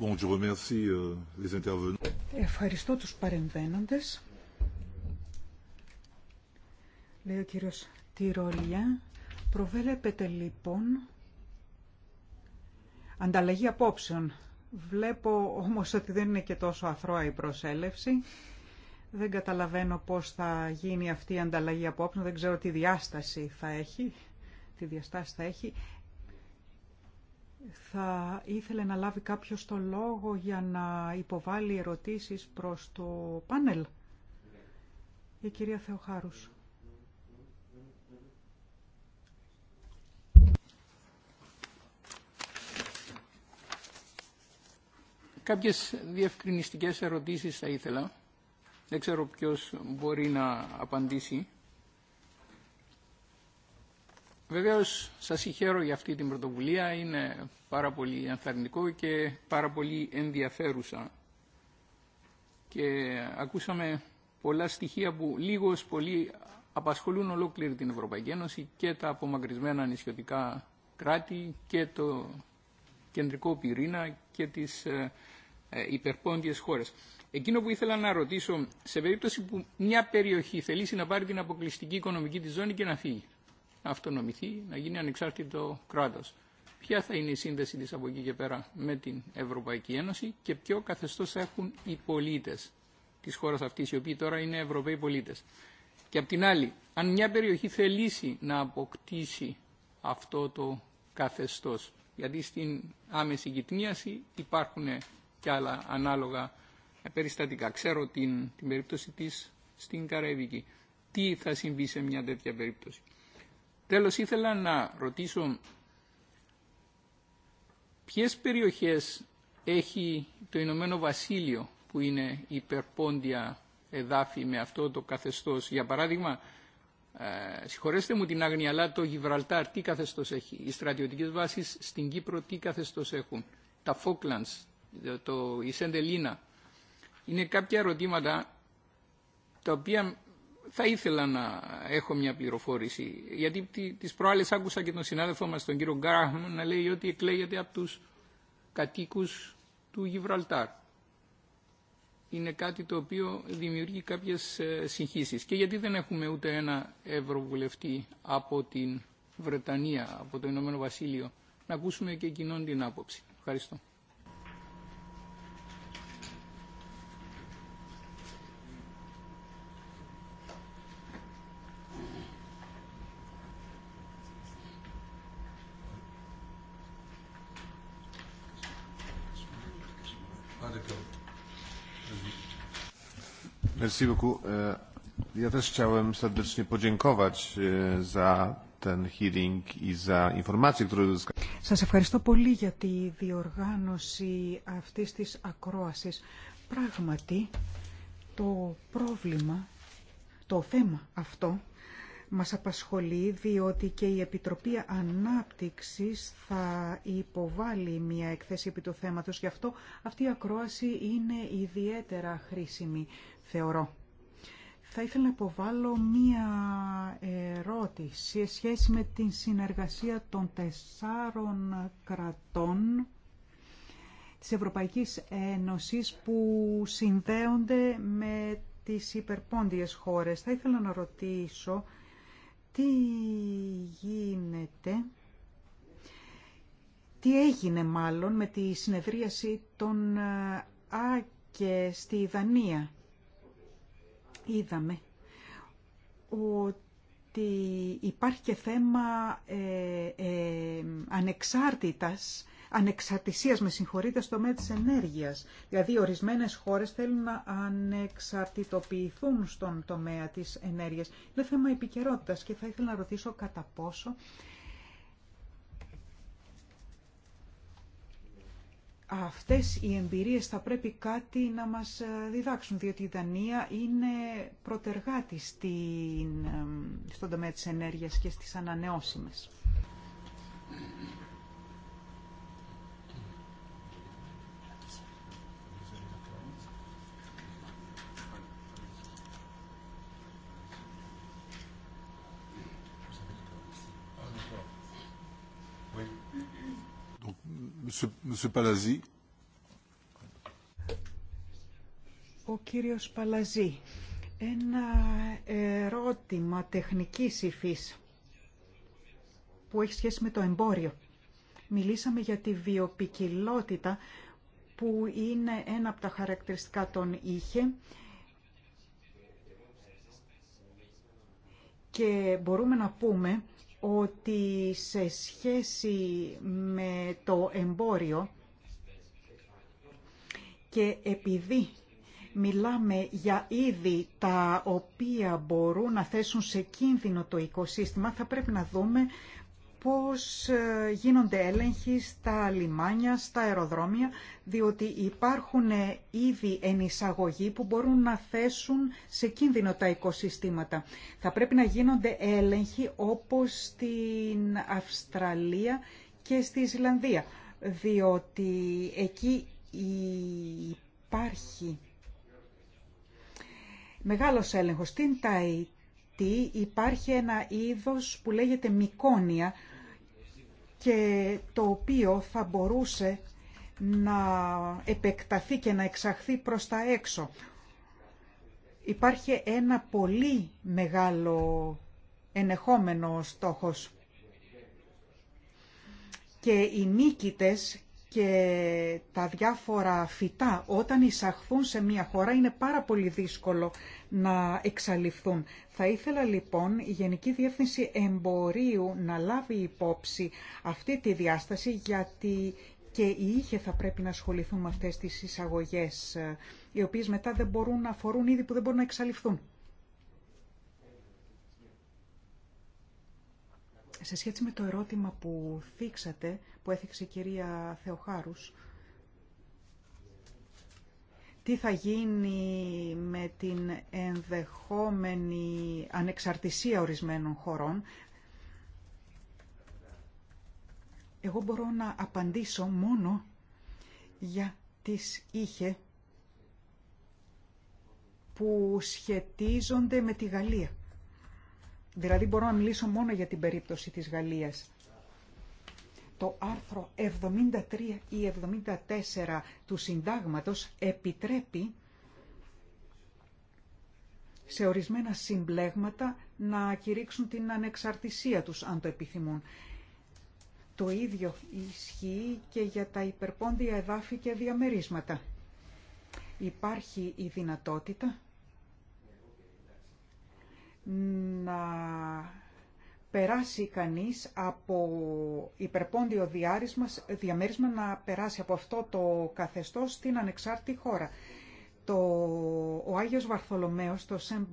Euh, Ευχαριστώ τους παρεμβαίνοντες. Λέει ο κύριος Τυρολιά. Προβέλεπετε λοιπόν ανταλλαγή απόψεων. Βλέπω όμως ότι δεν είναι και τόσο αθρώα η προσέλευση. Δεν καταλαβαίνω πώς θα γίνει αυτή η ανταλλαγή απόψεων. Δεν ξέρω τι διάσταση θα έχει. Τι διαστάση θα έχει θα ήθελε να λάβει κάποιο το λόγο για να υποβάλει ερωτήσεις προς το πάνελ. Η κυρία Θεοχάρους. Κάποιες διευκρινιστικές ερωτήσεις θα ήθελα. Δεν ξέρω ποιος μπορεί να απαντήσει. Βεβαίως σας συγχαίρω για αυτή την πρωτοβουλία. Είναι πάρα πολύ ενθαρρυντικό και πάρα πολύ ενδιαφέρουσα. Και ακούσαμε πολλά στοιχεία που λίγος πολύ απασχολούν ολόκληρη την Ευρωπαϊκή Ένωση και τα απομακρυσμένα νησιωτικά κράτη και το κεντρικό πυρήνα και τις ε, ε, υπερπόντιες χώρες. Εκείνο που ήθελα να ρωτήσω, σε περίπτωση που μια περιοχή θελήσει να πάρει την αποκλειστική οικονομική της ζώνη και να φύγει, να αυτονομηθεί, να γίνει ανεξάρτητο κράτος. Ποια θα είναι η σύνδεση τη από εκεί και πέρα με την Ευρωπαϊκή Ένωση και ποιο καθεστώς έχουν οι πολίτες της χώρας αυτής, οι οποίοι τώρα είναι Ευρωπαίοι πολίτες. Και απ' την άλλη, αν μια περιοχή θελήσει να αποκτήσει αυτό το καθεστώς, γιατί στην άμεση γυτνίαση υπάρχουν και άλλα ανάλογα περιστατικά. Ξέρω την, την περίπτωση της στην Καραϊβική. Τι θα συμβεί σε μια τέτοια περίπτωση. Τέλος ήθελα να ρωτήσω ποιες περιοχές έχει το Ηνωμένο Βασίλειο που είναι υπερπόντια εδάφη με αυτό το καθεστώς. Για παράδειγμα, ε, συγχωρέστε μου την άγνοια, αλλά το Γιβραλτάρ τι καθεστώς έχει. Οι στρατιωτικές βάσεις στην Κύπρο τι καθεστώς έχουν. Τα Φόκλαντς, ε, το, η Σεντελίνα. Είναι κάποια ερωτήματα τα οποία θα ήθελα να έχω μια πληροφόρηση, γιατί τις προάλλες άκουσα και τον συνάδελφό μας, τον κύριο Γκάραχμ, να λέει ότι εκλέγεται από τους κατοίκου του Γιβραλτάρ. Είναι κάτι το οποίο δημιουργεί κάποιες ε, συγχύσει. Και γιατί δεν έχουμε ούτε ένα ευρωβουλευτή από την Βρετανία, από το Ηνωμένο Βασίλειο, να ακούσουμε και εκείνον την άποψη. Ευχαριστώ. E, e, za i za informacje, które Σας ευχαριστώ πολύ για τη διοργάνωση αυτής της ακρόασης. Πράγματι, το πρόβλημα, το θέμα αυτό μας απασχολεί διότι και η Επιτροπή Ανάπτυξης θα υποβάλει μια εκθέση επί του θέματος. Γι' αυτό αυτή η ακρόαση είναι ιδιαίτερα χρήσιμη, θεωρώ. Θα ήθελα να υποβάλω μία ερώτηση σε σχέση με την συνεργασία των τεσσάρων κρατών της Ευρωπαϊκής Ένωσης που συνδέονται με τις υπερπόντιες χώρες. Θα ήθελα να ρωτήσω τι γίνεται, τι έγινε μάλλον με τη συνεδρίαση των ε, ΑΚΕ στη Δανία. Είδαμε ότι υπάρχει και θέμα ε, ε ανεξάρτητας ανεξαρτησίας, με συγχωρείτε, στο μέτρο της ενέργειας. Δηλαδή, ορισμένες χώρες θέλουν να ανεξαρτητοποιηθούν στον τομέα της ενέργειας. Είναι θέμα επικαιρότητα και θα ήθελα να ρωτήσω κατά πόσο αυτές οι εμπειρίες θα πρέπει κάτι να μας διδάξουν, διότι η Δανία είναι προτεργάτη ε, στον τομέα της ενέργειας και στις ανανεώσιμες. Ο κύριος Παλαζή, ένα ερώτημα τεχνικής υφής που έχει σχέση με το εμπόριο. Μιλήσαμε για τη βιοπικιλότητα που είναι ένα από τα χαρακτηριστικά των είχε και μπορούμε να πούμε ότι σε σχέση με το εμπόριο και επειδή μιλάμε για είδη τα οποία μπορούν να θέσουν σε κίνδυνο το οικοσύστημα, θα πρέπει να δούμε πώς ε, γίνονται έλεγχοι στα λιμάνια, στα αεροδρόμια, διότι υπάρχουν ε, ήδη ενισαγωγοί που μπορούν να θέσουν σε κίνδυνο τα οικοσυστήματα. Θα πρέπει να γίνονται έλεγχοι όπως στην Αυστραλία και στη Ισλανδία, διότι εκεί υπάρχει μεγάλος έλεγχος. Στην Ταϊτή υπάρχει ένα είδος που λέγεται μικόνια, και το οποίο θα μπορούσε να επεκταθεί και να εξαχθεί προς τα έξω. Υπάρχει ένα πολύ μεγάλο ενεχόμενο στόχος και οι νίκητες και τα διάφορα φυτά όταν εισαχθούν σε μια χώρα είναι πάρα πολύ δύσκολο να εξαλειφθούν. Θα ήθελα λοιπόν η Γενική Διεύθυνση Εμπορίου να λάβει υπόψη αυτή τη διάσταση γιατί και οι είχε θα πρέπει να ασχοληθούν με αυτές τις εισαγωγές ε, οι οποίες μετά δεν μπορούν να αφορούν ήδη που δεν μπορούν να εξαλειφθούν. σε σχέση με το ερώτημα που θίξατε, που έθιξε η κυρία Θεοχάρους, τι θα γίνει με την ενδεχόμενη ανεξαρτησία ορισμένων χωρών, εγώ μπορώ να απαντήσω μόνο για τις είχε που σχετίζονται με τη Γαλλία. Δηλαδή μπορώ να μιλήσω μόνο για την περίπτωση της Γαλλίας. Το άρθρο 73 ή 74 του συντάγματος επιτρέπει σε ορισμένα συμπλέγματα να κηρύξουν την ανεξαρτησία τους, αν το επιθυμούν. Το ίδιο ισχύει και για τα υπερπόντια εδάφη και διαμερίσματα. Υπάρχει η δυνατότητα να περάσει κανείς από υπερπόντιο διάρισμα, διαμέρισμα να περάσει από αυτό το καθεστώς στην ανεξάρτητη χώρα. Το, ο Άγιος Βαρθολομέος, το Σεν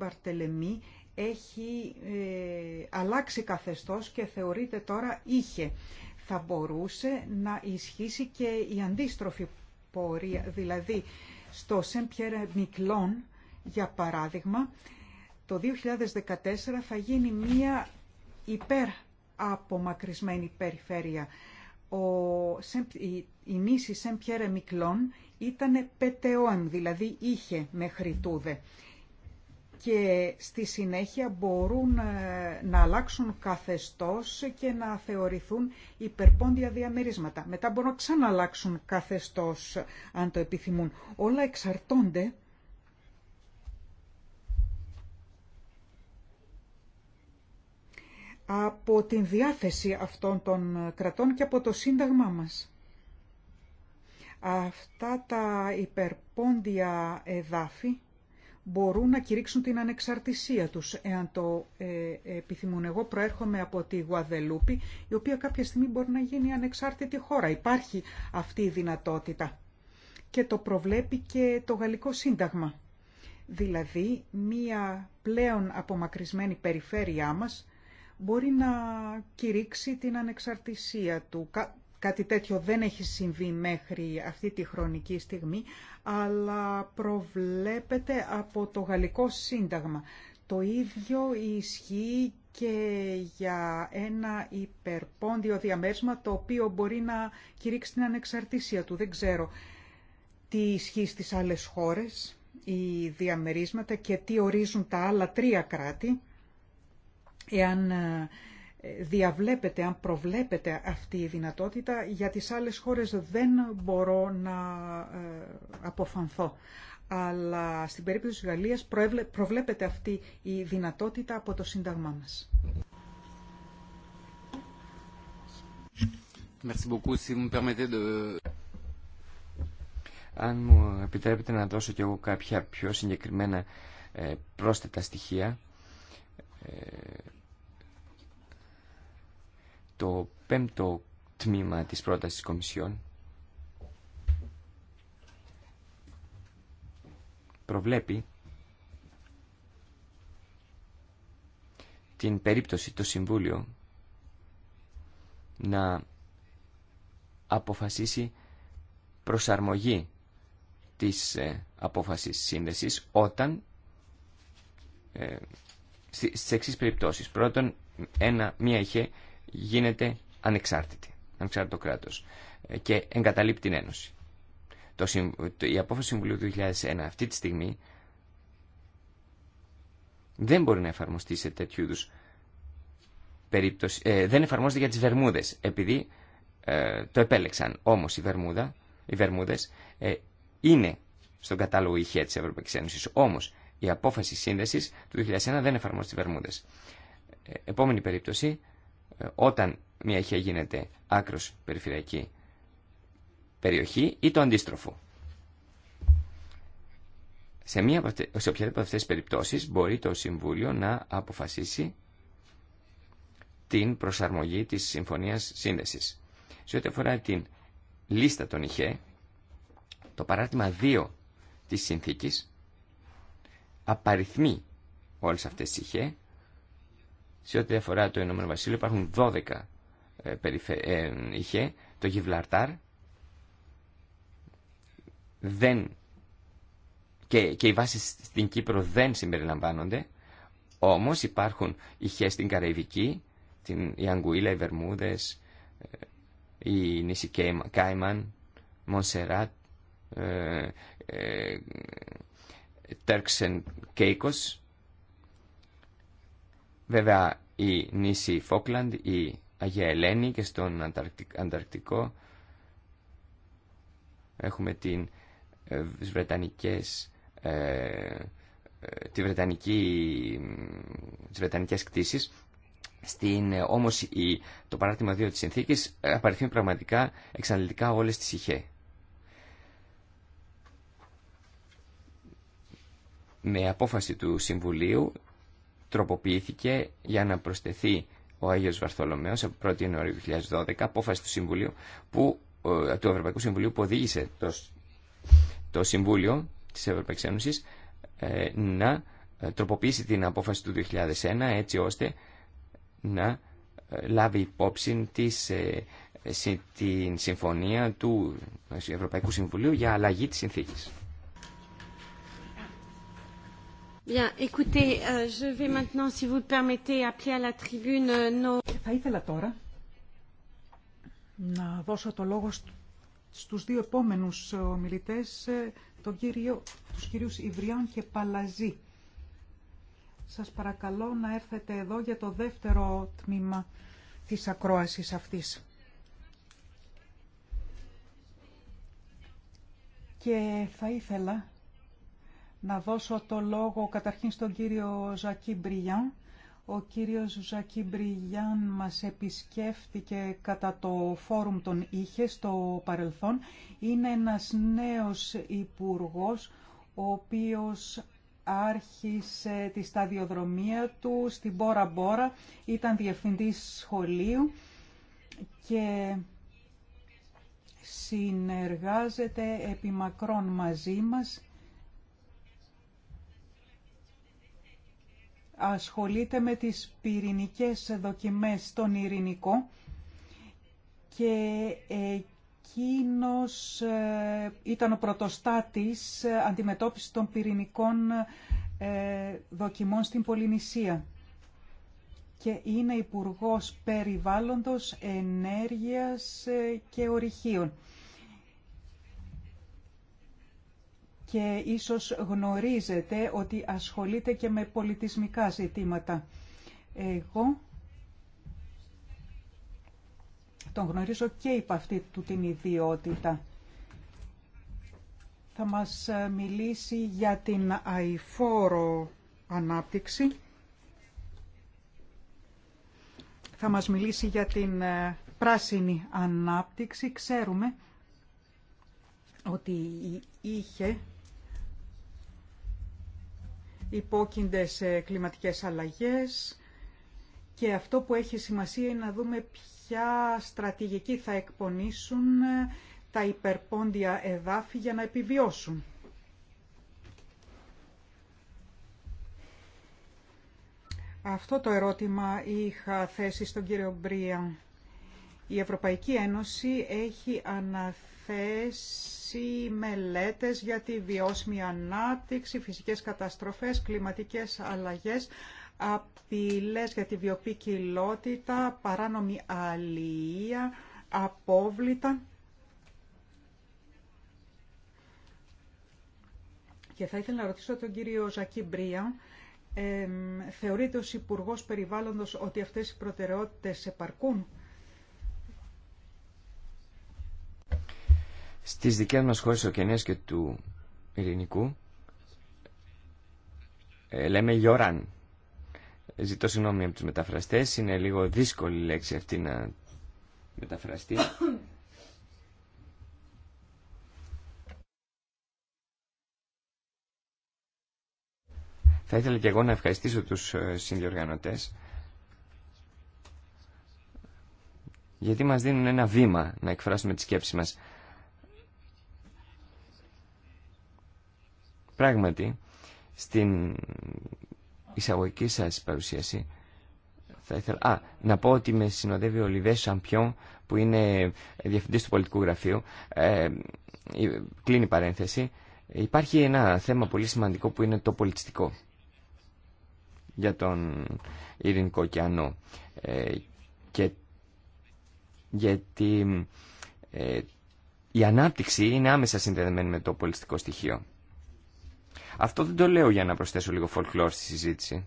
έχει ε, αλλάξει καθεστώς και θεωρείται τώρα είχε. Θα μπορούσε να ισχύσει και η αντίστροφη πορεία, δηλαδή στο Σεν Πιέρε Μικλόν, για παράδειγμα, το 2014 θα γίνει μία υπερ-απομακρυσμένη περιφέρεια. Ο, η, η νήσι Μικλών ήταν πετεών, δηλαδή είχε μέχρι τούδε. Και στη συνέχεια μπορούν ε, να αλλάξουν καθεστώς και να θεωρηθούν υπερπόντια διαμερίσματα. Μετά μπορούν να ξαναλλάξουν καθεστώς αν το επιθυμούν. Όλα εξαρτώνται από την διάθεση αυτών των κρατών και από το Σύνταγμά μας. Αυτά τα υπερπόντια εδάφη μπορούν να κηρύξουν την ανεξαρτησία τους. Εάν το ε, επιθυμούν εγώ, προέρχομαι από τη Γουαδελούπη, η οποία κάποια στιγμή μπορεί να γίνει ανεξάρτητη χώρα. Υπάρχει αυτή η δυνατότητα. Και το προβλέπει και το Γαλλικό Σύνταγμα. Δηλαδή, μία πλέον απομακρυσμένη περιφέρειά μας μπορεί να κηρύξει την ανεξαρτησία του. Κάτι τέτοιο δεν έχει συμβεί μέχρι αυτή τη χρονική στιγμή, αλλά προβλέπεται από το Γαλλικό Σύνταγμα. Το ίδιο ισχύει και για ένα υπερπόντιο διαμέρισμα το οποίο μπορεί να κηρύξει την ανεξαρτησία του. Δεν ξέρω τι ισχύει στις άλλες χώρες οι διαμερίσματα και τι ορίζουν τα άλλα τρία κράτη εάν ε, διαβλέπετε, αν προβλέπετε αυτή η δυνατότητα, για τις άλλες χώρες δεν μπορώ να ε, αποφανθώ. Αλλά στην περίπτωση της Γαλλίας προβλέπετε αυτή η δυνατότητα από το Σύνταγμά μας. Αν μου επιτρέπετε να δώσω κι εγώ κάποια πιο συγκεκριμένα ε, πρόσθετα στοιχεία, το πέμπτο τμήμα της πρότασης της Κομισιόν προβλέπει την περίπτωση το Συμβούλιο να αποφασίσει προσαρμογή της ε, απόφασης σύνδεσης όταν ε, στις εξής περιπτώσεις. Πρώτον, ένα, μία είχε γίνεται ανεξάρτητη, ανεξάρτητο κράτο. και εγκαταλείπει την Ένωση. Το, η απόφαση του Συμβουλίου του 2001 αυτή τη στιγμή δεν μπορεί να εφαρμοστεί σε τέτοιου είδου περίπτωση. Ε, δεν εφαρμόζεται για τις Βερμούδες επειδή ε, το επέλεξαν. Όμως η οι Βερμούδες ε, είναι στον κατάλογο ηχεία τη Ευρωπαϊκή Ένωση. Όμως η απόφαση σύνδεση του 2001 δεν εφαρμόζεται στις Βερμούδες. επόμενη περίπτωση όταν μια ηχεία γίνεται άκρος περιφερειακή περιοχή ή το αντίστροφο. Σε, μία από αυτές, σε οποιαδήποτε αυτές τις περιπτώσεις μπορεί το Συμβούλιο να αποφασίσει την προσαρμογή της Συμφωνίας Σύνδεσης. Σε ό,τι αφορά την λίστα των ηχέ, το παράρτημα 2 της Συνθήκης απαριθμεί όλες αυτές τις ηχέ σε ό,τι αφορά το Ηνωμένο Βασίλειο υπάρχουν 12 ε, ε, είχε το Γιβλαρτάρ δεν και, και οι βάσεις στην Κύπρο δεν συμπεριλαμβάνονται όμως υπάρχουν ηχές στην Καραϊβική την, η Αγκουίλα, οι Βερμούδες ε, η νησί Κάιμαν Μονσεράτ Τέρξεν Κέικος Βέβαια, η νήσι Φόκλαντ, η Αγία Ελένη και στον Ανταρκτικό έχουμε την, ε, Βρετανικές, ε, ε, τη Βρετανική, Βρετανικές Στην, όμως το παράδειγμα 2 της συνθήκης απαριθμεί πραγματικά εξαντλητικά όλες τις ηχέ. Με απόφαση του Συμβουλίου τροποποιήθηκε για να προσθεθεί ο Άγιος Βαρθολομαίος από 1η Ιανουαρίου 2012, απόφαση του, Συμβουλίου που, του Ευρωπαϊκού Συμβουλίου που οδήγησε το, Συμβούλιο της Ευρωπαϊκής Ένωσης ε, να ε, τροποποιήσει την απόφαση του 2001 έτσι ώστε να ε, λάβει υπόψη της, ε, την συμφωνία του Ευρωπαϊκού Συμβουλίου για αλλαγή της συνθήκης. Θα ήθελα τώρα να δώσω το λόγο στους δύο επόμενους ε, ομιλητές, ε, το κύριο, τους κυρίους Ιβριάν και Παλαζή. Σας παρακαλώ να έρθετε εδώ για το δεύτερο τμήμα της ακρόασης αυτής. Και θα ήθελα να δώσω το λόγο καταρχήν στον κύριο Ζακί Μπριγιάν. Ο κύριος Ζακί Μπριγιάν μας επισκέφτηκε κατά το φόρουμ των είχε στο παρελθόν. Είναι ένας νέος υπουργός, ο οποίος άρχισε τη σταδιοδρομία του στην Μπόρα Μπόρα, ήταν διευθυντής σχολείου και συνεργάζεται μακρόν μαζί μας ασχολείται με τις πυρηνικές δοκιμές στον Ειρηνικό και εκείνος ε, ήταν ο πρωτοστάτης αντιμετώπισης των πυρηνικών ε, δοκιμών στην Πολυνησία και είναι Υπουργός Περιβάλλοντος, Ενέργειας ε, και Ορυχείων. και ίσως γνωρίζετε ότι ασχολείται και με πολιτισμικά ζητήματα. Εγώ τον γνωρίζω και υπ' αυτή του την ιδιότητα. Θα μας μιλήσει για την αηφόρο ανάπτυξη. Θα μας μιλήσει για την ε, πράσινη ανάπτυξη. Ξέρουμε ότι είχε υπόκεινται σε κλιματικές αλλαγές και αυτό που έχει σημασία είναι να δούμε ποια στρατηγική θα εκπονήσουν τα υπερπόντια εδάφη για να επιβιώσουν. Αυτό το ερώτημα είχα θέσει στον κύριο Μπρία. Η Ευρωπαϊκή Ένωση έχει αναθέσει θέση μελέτες για τη βιώσιμη ανάπτυξη, φυσικές καταστροφές, κλιματικές αλλαγές, απειλές για τη βιοποικιλότητα, παράνομη αλληλεία, απόβλητα. Και θα ήθελα να ρωτήσω τον κύριο Ζακή Μπρία, ε, θεωρείται ως Υπουργός Περιβάλλοντος ότι αυτές οι προτεραιότητες επαρκούν. Στις δικές μας χώρες Οκενίας και του Ειρηνικού ε, λέμε Γιωράν. Ζητώ συγγνώμη από τους μεταφραστές, είναι λίγο δύσκολη η λέξη αυτή να μεταφραστεί. Θα ήθελα και εγώ να ευχαριστήσω τους ε, συνδιοργανωτές γιατί μας δίνουν ένα βήμα να εκφράσουμε τη σκέψη μας. Πράγματι, στην εισαγωγική σας παρουσίαση θα ήθελα... Α, να πω ότι με συνοδεύει ο Λιβέ Σαμπιόν που είναι διευθυντής του πολιτικού γραφείου. Ε, κλείνει παρένθεση. Υπάρχει ένα θέμα πολύ σημαντικό που είναι το πολιτιστικό για τον Ειρηνικό ωκεανό. Ε, και γιατί ε, η ανάπτυξη είναι άμεσα συνδεδεμένη με το πολιτιστικό στοιχείο. Αυτό δεν το λέω για να προσθέσω λίγο folklore στη συζήτηση.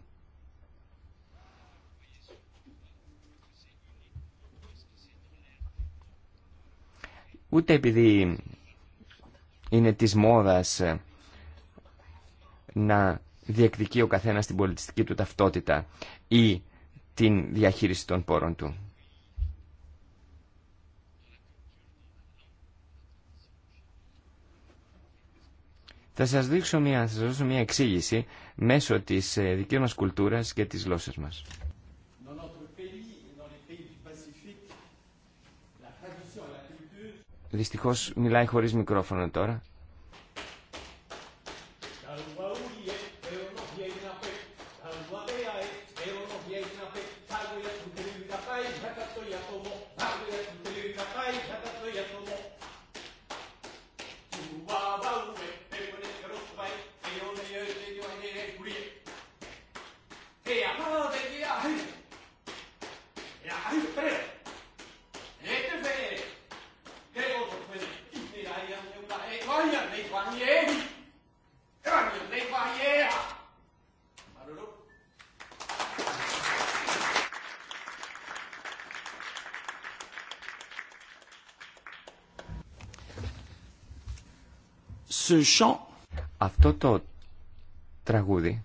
Ούτε επειδή είναι της μόδας ε, να διεκδικεί ο καθένας την πολιτιστική του ταυτότητα ή την διαχείριση των πόρων του. Θα σας δείξω μια, θα σας δώσω μια εξήγηση μέσω της ε, δικής μας κουλτούρας και της γλώσσας μας. Δυστυχώς μιλάει χωρίς μικρόφωνο τώρα. Αυτό το τραγούδι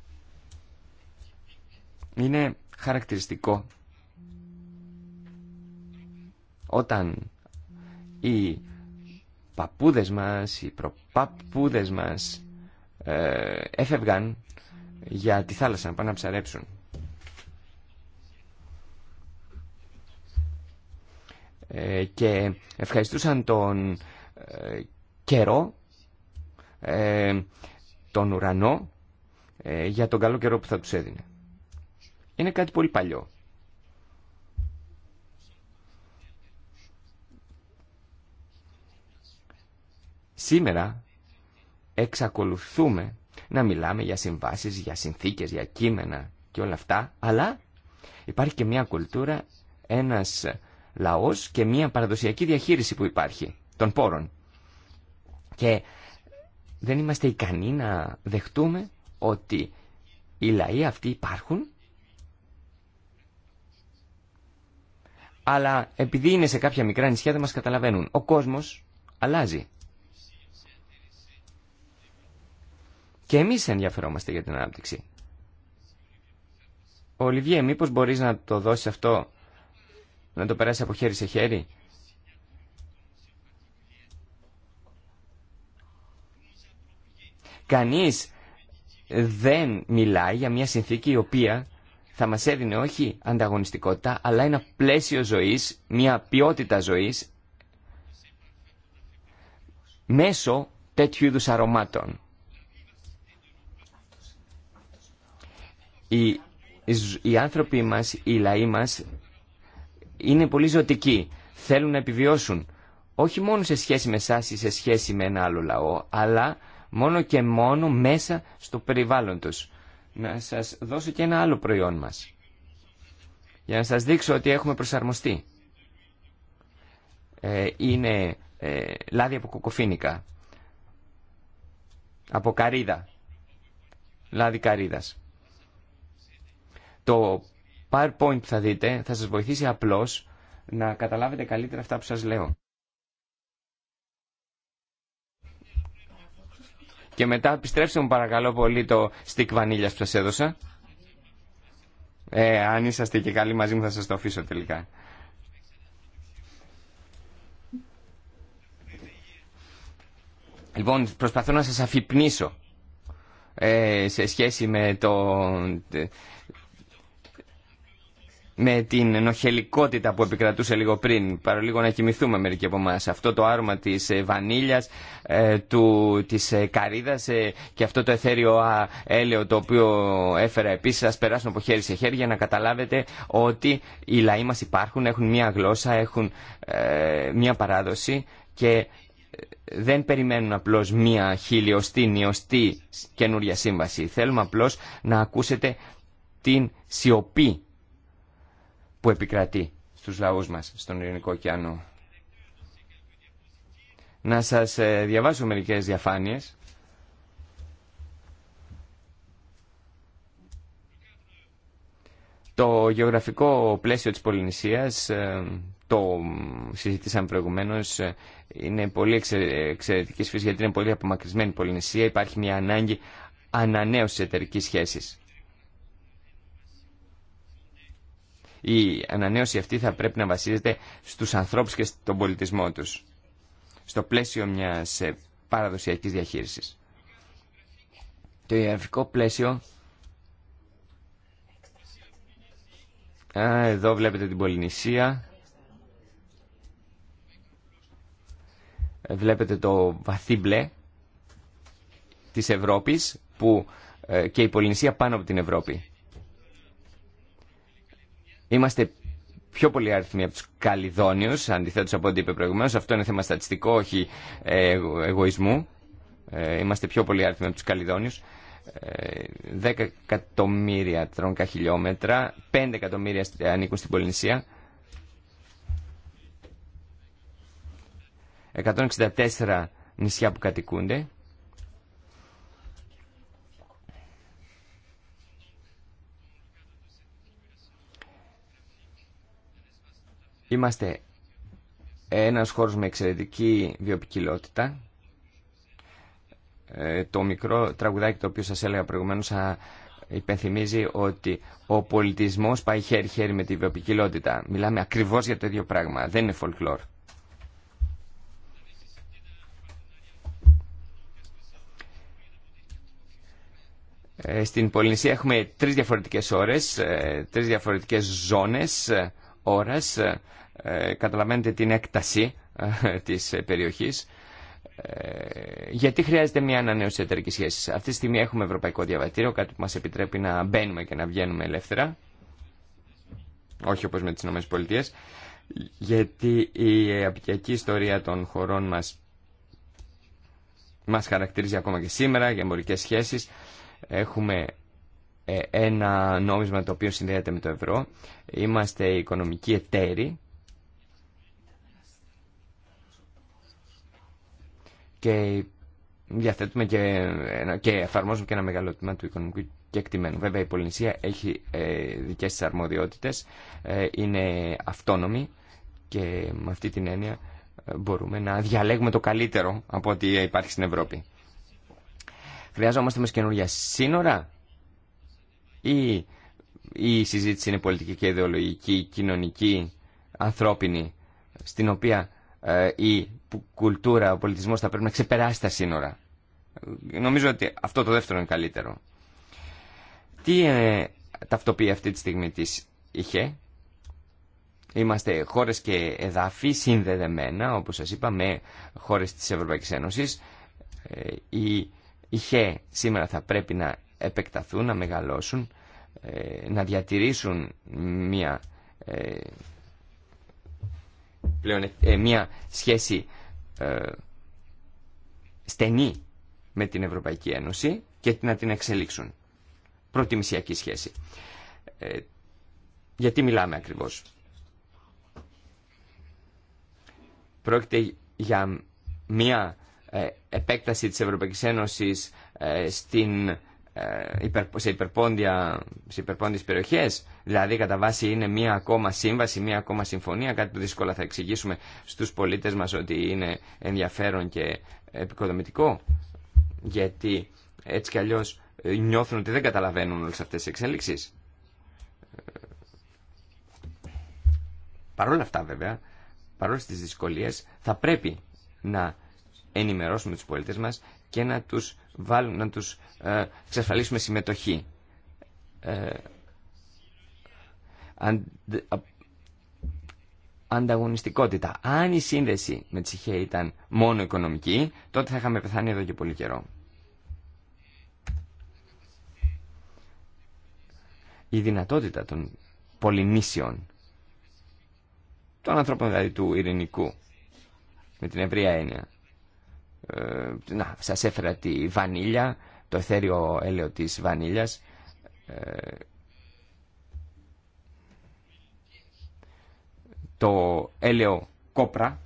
είναι χαρακτηριστικό όταν οι παππούδες μας, οι προπαππούδες μας ε, έφευγαν για τη θάλασσα να πάνε να ψαρέψουν. Ε, και ευχαριστούσαν τον ε, καιρό ε, τον ουρανό ε, για τον καλό καιρό που θα τους έδινε. Είναι κάτι πολύ παλιό. Σήμερα εξακολουθούμε να μιλάμε για συμβάσεις, για συνθήκες, για κείμενα και όλα αυτά, αλλά υπάρχει και μια κουλτούρα, ένας λαός και μια παραδοσιακή διαχείριση που υπάρχει των πόρων. Και δεν είμαστε ικανοί να δεχτούμε ότι οι λαοί αυτοί υπάρχουν αλλά επειδή είναι σε κάποια μικρά νησιά δεν μας καταλαβαίνουν. Ο κόσμος αλλάζει. Και εμείς ενδιαφερόμαστε για την ανάπτυξη. Ο Λιβιέ, μήπως μπορείς να το δώσεις αυτό, να το περάσει από χέρι σε χέρι Κανείς δεν μιλάει για μια συνθήκη η οποία θα μας έδινε όχι ανταγωνιστικότητα, αλλά ένα πλαίσιο ζωής, μια ποιότητα ζωής, μέσω τέτοιου είδους αρωμάτων. Οι, άνθρωποι μας, οι λαοί μας, είναι πολύ ζωτικοί. Θέλουν να επιβιώσουν. Όχι μόνο σε σχέση με εσάς ή σε σχέση με ένα άλλο λαό, αλλά μόνο και μόνο μέσα στο περιβάλλον τους. Να σας δώσω και ένα άλλο προϊόν μας, για να σας δείξω ότι έχουμε προσαρμοστεί. Ε, είναι ε, λάδι από κοκοφίνικα, από καρίδα, λάδι καρίδας. Το PowerPoint που θα δείτε θα σας βοηθήσει απλώς να καταλάβετε καλύτερα αυτά που σας λέω. Και μετά επιστρέψτε μου παρακαλώ πολύ το στικ βανίλια που σα έδωσα. Ε, αν είσαστε και καλοί μαζί μου θα σας το αφήσω τελικά. Λοιπόν, προσπαθώ να σας αφυπνίσω ε, σε σχέση με το, με την ενοχελικότητα που επικρατούσε λίγο πριν, λίγο να κοιμηθούμε μερικοί από εμά. Αυτό το άρωμα της ε, βανίλιας, ε, του, της ε, καρύδας και αυτό το εθέριο έλαιο το οποίο έφερα επίση, α περάσουν από χέρι σε χέρι για να καταλάβετε ότι οι λαοί μα υπάρχουν, έχουν μία γλώσσα, έχουν μία παράδοση και δεν περιμένουν απλώς μία χιλιοστή, νιωστή καινούρια σύμβαση. Θέλουμε απλώς να ακούσετε την σιωπή που επικρατεί στους λαούς μας στον Ειρηνικό ωκεανό. Να σας ε, διαβάσω μερικές διαφάνειες. Το γεωγραφικό πλαίσιο της Πολυνησίας, ε, το συζητήσαμε προηγουμένως, ε, είναι πολύ εξαιρετική φύση γιατί είναι πολύ απομακρυσμένη η Πολυνησία. Υπάρχει μια ανάγκη ανανέωσης εταιρικής σχέσης. η ανανέωση αυτή θα πρέπει να βασίζεται στους ανθρώπους και στον πολιτισμό τους, στο πλαίσιο μιας ε, παραδοσιακής διαχείρισης. Το ιεραρχικό πλαίσιο... Α, εδώ βλέπετε την Πολυνησία. Βλέπετε το βαθύ μπλε της Ευρώπης που ε, και η Πολυνησία πάνω από την Ευρώπη. Είμαστε πιο πολλοί αριθμοί από του Καλλιδόνιου, αντιθέτω από ό,τι είπε προηγουμένω. Αυτό είναι θέμα στατιστικό, όχι ε, εγωισμού. Ε, είμαστε πιο πολλοί αριθμοί από του Καλλιδόνιου. 10 ε, εκατομμύρια τρόνκα χιλιόμετρα, 5 εκατομμύρια ανήκουν στην Πολυνησία. 164 νησιά που κατοικούνται. Είμαστε ένας χώρος με εξαιρετική βιοπικιλότητα. Ε, το μικρό τραγουδάκι το οποίο σας έλεγα προηγουμένως υπενθυμίζει ότι ο πολιτισμός πάει χέρι-χέρι με τη βιοπικιλότητα. Μιλάμε ακριβώς για το ίδιο πράγμα. Δεν είναι φολκλόρ. Ε, στην Πολυνησία έχουμε τρεις διαφορετικές ώρες, ε, τρεις διαφορετικές ζώνες ώρας. Ε, καταλαβαίνετε την έκταση ε, της περιοχής. Ε, γιατί χρειάζεται μια ανανέωση εταιρική σχέση. Αυτή τη στιγμή έχουμε ευρωπαϊκό διαβατήριο, κάτι που μας επιτρέπει να μπαίνουμε και να βγαίνουμε ελεύθερα. Όχι όπω με τι ΗΠΑ. Γιατί η απικιακή ιστορία των χωρών μας μας χαρακτηρίζει ακόμα και σήμερα για εμπορικές σχέσεις Έχουμε ένα νόμισμα το οποίο συνδέεται με το ευρώ. Είμαστε οικονομικοί εταίροι και διαθέτουμε και, και εφαρμόζουμε και ένα μεγάλο τμήμα του οικονομικού κεκτημένου. Βέβαια η Πολυνησία έχει ε, δικές της αρμοδιότητες, ε, είναι αυτόνομη και με αυτή την έννοια ε, μπορούμε να διαλέγουμε το καλύτερο από ό,τι υπάρχει στην Ευρώπη. Χρειαζόμαστε μας καινούργια σύνορα ή η συζήτηση είναι πολιτική και ιδεολογική, κοινωνική, ανθρώπινη, στην οποία ε, η κουλτούρα, ο πολιτισμός θα πρέπει να ξεπεράσει τα σύνορα. Νομίζω ότι αυτό το δεύτερο είναι καλύτερο. Τι ε, ταυτοποιεί αυτή τη στιγμή τη είχε. Είμαστε χώρες και εδάφη συνδεδεμένα, όπως σας είπα, με χώρες της Ευρωπαϊκής Ένωσης. Ε, οι είχε σήμερα θα πρέπει να επεκταθούν, να μεγαλώσουν, ε, να διατηρήσουν μια πλέον ε, ε, μια σχέση ε, στενή με την Ευρωπαϊκή Ένωση και να την εξελίξουν. Προτιμησιακή σχέση. Ε, γιατί μιλάμε ακριβώς. Πρόκειται για μια επέκταση της Ευρωπαϊκής Ένωσης στην, σε, υπερπόντια, σε υπερπόντιες περιοχές Δηλαδή κατά βάση είναι μία ακόμα σύμβαση, μία ακόμα συμφωνία, κάτι που δύσκολα θα εξηγήσουμε στους πολίτες μας ότι είναι ενδιαφέρον και επικοδομητικό. Γιατί έτσι κι αλλιώς ε, νιώθουν ότι δεν καταλαβαίνουν όλες αυτές τις εξελίξεις. Ε, Παρ' όλα αυτά βέβαια, παρόλε τις δυσκολίες, θα πρέπει να ενημερώσουμε τους πολίτε μας και να τους, ε, εξασφαλίσουμε συμμετοχή. Ε, ανταγωνιστικότητα. Αν η σύνδεση με τη ΣΥΧΕ ήταν μόνο οικονομική, τότε θα είχαμε πεθάνει εδώ και πολύ καιρό. Η δυνατότητα των πολυνήσεων, των ανθρώπων δηλαδή του ειρηνικού, με την ευρεία έννοια. Ε, να, σας έφερα τη βανίλια, το εθέριο έλαιο της βανίλιας, ε, το έλαιο κόπρα,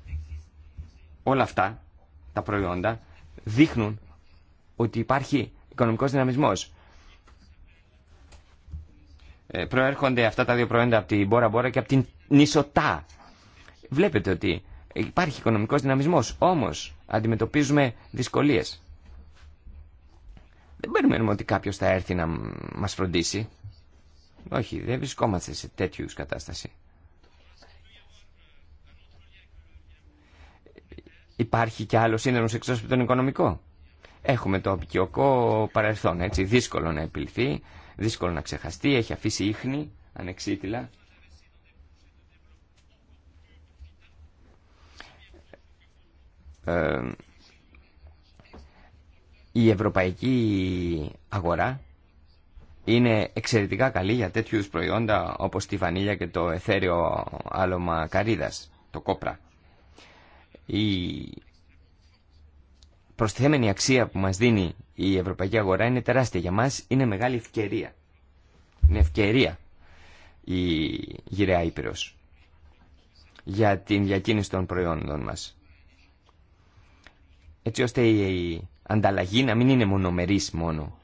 όλα αυτά τα προϊόντα δείχνουν ότι υπάρχει οικονομικός δυναμισμός. Ε, προέρχονται αυτά τα δύο προϊόντα από την Μπόρα Μπόρα και από την Νησοτά. Βλέπετε ότι υπάρχει οικονομικός δυναμισμός, όμως αντιμετωπίζουμε δυσκολίες. Δεν περιμένουμε ότι κάποιο θα έρθει να μας φροντίσει. Όχι, δεν βρισκόμαστε σε τέτοιου κατάσταση. Υπάρχει και άλλο σύνδρομο εκτό τον οικονομικό. Έχουμε το απεικιοκό παρελθόν, έτσι, δύσκολο να επιληθεί, δύσκολο να ξεχαστεί, έχει αφήσει ίχνη, ανεξίτηλα. Ε, η ευρωπαϊκή αγορά είναι εξαιρετικά καλή για τέτοιου προϊόντα όπως τη βανίλια και το εθέριο άλωμα καρύδας, το κόπρα. Η προστιθέμενη αξία που μας δίνει η ευρωπαϊκή αγορά είναι τεράστια. Για μας είναι μεγάλη ευκαιρία. Είναι ευκαιρία η γυραιά Ήπειρος για την διακίνηση των προϊόντων μας. Έτσι ώστε η ανταλλαγή να μην είναι μονομερής μόνο,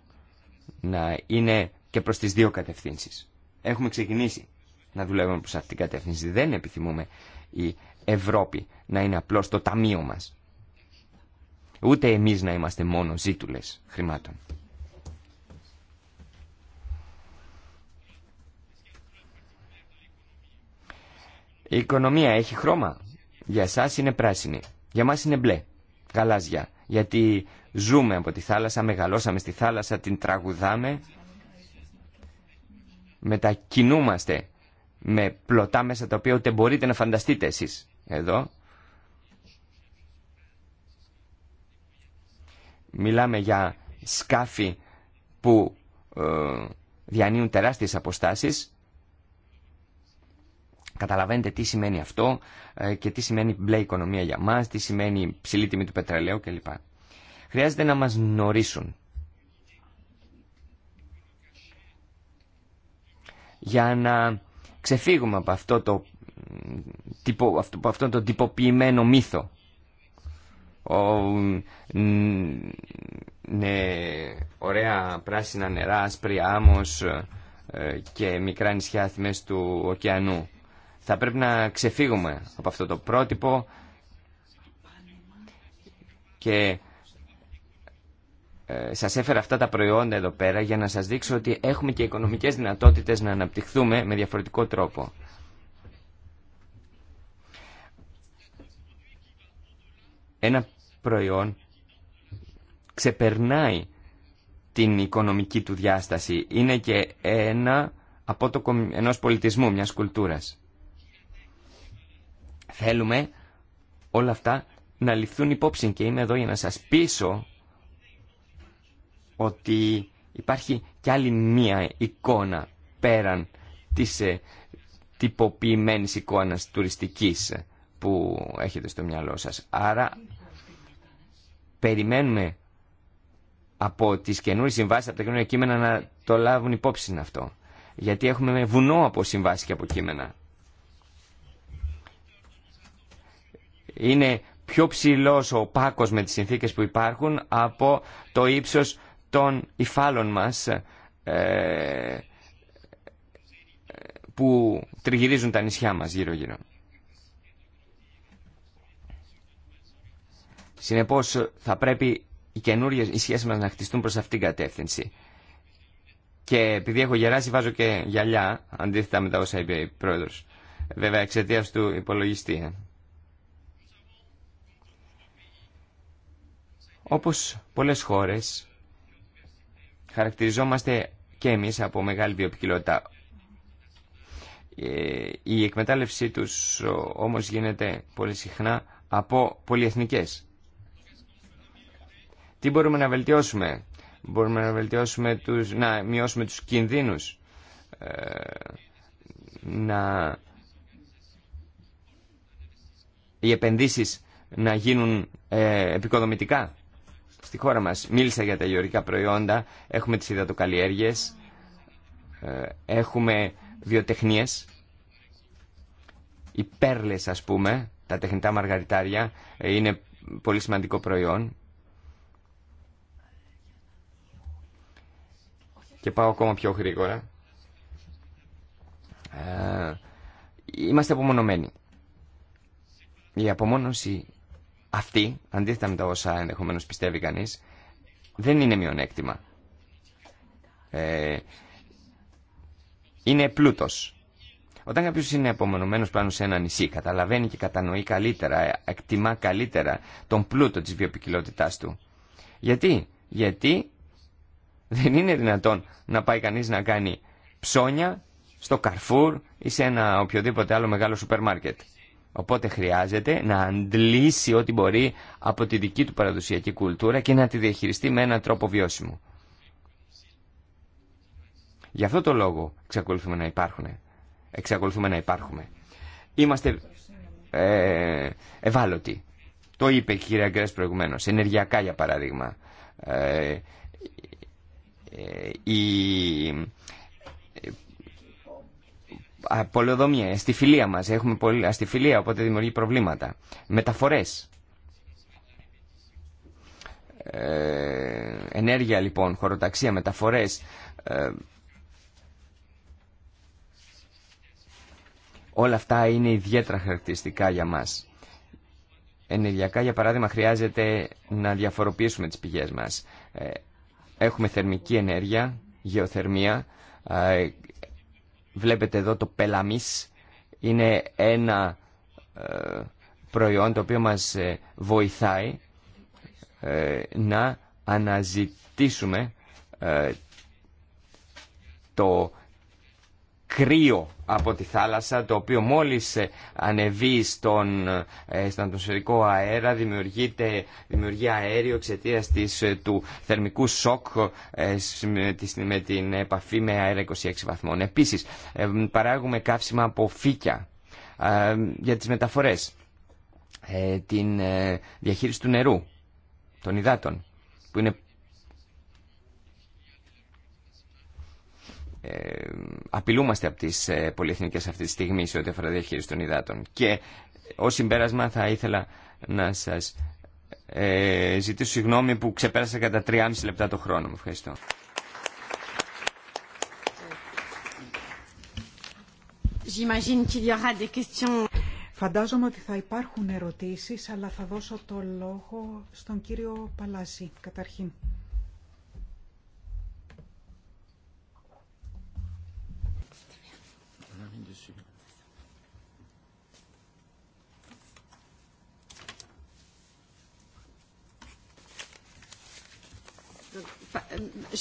να είναι και προς τις δύο κατευθύνσεις. Έχουμε ξεκινήσει να δουλεύουμε προς αυτήν την κατεύθυνση. Δεν επιθυμούμε η Ευρώπη να είναι απλώς το ταμείο μας. Ούτε εμείς να είμαστε μόνο ζήτουλες χρημάτων. Η οικονομία έχει χρώμα. Για σας είναι πράσινη. Για μας είναι μπλε. Γαλάζια. Γιατί ζούμε από τη θάλασσα, μεγαλώσαμε στη θάλασσα, την τραγουδάμε. Μετακινούμαστε με πλωτά μέσα τα οποία ούτε μπορείτε να φανταστείτε εσείς εδώ μιλάμε για σκάφη που ε, διανύουν τεράστιες αποστάσεις. Καταλαβαίνετε τι σημαίνει αυτό ε, και τι σημαίνει μπλε οικονομία για μας, τι σημαίνει ψηλή τιμή του πετρελαίου κλπ. Χρειάζεται να μας γνωρίσουν. Για να ξεφύγουμε από αυτό το τυπο, αυτόν τον τυποποιημένο μύθο. Ο, ναι, ωραία πράσινα νερά, άσπρη άμμος ε, και μικρά νησιά μέσα του ωκεανού. Θα πρέπει να ξεφύγουμε από αυτό το πρότυπο και ε, σας έφερα αυτά τα προϊόντα εδώ πέρα για να σας δείξω ότι έχουμε και οικονομικές δυνατότητες να αναπτυχθούμε με διαφορετικό τρόπο. ένα προϊόν ξεπερνάει την οικονομική του διάσταση. Είναι και ένα από το, ενός πολιτισμού, μιας κουλτούρας. Θέλουμε όλα αυτά να ληφθούν υπόψη και είμαι εδώ για να σας πείσω ότι υπάρχει κι άλλη μία εικόνα πέραν της ε, τυποποιημένης εικόνας τουριστικής που έχετε στο μυαλό σας. Άρα περιμένουμε από τις καινούριες συμβάσεις, από τα καινούργια κείμενα να το λάβουν υπόψη αυτό. Γιατί έχουμε βουνό από συμβάσεις και από κείμενα. Είναι πιο ψηλός ο πάκος με τις συνθήκες που υπάρχουν από το ύψος των υφάλων μας ε, που τριγυρίζουν τα νησιά μας γύρω-γύρω. Συνεπώ θα πρέπει οι καινούριες οι να χτιστούν προς αυτήν την κατεύθυνση. Και επειδή έχω γεράσει βάζω και γυαλιά, αντίθετα με τα όσα είπε η πρόεδρο, Βέβαια εξαιτία του υπολογιστή. Ε. Όπως πολλές χώρες, χαρακτηριζόμαστε και εμεί από μεγάλη βιοπικιλότητα. Ε, η εκμετάλλευσή τους όμως γίνεται πολύ συχνά από πολυεθνικές τι μπορούμε να βελτιώσουμε. Μπορούμε να, βελτιώσουμε τους, να μειώσουμε τους κινδύνους. Ε, να... Οι επενδύσεις να γίνουν ε, επικοδομητικά στη χώρα μας. Μίλησα για τα γεωρικά προϊόντα, έχουμε τις υδατοκαλλιέργειες, ε, έχουμε βιοτεχνίες, οι πέρλες ας πούμε, τα τεχνητά μαργαριτάρια, είναι πολύ σημαντικό προϊόν και πάω ακόμα πιο γρήγορα, ε, είμαστε απομονωμένοι. Η απομόνωση αυτή, αντίθετα με τα όσα ενδεχομένω πιστεύει κανεί, δεν είναι μειονέκτημα. Ε, είναι πλούτος. Όταν κάποιο είναι απομονωμένο πάνω σε ένα νησί, καταλαβαίνει και κατανοεί καλύτερα, εκτιμά καλύτερα τον πλούτο τη βιοπικιλότητά του. Γιατί? Γιατί δεν είναι δυνατόν να πάει κανείς να κάνει ψώνια στο Καρφούρ ή σε ένα οποιοδήποτε άλλο μεγάλο σούπερ μάρκετ. Οπότε χρειάζεται να αντλήσει ό,τι μπορεί από τη δική του παραδοσιακή κουλτούρα και να τη διαχειριστεί με έναν τρόπο βιώσιμο. Γι' αυτό το λόγο εξακολουθούμε να υπάρχουν. Εξακολουθούμε να υπάρχουμε. Είμαστε ε, ευάλωτοι. Το είπε η κυρία Γκρέσ προηγουμένως. Ενεργειακά για παράδειγμα. Ε, ε, η ε, πολεοδομία, αστιφιλία μας. Έχουμε πολύ αστιφιλία, οπότε δημιουργεί προβλήματα. Μεταφορές. Ε, ενέργεια λοιπόν, χωροταξία, μεταφορές. όλα αυτά είναι ιδιαίτερα χαρακτηριστικά για μας. Ενεργειακά, για παράδειγμα, χρειάζεται να διαφοροποιήσουμε τις πηγές μας. Έχουμε θερμική ενέργεια, γεωθερμία. Βλέπετε εδώ το πελαμίς. Είναι ένα ε, προϊόν το οποίο μας ε, βοηθάει ε, να αναζητήσουμε το κρύο από τη θάλασσα το οποίο μόλις ε, ανεβεί στον, ε, στον αέρα δημιουργείται, δημιουργεί αέριο εξαιτία ε, του θερμικού σοκ με την επαφή με αέρα 26 βαθμών. Επίσης παράγουμε καύσιμα από φύκια για τις μεταφορές, την διαχείριση του νερού, των υδάτων που είναι απειλούμαστε από τις ε, πολυεθνικές αυτή τη στιγμή σε ό,τι αφορά διαχείριση των υδάτων. Και ε, ω συμπέρασμα θα ήθελα να σας ε, ζητήσω συγγνώμη που ξεπέρασα κατά 3,5 λεπτά το χρόνο μου. Ευχαριστώ. Φαντάζομαι ότι θα υπάρχουν ερωτήσεις, αλλά θα δώσω το λόγο στον κύριο Παλαζή καταρχήν.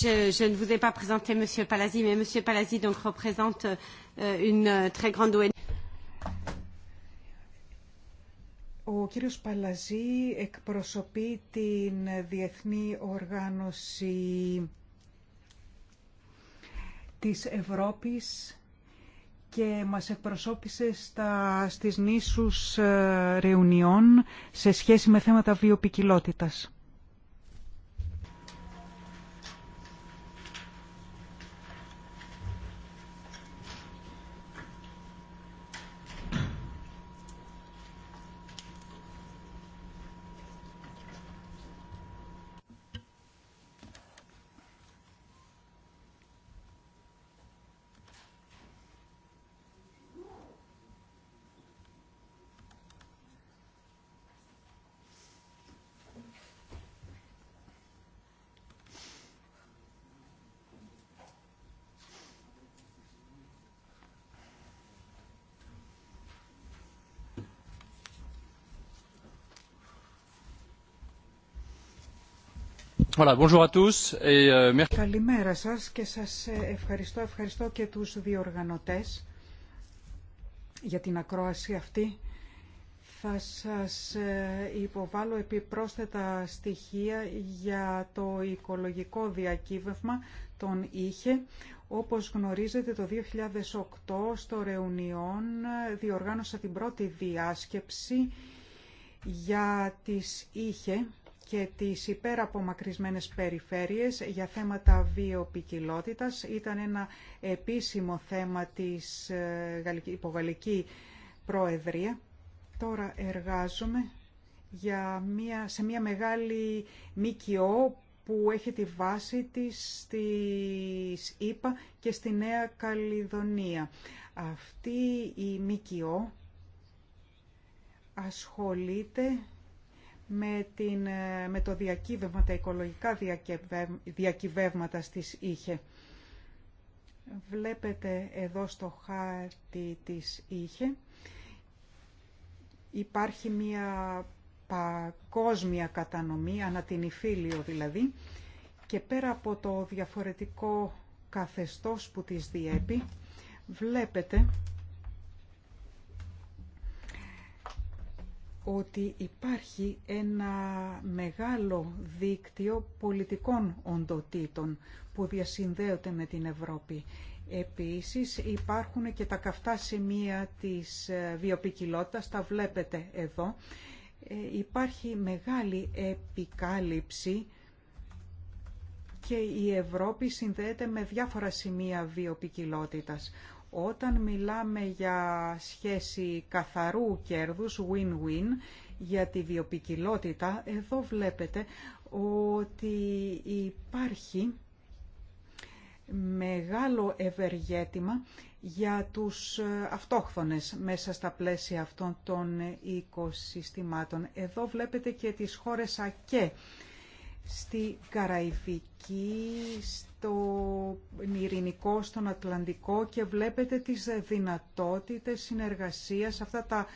Je je ne vous ai pas présenté M. Palazzi, mais M. Palazzi donc représente euh, une euh, très grande ONG. Ο κύριος Παλαζή εκπροσωπεί την Διεθνή Οργάνωση της Ευρώπης και μας εκπροσώπησε στα, στις νήσους ε, Ρεουνιών σε σχέση με θέματα βιοπικιλότητας. Euh, Καλημέρα σας και σας ε, ευχαριστώ, ευχαριστώ και τους διοργανωτές για την ακρόαση αυτή. Θα σας ε, υποβάλω επιπρόσθετα στοιχεία για το οικολογικό διακύβευμα των είχε. Όπως γνωρίζετε το 2008 στο Ρεουνιόν ε, διοργάνωσα την πρώτη διάσκεψη για τις είχε και τις υπεραπομακρυσμένες περιφέρειες για θέματα βιοπικιλότητας. Ήταν ένα επίσημο θέμα της ε, υπογαλλική προεδρία. Τώρα εργάζομαι για μια, σε μια μεγάλη ΜΚΟ που έχει τη βάση της στις ΗΠΑ και στη Νέα Καλλιδονία. Αυτή η ΜΚΟ ασχολείται με, την, ε, με το διακύβευμα, τα οικολογικά διακυβεύματα στις ΙΧΕ. Βλέπετε εδώ στο χάρτη της ΙΧΕ υπάρχει μια παγκόσμια κατανομή, ανά δηλαδή, και πέρα από το διαφορετικό καθεστώς που της διέπει, βλέπετε ότι υπάρχει ένα μεγάλο δίκτυο πολιτικών οντοτήτων που διασυνδέονται με την Ευρώπη. Επίσης υπάρχουν και τα καυτά σημεία της ε, βιοπικιλότητας, τα βλέπετε εδώ. Ε, υπάρχει μεγάλη επικάλυψη και η Ευρώπη συνδέεται με διάφορα σημεία βιοπικιλότητας. Όταν μιλάμε για σχέση καθαρού κέρδους, win-win, για τη βιοπικιλότητα, εδώ βλέπετε ότι υπάρχει μεγάλο ευεργέτημα για τους ε, αυτόχθονες μέσα στα πλαίσια αυτών των οικοσυστημάτων. Εδώ βλέπετε και τις χώρες ΑΚΕ στη Καραϊβική, στο Ειρηνικό, στον Ατλαντικό και βλέπετε τις δυνατότητες συνεργασίας, αυτά τα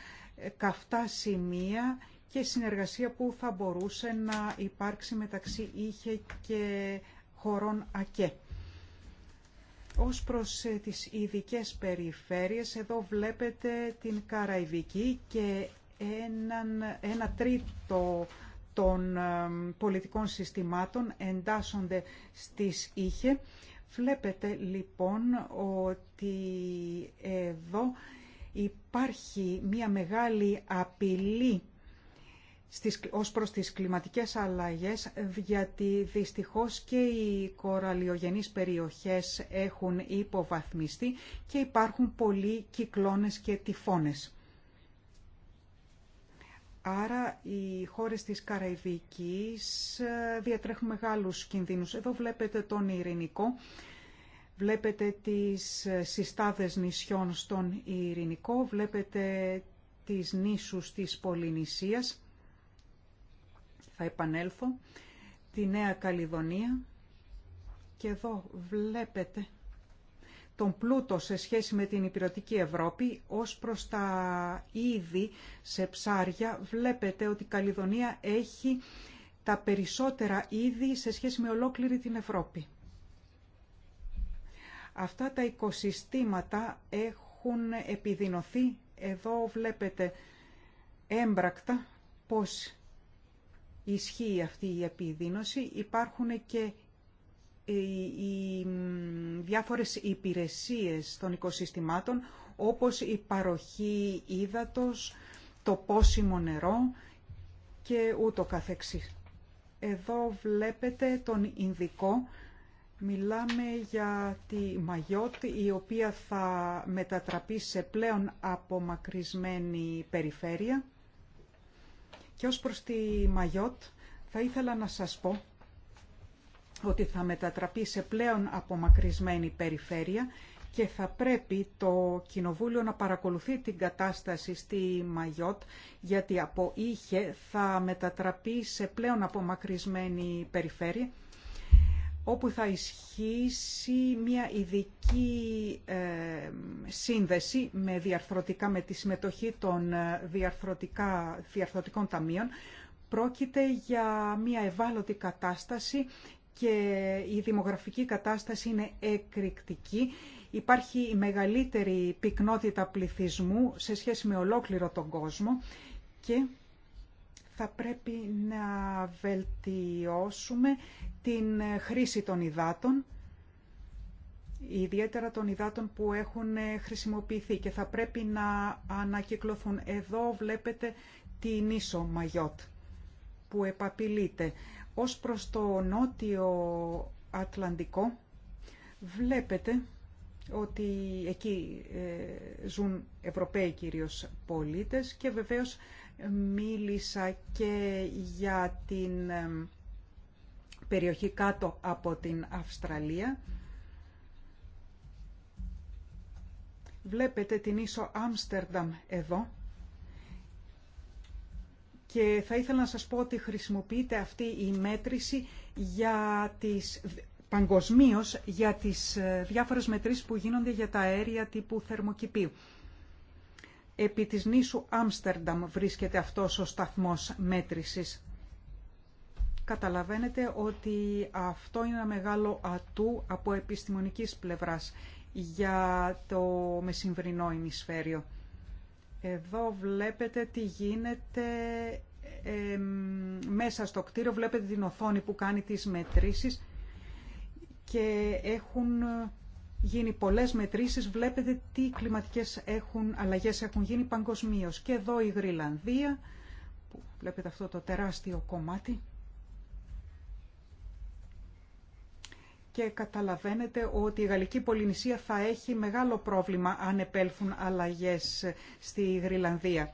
καυτά σημεία και συνεργασία που θα μπορούσε να υπάρξει μεταξύ είχε και χωρών ΑΚΕ. Ως προς ε, τις ειδικέ περιφέρειες, εδώ βλέπετε την Καραϊβική και έναν, ένα τρίτο των πολιτικών συστημάτων εντάσσονται στις ήχε. Βλέπετε λοιπόν ότι εδώ υπάρχει μια μεγάλη απειλή στις, ως προς τις κλιματικές αλλαγές, γιατί δυστυχώς και οι κοραλιογενείς περιοχές έχουν υποβαθμιστεί και υπάρχουν πολλοί κυκλώνες και τυφώνες. Άρα οι χώρες της Καραϊβικής ε, διατρέχουν μεγάλους κινδύνους. Εδώ βλέπετε τον Ειρηνικό, βλέπετε τις ε, συστάδες νησιών στον Ειρηνικό, βλέπετε τις νήσους της Πολυνησίας, θα επανέλθω, τη Νέα Καλυδονία και εδώ βλέπετε τον πλούτο σε σχέση με την υπηρετική Ευρώπη ως προς τα είδη σε ψάρια βλέπετε ότι η Καλλιδονία έχει τα περισσότερα είδη σε σχέση με ολόκληρη την Ευρώπη. Αυτά τα οικοσυστήματα έχουν επιδεινωθεί. Εδώ βλέπετε έμπρακτα πώς ισχύει αυτή η επιδείνωση. Υπάρχουν και ε, οι διάφορες υπηρεσίες των οικοσυστημάτων όπως η παροχή ύδατος, το πόσιμο νερό και ούτω καθεξής. Εδώ βλέπετε τον Ινδικό, μιλάμε για τη Μαγιότ η οποία θα μετατραπεί σε πλέον απομακρυσμένη περιφέρεια. Και ως προς τη Μαγιότ θα ήθελα να σας πω ότι θα μετατραπεί σε πλέον απομακρυσμένη περιφέρεια και θα πρέπει το Κοινοβούλιο να παρακολουθεί την κατάσταση στη Μαγιότ, γιατί από είχε θα μετατραπεί σε πλέον απομακρυσμένη περιφέρεια, όπου θα ισχύσει μια ειδική ε, σύνδεση με, διαρθρωτικά, με τη συμμετοχή των ε, διαρθρωτικά, διαρθρωτικών ταμείων, Πρόκειται για μια ευάλωτη κατάσταση και η δημογραφική κατάσταση είναι εκρηκτική. Υπάρχει η μεγαλύτερη πυκνότητα πληθυσμού σε σχέση με ολόκληρο τον κόσμο και θα πρέπει να βελτιώσουμε την χρήση των υδάτων, ιδιαίτερα των υδάτων που έχουν χρησιμοποιηθεί και θα πρέπει να ανακυκλωθούν. Εδώ βλέπετε την ίσο Μαγιότ που επαπειλείται. Ως προς το νότιο Ατλαντικό βλέπετε ότι εκεί ε, ζουν Ευρωπαίοι κυρίως πολίτες και βεβαίως μίλησα και για την ε, περιοχή κάτω από την Αυστραλία. Βλέπετε την ίσο Άμστερνταμ εδώ και θα ήθελα να σας πω ότι χρησιμοποιείται αυτή η μέτρηση για τις, παγκοσμίως για τις ε, διάφορες μετρήσεις που γίνονται για τα αέρια τύπου θερμοκηπίου. Επί της νήσου Άμστερνταμ βρίσκεται αυτός ο σταθμός μέτρησης. Καταλαβαίνετε ότι αυτό είναι ένα μεγάλο ατού από επιστημονικής πλευράς για το μεσημβρινό ημισφαίριο. Εδώ βλέπετε τι γίνεται μέσα στο κτίριο, βλέπετε την οθόνη που κάνει τις μετρήσεις και έχουν γίνει πολλές μετρήσεις, βλέπετε τι κλιματικές έχουν, αλλαγές έχουν γίνει παγκοσμίω. Και εδώ η Γρυλανδία, που βλέπετε αυτό το τεράστιο κομμάτι, και καταλαβαίνετε ότι η Γαλλική Πολυνησία θα έχει μεγάλο πρόβλημα αν επέλθουν αλλαγές στη Γρυλανδία.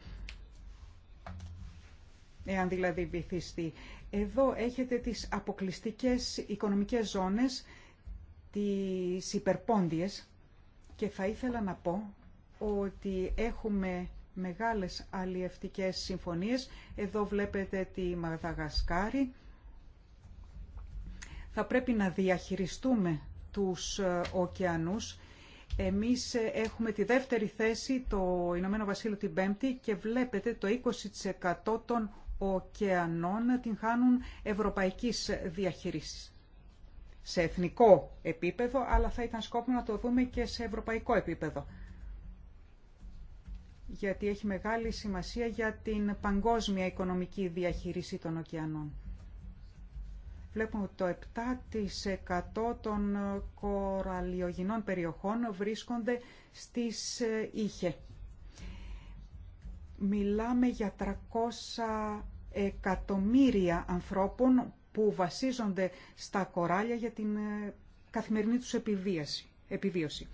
Εάν δηλαδή βυθιστεί. Εδώ έχετε τις αποκλειστικές οικονομικές ζώνες, τις υπερπόντιες και θα ήθελα να πω ότι έχουμε μεγάλες αλλιευτικές συμφωνίες. Εδώ βλέπετε τη Μαδαγασκάρη θα πρέπει να διαχειριστούμε τους ε, ωκεανούς. Εμείς ε, έχουμε τη δεύτερη θέση, το Ηνωμένο Βασίλειο την πέμπτη και βλέπετε το 20% των ωκεανών την χάνουν ευρωπαϊκής διαχείρισης. Σε εθνικό επίπεδο, αλλά θα ήταν σκόπιμο να το δούμε και σε ευρωπαϊκό επίπεδο. Γιατί έχει μεγάλη σημασία για την παγκόσμια οικονομική διαχείριση των ωκεανών βλέπουμε ότι το 7% των κοραλιογενών περιοχών βρίσκονται στις ε, Ήχε. Μιλάμε για 300 εκατομμύρια ανθρώπων που βασίζονται στα κοράλια για την ε, καθημερινή τους επιβίωση.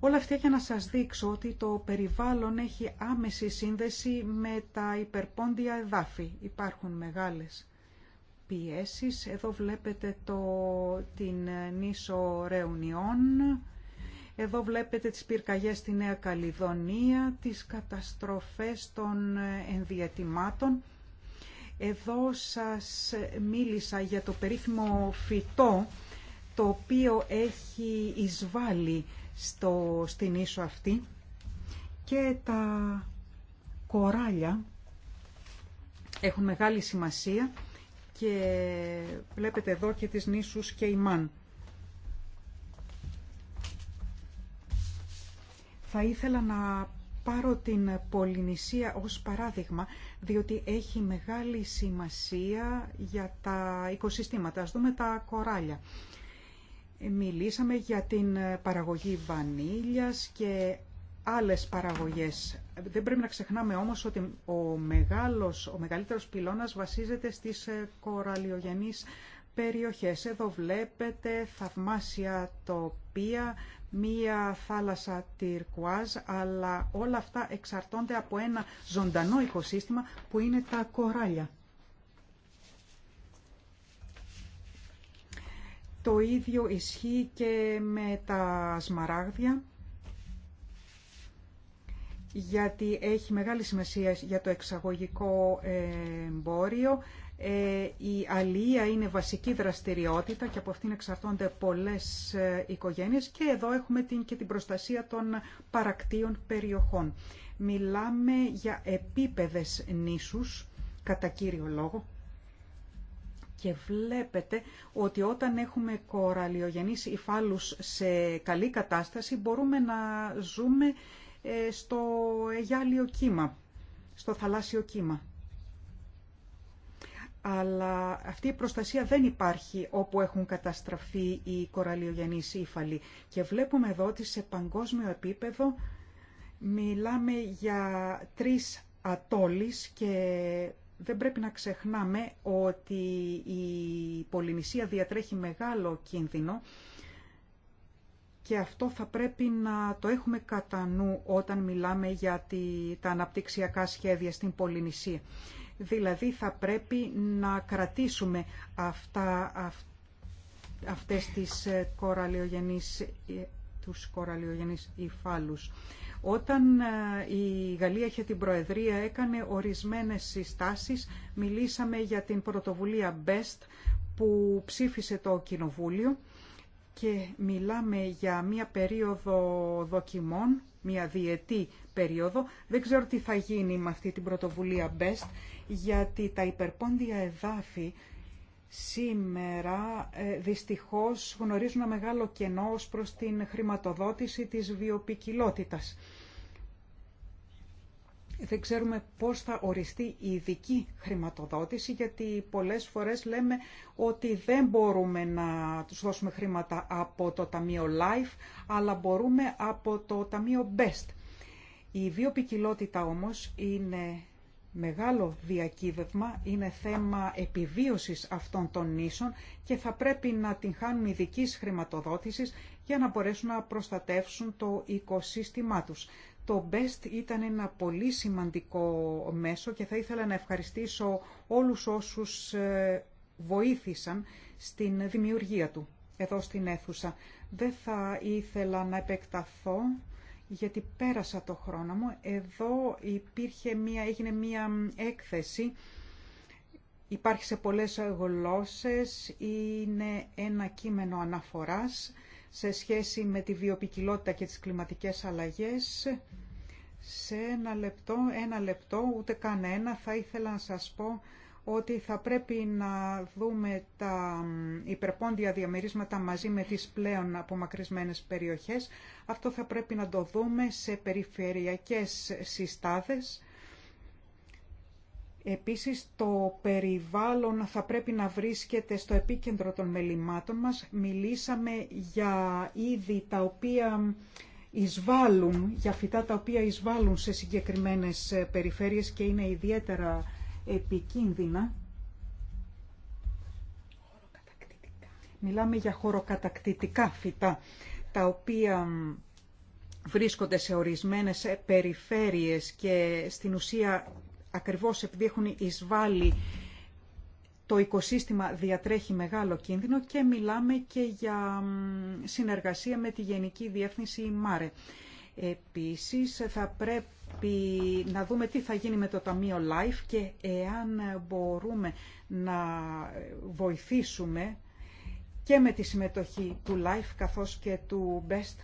Όλα αυτά για να σας δείξω ότι το περιβάλλον έχει άμεση σύνδεση με τα υπερπόντια εδάφη. Υπάρχουν μεγάλες πιέσεις. Εδώ βλέπετε το, την νήσο Ρεουνιών. Εδώ βλέπετε τις πυρκαγιές στη Νέα Καλυδονία, τις καταστροφές των ενδιατημάτων. Εδώ σας μίλησα για το περίφημο φυτό, το οποίο έχει εισβάλλει στο, στην ίσο αυτή και τα κοράλια έχουν μεγάλη σημασία και βλέπετε εδώ και τις νήσους και η Θα ήθελα να πάρω την Πολυνησία ως παράδειγμα, διότι έχει μεγάλη σημασία για τα οικοσυστήματα. Ας δούμε τα κοράλια. Μιλήσαμε για την παραγωγή βανίλιας και άλλες παραγωγές δεν πρέπει να ξεχνάμε όμως ότι ο, μεγάλος, ο μεγαλύτερος πυλώνας βασίζεται στις ε, κοραλιογενείς περιοχές. Εδώ βλέπετε θαυμάσια τοπία, μία θάλασσα τυρκουάζ, αλλά όλα αυτά εξαρτώνται από ένα ζωντανό οικοσύστημα που είναι τα κοράλια. Το ίδιο ισχύει και με τα σμαράγδια γιατί έχει μεγάλη σημασία για το εξαγωγικό εμπόριο. Ε, η αλία είναι βασική δραστηριότητα και από αυτήν εξαρτώνται πολλές ε, οικογένειες και εδώ έχουμε την, και την προστασία των παρακτήων περιοχών. Μιλάμε για επίπεδες νήσους, κατά κύριο λόγο, και βλέπετε ότι όταν έχουμε κοραλιογενείς υφάλους σε καλή κατάσταση μπορούμε να ζούμε ε, στο γυάλιο κύμα, στο θαλάσσιο κύμα. Αλλά αυτή η προστασία δεν υπάρχει όπου έχουν καταστραφεί οι κοραλιογενείς ύφαλοι. Και βλέπουμε εδώ ότι σε παγκόσμιο επίπεδο μιλάμε για τρεις ατόλεις και δεν πρέπει να ξεχνάμε ότι η Πολυνησία διατρέχει μεγάλο κίνδυνο και αυτό θα πρέπει να το έχουμε κατά νου όταν μιλάμε για τα αναπτυξιακά σχέδια στην Πολυνησία. Δηλαδή θα πρέπει να κρατήσουμε αυτά, αυτές τις ε, κοραλιογενείς, ε, τους κοραλιογενείς υφάλους. Όταν ε, η Γαλλία είχε την Προεδρία έκανε ορισμένες συστάσεις. Μιλήσαμε για την πρωτοβουλία BEST που ψήφισε το Κοινοβούλιο και μιλάμε για μία περίοδο δοκιμών, μία διετή περίοδο. Δεν ξέρω τι θα γίνει με αυτή την πρωτοβουλία BEST, γιατί τα υπερπόντια εδάφη σήμερα ε, δυστυχώς γνωρίζουν ένα μεγάλο κενό ως προς την χρηματοδότηση της βιοπικιλότητας δεν ξέρουμε πώς θα οριστεί η ειδική χρηματοδότηση, γιατί πολλές φορές λέμε ότι δεν μπορούμε να τους δώσουμε χρήματα από το Ταμείο Life, αλλά μπορούμε από το Ταμείο Best. Η βιοπικιλότητα όμως είναι μεγάλο διακύβευμα, είναι θέμα επιβίωσης αυτών των νήσων και θα πρέπει να την χάνουν ειδική χρηματοδότησης για να μπορέσουν να προστατεύσουν το οικοσύστημά τους. Το BEST ήταν ένα πολύ σημαντικό μέσο και θα ήθελα να ευχαριστήσω όλους όσους ε, βοήθησαν στην δημιουργία του εδώ στην αίθουσα. Δεν θα ήθελα να επεκταθώ γιατί πέρασα το χρόνο μου. Εδώ υπήρχε μία, έγινε μία έκθεση. Υπάρχει σε πολλές γλώσσες, είναι ένα κείμενο αναφοράς σε σχέση με τη βιοπικιλότητα και τις κλιματικές αλλαγές. Σε ένα λεπτό, ένα λεπτό, ούτε κανένα, θα ήθελα να σας πω ότι θα πρέπει να δούμε τα υπερπόντια διαμερίσματα μαζί με τις πλέον απομακρυσμένες περιοχές. Αυτό θα πρέπει να το δούμε σε περιφερειακές συστάδες Επίσης, το περιβάλλον θα πρέπει να βρίσκεται στο επίκεντρο των μελημάτων μας. Μιλήσαμε για είδη τα οποία εισβάλλουν, για φυτά τα οποία εισβάλλουν σε συγκεκριμένες περιφέρειες και είναι ιδιαίτερα επικίνδυνα. Μιλάμε για χωροκατακτητικά φυτά, τα οποία βρίσκονται σε ορισμένες περιφέρειες και στην ουσία ακριβώς επειδή έχουν εισβάλλει το οικοσύστημα διατρέχει μεγάλο κίνδυνο και μιλάμε και για συνεργασία με τη Γενική Διεύθυνση ΜΑΡΕ. Επίσης θα πρέπει να δούμε τι θα γίνει με το Ταμείο Life και εάν μπορούμε να βοηθήσουμε και με τη συμμετοχή του Life καθώς και του Best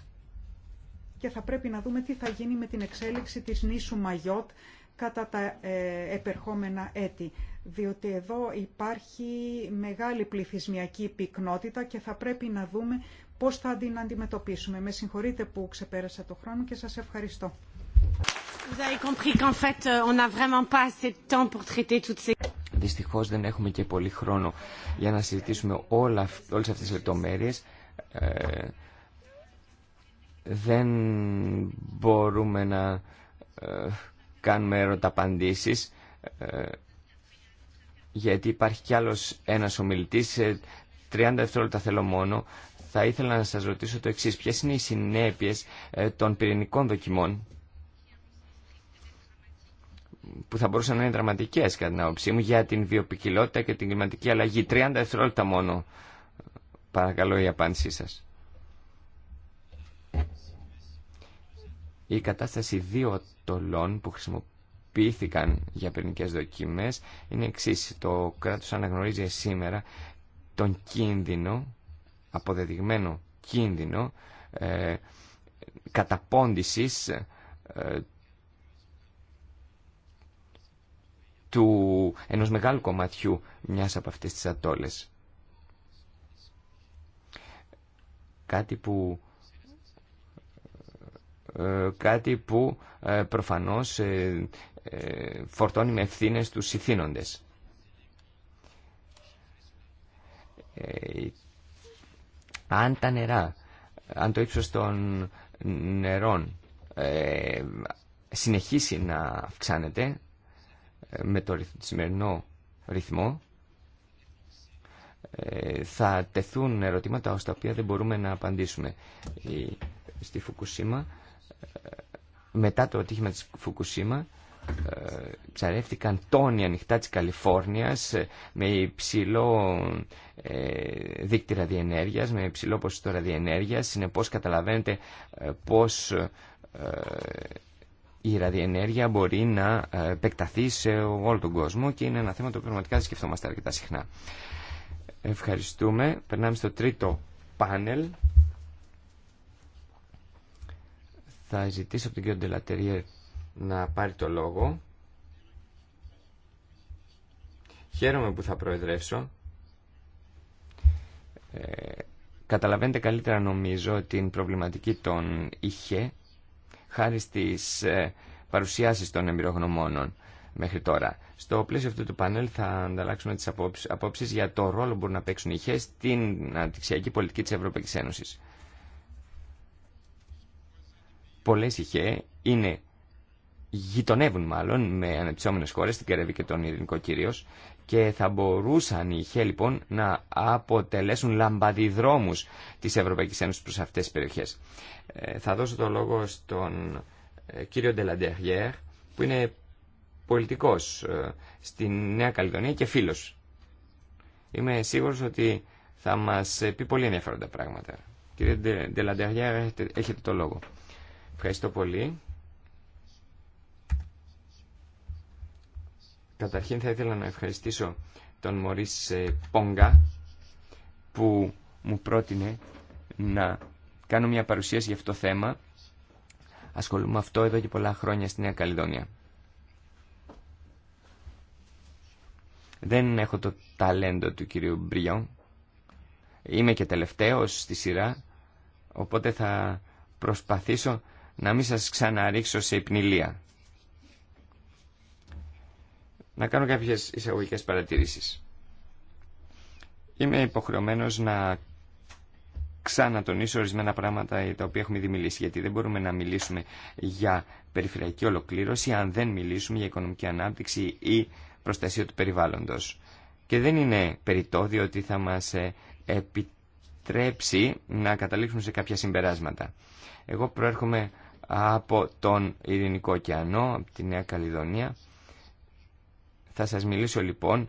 και θα πρέπει να δούμε τι θα γίνει με την εξέλιξη της νήσου Μαγιότ κατά τα ε, επερχόμενα έτη, διότι εδώ υπάρχει μεγάλη πληθυσμιακή πυκνότητα και θα πρέπει να δούμε πώς θα την αντιμετωπίσουμε. Με συγχωρείτε που ξεπέρασα το χρόνο και σας ευχαριστώ. Δυστυχώς δεν έχουμε και πολύ χρόνο για να συζητήσουμε όλα, όλες αυτές τις λεπτομέρειες. Ε, δεν μπορούμε να... Ε, κάνουμε ερωταπαντήσεις ε, γιατί υπάρχει κι άλλος ένας ομιλητής 30 ε, δευτερόλεπτα θέλω μόνο θα ήθελα να σας ρωτήσω το εξής ποιες είναι οι συνέπειες ε, των πυρηνικών δοκιμών που θα μπορούσαν να είναι δραματικές κατά την άποψή μου για την βιοπικιλότητα και την κλιματική αλλαγή 30 δευτερόλεπτα μόνο παρακαλώ η απάντησή σας η κατάσταση δύο ατολών που χρησιμοποιήθηκαν για πυρηνικέ δοκιμές είναι εξή. Το κράτος αναγνωρίζει σήμερα τον κίνδυνο, αποδεδειγμένο κίνδυνο, ε, καταπώντησης ε, του ενός μεγάλου κομματιού μιας από αυτές τις ατόλες. Κάτι που κάτι που ε, προφανώς ε, ε, φορτώνει με ευθύνες τους ηθήνοντες. Αν τα νερά, αν το ύψος των νερών συνεχίσει να αυξάνεται με το σημερινό ρυθμό, θα τεθούν ερωτήματα τα οποία δεν μπορούμε να απαντήσουμε. Στη Φουκουσίμα μετά το ατύχημα της Φουκουσίμα ε, ψαρεύτηκαν τόνοι ανοιχτά της Καλιφόρνιας ε, με υψηλό ε, ραδιενέργεια, ραδιενέργειας, με υψηλό ποσοστό ραδιενέργειας. Συνεπώς καταλαβαίνετε ε, πώς η ραδιενέργεια μπορεί να επεκταθεί σε όλο τον κόσμο και είναι ένα θέμα το οποίο πραγματικά σκεφτόμαστε αρκετά συχνά. Ευχαριστούμε. Περνάμε στο τρίτο πάνελ. Θα ζητήσω από τον κύριο Ντελατεριέ να πάρει το λόγο. Χαίρομαι που θα προεδρεύσω. Ε, καταλαβαίνετε καλύτερα νομίζω την προβληματική των είχε χάρη στις ε, παρουσιάσεις των εμπειρογνωμόνων μέχρι τώρα. Στο πλαίσιο αυτού του πανέλ θα ανταλλάξουμε τις απόψεις, απόψεις για το ρόλο που μπορούν να παίξουν οι ΙΧΕ στην αντιξιακή πολιτική της Ευρωπαϊκής Ένωσης πολλές είχε είναι γειτονεύουν μάλλον με αναπτυσσόμενες χώρες, την Καρεβή και τον Ειρηνικό κυρίω, και θα μπορούσαν οι ΙΧΕ λοιπόν να αποτελέσουν λαμπαδιδρόμους της Ευρωπαϊκής Ένωσης προς αυτές τις περιοχές. Ε, θα δώσω το λόγο στον ε, κύριο Ντελαντεριέρ που είναι πολιτικός ε, στη Νέα Καλλιδονία και φίλος. Είμαι σίγουρος ότι θα μας πει πολύ ενδιαφέροντα πράγματα. Κύριε έχετε, έχετε το λόγο. Ευχαριστώ πολύ. Καταρχήν θα ήθελα να ευχαριστήσω τον Μωρίς ε, Πόγκα που μου πρότεινε να κάνω μια παρουσίαση για αυτό το θέμα. Ασχολούμαι αυτό εδώ και πολλά χρόνια στη Νέα Καλλιδόνια. Δεν έχω το ταλέντο του κυρίου Μπριόν. Είμαι και τελευταίος στη σειρά, οπότε θα προσπαθήσω να μην σας ξαναρίξω σε υπνηλία. Να κάνω κάποιες εισαγωγικές παρατηρήσεις. Είμαι υποχρεωμένος να ξανατονίσω ορισμένα πράγματα τα οποία έχουμε ήδη μιλήσει, γιατί δεν μπορούμε να μιλήσουμε για περιφερειακή ολοκλήρωση αν δεν μιλήσουμε για οικονομική ανάπτυξη ή προστασία του περιβάλλοντος. Και δεν είναι περιττό ότι θα μας ε, επιτρέψει να καταλήξουμε σε κάποια συμπεράσματα. Εγώ προέρχομαι από τον Ειρηνικό ωκεανό, από τη Νέα Καλλιδονία. Θα σας μιλήσω λοιπόν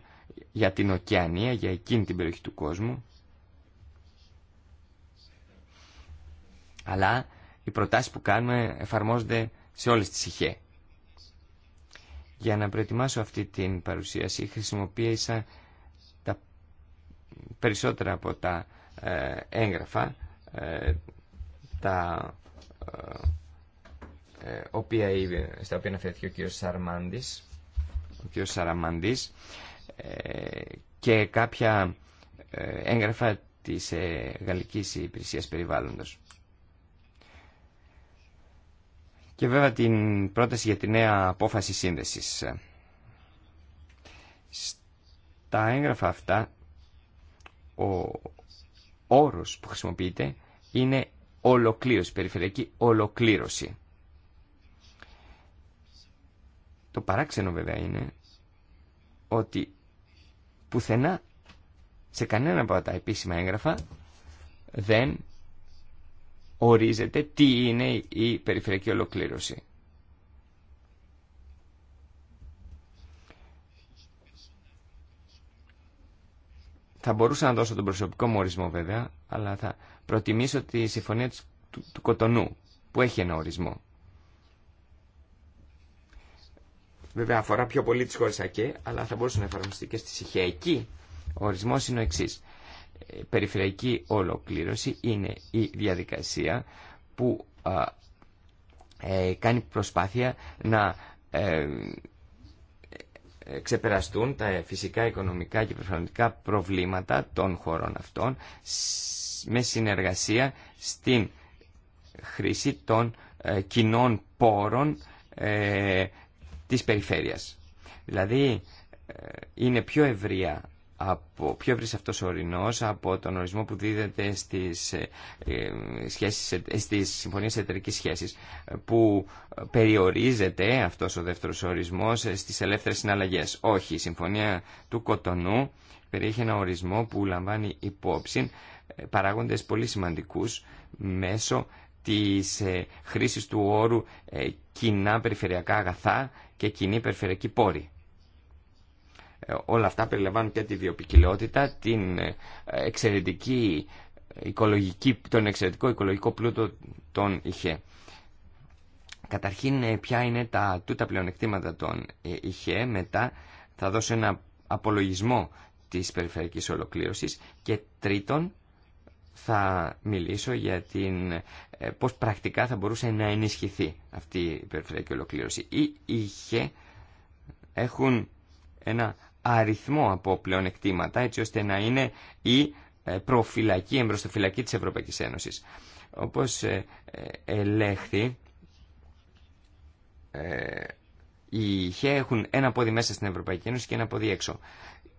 για την Οκεανία, για εκείνη την περιοχή του κόσμου. Αλλά οι προτάσεις που κάνουμε εφαρμόζονται σε όλες τις ηχέ. Για να προετοιμάσω αυτή την παρουσίαση χρησιμοποίησα τα περισσότερα από τα ε, έγγραφα, ε, τα ε, ε, οποία, στα οποία αναφέρθηκε ο κύριος Σαραμάντης ο κ. Σαραμάντης ε, και κάποια ε, έγγραφα της Γαλλικής Υπηρεσίας Περιβάλλοντος. Και βέβαια την πρόταση για τη νέα απόφαση σύνδεσης. Στα έγγραφα αυτά ο όρος που χρησιμοποιείται είναι ολοκλήρωση, περιφερειακή ολοκλήρωση. Το παράξενο βέβαια είναι ότι πουθενά σε κανένα από τα επίσημα έγγραφα δεν ορίζεται τι είναι η περιφερειακή ολοκλήρωση. Θα μπορούσα να δώσω τον προσωπικό μου ορισμό βέβαια, αλλά θα προτιμήσω τη συμφωνία του, του, του Κοτονού, που έχει ένα ορισμό. Βέβαια αφορά πιο πολύ τις χώρες ΑΚΕ, αλλά θα μπορούσε να εφαρμοστεί και στη ΣΥΧΕ. Εκεί ο ορισμός είναι ο εξή. Ε, περιφερειακή ολοκλήρωση είναι η διαδικασία που ε, κάνει προσπάθεια να ε, ξεπεραστούν τα φυσικά, οικονομικά και προφαντικά προβλήματα των χωρών αυτών με συνεργασία στην χρήση των κοινών πόρων της περιφέρειας. Δηλαδή ε, είναι πιο ευρία από, πιο ευρύς αυτός ο ορεινός από τον ορισμό που δίδεται στις, ε, ε σχέσεις, ε, στις συμφωνίες εταιρικής σχέσης που περιορίζεται αυτός ο δεύτερος ορισμός στις ελεύθερες συναλλαγές. Όχι, η συμφωνία του Κοτονού περιέχει ένα ορισμό που λαμβάνει υπόψη παράγοντες πολύ σημαντικούς μέσω της ε, χρήσης του όρου ε, κοινά περιφερειακά αγαθά και κοινή περιφερειακή πόρη. Ε, όλα αυτά περιλαμβάνουν και τη βιοπικιλότητα, την εξαιρετική οικολογική, τον εξαιρετικό οικολογικό πλούτο των ΙΧΕ. Καταρχήν, ποια είναι τα τούτα πλεονεκτήματα των ΙΧΕ, μετά θα δώσω ένα απολογισμό της περιφερειακής ολοκλήρωσης και τρίτον, θα μιλήσω για την, ε, πώς πρακτικά θα μπορούσε να ενισχυθεί αυτή η περιφερειακή ολοκλήρωση. Ή είχε, έχουν ένα αριθμό από πλεονεκτήματα έτσι ώστε να είναι η ε, προφυλακή, εμπροστοφυλακή της Ευρωπαϊκής Ένωσης. Όπως ε, ελέγχθη, οι ΙΧΕ έχουν ένα πόδι μέσα στην Ευρωπαϊκή Ένωση και ένα πόδι έξω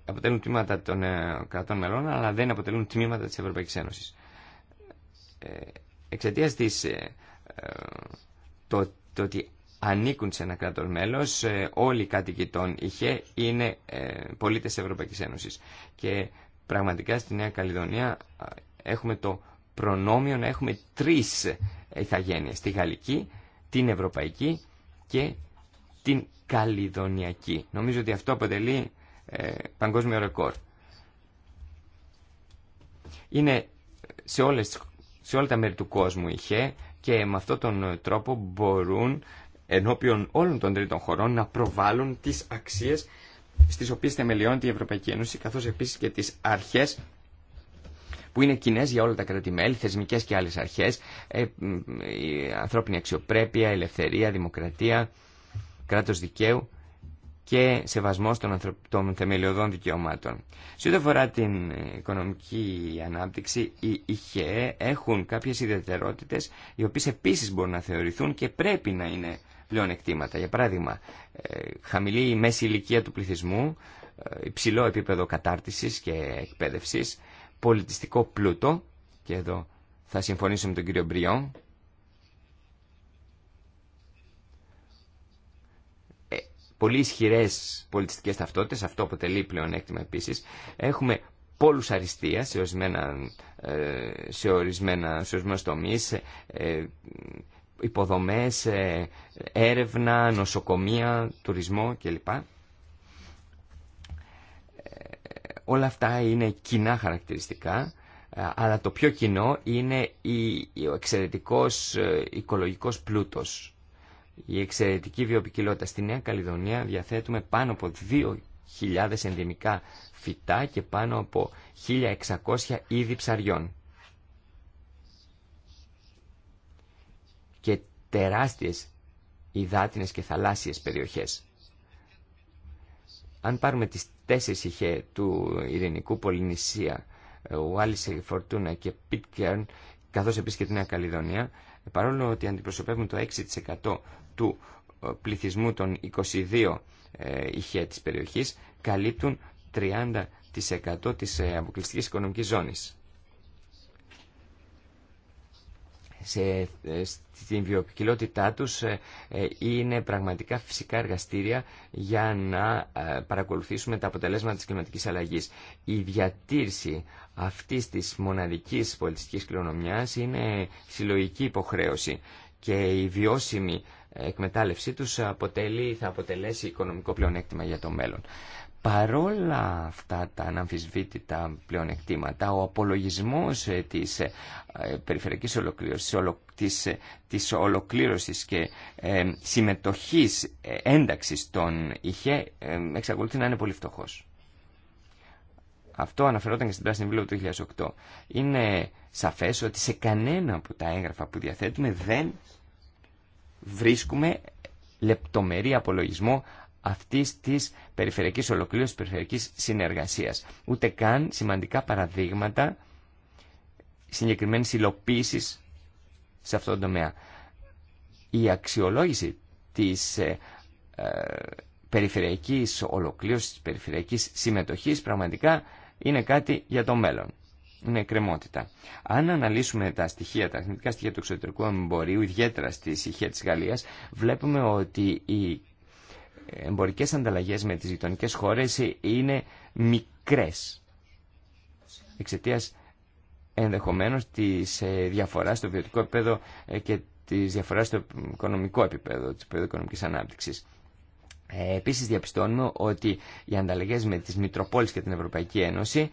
αποτελούν τμήματα των ε, κρατών μελών, αλλά δεν αποτελούν τμήματα της Ευρωπαϊκής Ένωσης. Ε, Εξαιτία της, ε, το, το ότι ανήκουν σε ένα κράτο μέλος, όλοι οι κάτοικοι των ΙΧΕ είναι πολίτε τη Ευρωπαϊκής Ένωσης. Και πραγματικά στη Νέα Καλλιδονία έχουμε το προνόμιο να έχουμε τρεις ηθαγένειε. τη γαλλική, την ευρωπαϊκή και την καλλιδονιακή. Νομίζω ότι αυτό αποτελεί ε, παγκόσμιο ρεκόρ. Είναι σε, όλες, σε όλα τα μέρη του κόσμου είχε και με αυτόν τον ε, τρόπο μπορούν ενώπιον όλων των τρίτων χωρών να προβάλλουν τις αξίες στις οποίες θεμελιώνεται η Ευρωπαϊκή Ένωση καθώς επίσης και τις αρχές που είναι κοινέ για όλα τα κράτη-μέλη, θεσμικέ και άλλε αρχέ, ε, η ανθρώπινη αξιοπρέπεια, ελευθερία, δημοκρατία, κράτο δικαίου και σεβασμός των, ανθρω... των θεμελιωδών δικαιωμάτων. Σε ό,τι αφορά την οικονομική ανάπτυξη, οι ΙΧΕΕ έχουν κάποιες ιδιαιτερότητες οι οποίες επίσης μπορούν να θεωρηθούν και πρέπει να είναι πλέον εκτίματα. Για παράδειγμα, ε, χαμηλή η μέση ηλικία του πληθυσμού, ε, υψηλό επίπεδο κατάρτισης και εκπαίδευσης, πολιτιστικό πλούτο, και εδώ θα συμφωνήσω με τον κύριο Μπριόν, πολύ ισχυρέ πολιτιστικέ ταυτότητε, αυτό αποτελεί πλεονέκτημα επίση. Έχουμε πόλου αριστεία ε, σε ορισμένα, σε ορισμένα, σε ορισμένα τομεί, ε, υποδομέ, ε, έρευνα, νοσοκομεία, τουρισμό κλπ. Όλα αυτά είναι κοινά χαρακτηριστικά αλλά το πιο κοινό είναι ο εξαιρετικός οικολογικός πλούτος η εξαιρετική βιοποικιλότητα Στη Νέα Καλλιδονία διαθέτουμε πάνω από 2.000 ενδυμικά φυτά και πάνω από 1.600 είδη ψαριών. Και τεράστιες υδάτινες και θαλάσσιες περιοχές. Αν πάρουμε τις τέσσερις ηχέ του ειρηνικού Πολυνησία, ε, Wallis, Φορτούνα και Κέρν... καθώς επίσης και τη Νέα Καλλιδονία, παρόλο ότι αντιπροσωπεύουν το 6% του ε, πληθυσμού των 22 ε, ηχεία της περιοχής, καλύπτουν 30% της ε, αποκλειστικής οικονομικής ζώνης. σε, ε, στην βιοποικιλότητά τους ε, ε, είναι πραγματικά φυσικά εργαστήρια για να παρακολουθήσουμε τα αποτελέσματα της κλιματικής αλλαγής. Η διατήρηση αυτής της μοναδικής πολιτιστικής κληρονομιάς είναι συλλογική υποχρέωση και η βιώσιμη εκμετάλλευσή τους αποτελεί, θα αποτελέσει οικονομικό πλεονέκτημα για το μέλλον. Παρόλα αυτά τα αναμφισβήτητα πλεονεκτήματα, ο απολογισμός ε, της ε, περιφερειακής ολοκλήρωσης, της, ε, της ολοκλήρωσης και ε, συμμετοχής ένταξης των ΙΧΕ εξακολουθεί να είναι πολύ φτωχός. Αυτό αναφερόταν και στην Πράσινη Βίβλο του 2008. Είναι σαφές ότι σε κανένα από τα έγγραφα που διαθέτουμε δεν βρίσκουμε λεπτομερή απολογισμό αυτής της περιφερειακής ολοκλήρωσης, περιφερειακή συνεργασίας. Ούτε καν σημαντικά παραδείγματα συγκεκριμένη υλοποίηση σε αυτό το τομέα. Η αξιολόγηση της ε, ε, περιφερειακής ολοκλήρωσης, της περιφερειακής συμμετοχής πραγματικά είναι κάτι για το μέλλον. Είναι κρεμότητα. Αν αναλύσουμε τα στοιχεία, τα αριθμητικά στοιχεία του εξωτερικού εμπορίου, ιδιαίτερα στη στοιχεία τη Γαλλία, βλέπουμε ότι η εμπορικές ανταλλαγές με τις γειτονικέ χώρες είναι μικρές εξαιτία ενδεχομένως της ε, διαφοράς στο βιωτικό επίπεδο ε, και της διαφοράς στο οικονομικό επίπεδο, της επίπεδο οικονομικής ανάπτυξης. Ε, επίσης διαπιστώνουμε ότι οι ανταλλαγές με τις Μητροπόλεις και την Ευρωπαϊκή Ένωση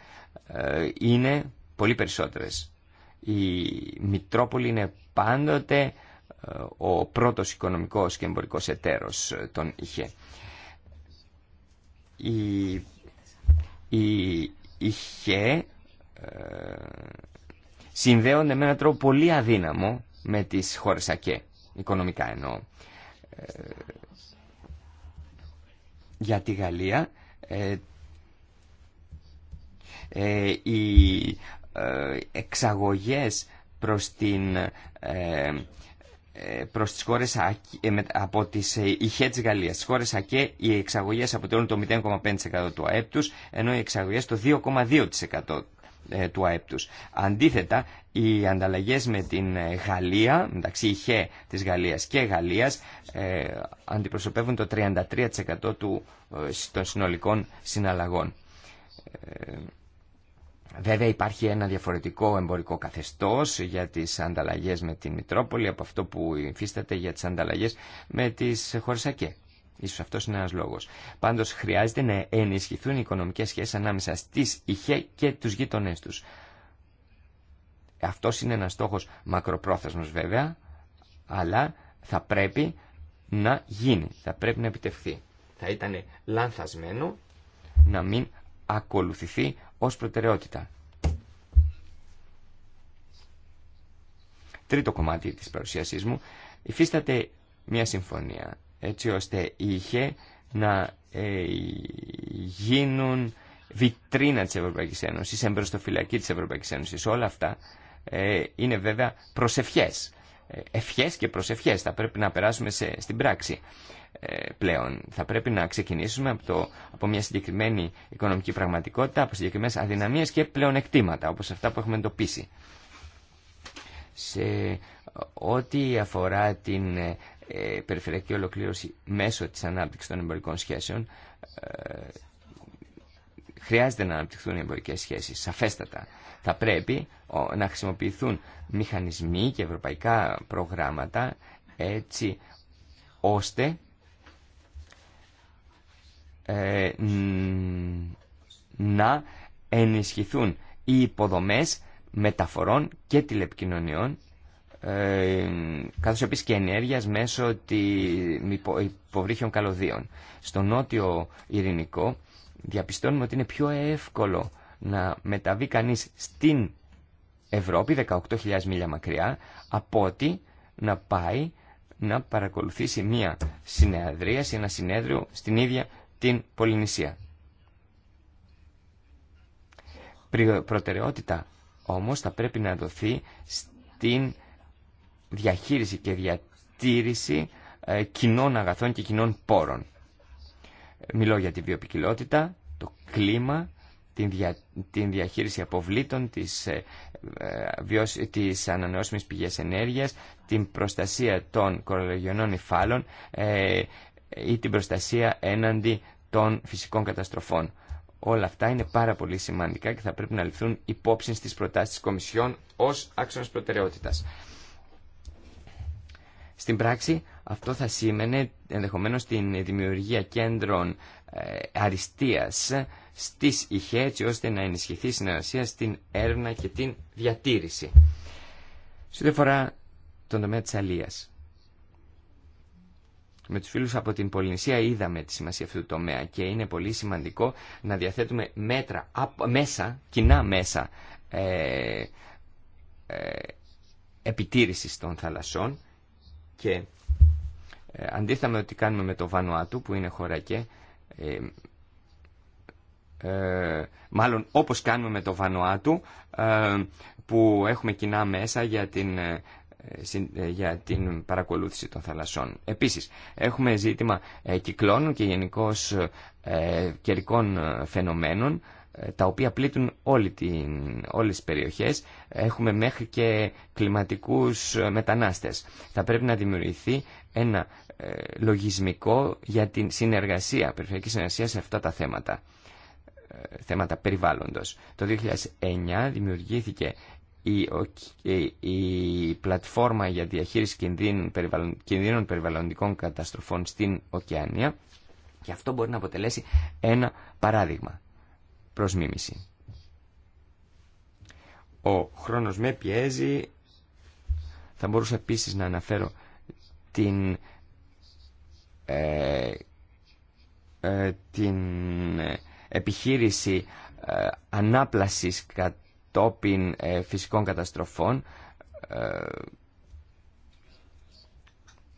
είναι πολύ περισσότερες. Η Μητρόπολη είναι πάντοτε ο πρώτος οικονομικός και εμπορικός εταίρος ε, τον είχε. Η, η, είχε ε, συνδέονται με έναν τρόπο πολύ αδύναμο με τις χώρες ΑΚΕ, οικονομικά εννοώ. Ε, για τη Γαλλία, οι εξαγωγές προς την ε, προς τι χώρε ε, από τις ε, ηχέ τη Γαλλίας. Στι ΑΚΕ οι εξαγωγέ αποτελούν το 0,5% του ΑΕΠ του, ενώ οι εξαγωγέ το 2,2% του ΑΕΠ τους. Αντίθετα, οι ανταλλαγές με την Γαλλία, μεταξύ ηχέ της Γαλλίας και Γαλλίας, αντιπροσωπεύουν το 33% των συνολικών συναλλαγών. Βέβαια υπάρχει ένα διαφορετικό εμπορικό καθεστώς για τις ανταλλαγές με την Μητρόπολη από αυτό που υφίσταται για τις ανταλλαγές με τις χώρες ΑΚΕ. Ίσως αυτός είναι ένας λόγος. Πάντως χρειάζεται να ενισχυθούν οι οικονομικές σχέσεις ανάμεσα στις ΙΧΕ και τους γείτονές τους. Αυτός είναι ένας στόχος μακροπρόθεσμος βέβαια, αλλά θα πρέπει να γίνει, θα πρέπει να επιτευχθεί. Θα ήταν λανθασμένο να μην ακολουθηθεί ως προτεραιότητα. Τρίτο κομμάτι της παρουσίασής μου, υφίσταται μια συμφωνία, έτσι ώστε είχε να ε, γίνουν βιτρίνα της Ευρωπαϊκής Ένωσης, εμπροστοφυλακή της Ευρωπαϊκής Ένωσης. Όλα αυτά ε, είναι βέβαια προσευχές. Ε, ευχές και προσευχές θα πρέπει να περάσουμε στην πράξη. Ε, πλέον. Θα πρέπει να ξεκινήσουμε από, το, από μια συγκεκριμένη οικονομική πραγματικότητα, από συγκεκριμένες αδυναμίες και πλεονεκτήματα, όπως αυτά που έχουμε εντοπίσει. Σε ό,τι αφορά την ε, περιφερειακή ολοκλήρωση μέσω της ανάπτυξης των εμπορικών σχέσεων, ε, χρειάζεται να αναπτυχθούν οι εμπορικές σχέσεις, σαφέστατα. Θα πρέπει να χρησιμοποιηθούν μηχανισμοί και ευρωπαϊκά προγράμματα έτσι ώστε ε, να ενισχυθούν οι υποδομές μεταφορών και τηλεπικοινωνιών ε, καθώς επίσης και ενέργειας μέσω υποβρύχιων καλωδίων. Στο νότιο ειρηνικό διαπιστώνουμε ότι είναι πιο εύκολο να μεταβεί κανείς στην Ευρώπη, 18.000 μίλια μακριά, από ότι να πάει να παρακολουθήσει μία συνεδρίαση, ένα συνέδριο στην ίδια την Πολυνησία. Προτεραιότητα όμως θα πρέπει να δοθεί στην διαχείριση και διατήρηση ε, κοινών αγαθών και κοινών πόρων. Μιλώ για τη βιοπικιλότητα, το κλίμα, την, δια, την διαχείριση αποβλήτων, τις, ε, ε βιώσ, τις ανανεώσιμες πηγές ενέργειας, την προστασία των κορολογιωνών υφάλων, ε, ή την προστασία έναντι των φυσικών καταστροφών. Όλα αυτά είναι πάρα πολύ σημαντικά και θα πρέπει να ληφθούν υπόψη στις προτάσεις της Κομισιόν ως άξονας προτεραιότητας. Στην πράξη αυτό θα σήμαινε ενδεχομένως την δημιουργία κέντρων ε, αριστείας στις ΙΧΕ έτσι ώστε να ενισχυθεί η συνεργασία στην έρευνα και την διατήρηση. Σε ό,τι τον τομέα της αλίας. Με τους φίλους από την Πολυνησία είδαμε τη σημασία αυτού του τομέα και είναι πολύ σημαντικό να διαθέτουμε μέτρα, μέσα, κοινά μέσα ε, ε, επιτήρησης των θαλασσών και ε, αντίθετα ό,τι κάνουμε με το Βανουάτου που είναι χωρακέ, ε, ε, μάλλον όπως κάνουμε με το Βανουάτου ε, που έχουμε κοινά μέσα για την ε, ε, για την παρακολούθηση των θαλασσών. Επίσης, έχουμε ζήτημα ε, κυκλώνων και γενικώ καιρικών φαινομένων, τα οποία πλήττουν όλη την, όλες περιοχές. Έχουμε μέχρι και κλιματικούς μετανάστες. Θα πρέπει να δημιουργηθεί ένα λογισμικό για την συνεργασία, περιφερειακή συνεργασία σε αυτά τα θέματα θέματα περιβάλλοντος. Το 2009 δημιουργήθηκε η, η, πλατφόρμα για διαχείριση κινδύνων, περιβαλλοντικών καταστροφών στην Οκεανία και αυτό μπορεί να αποτελέσει ένα παράδειγμα προς μίμηση. Ο χρόνος με πιέζει. Θα μπορούσα επίσης να αναφέρω την, ε, ε, την επιχείρηση ε, ανάπλασης κατόπιν ε, φυσικών καταστροφών ε,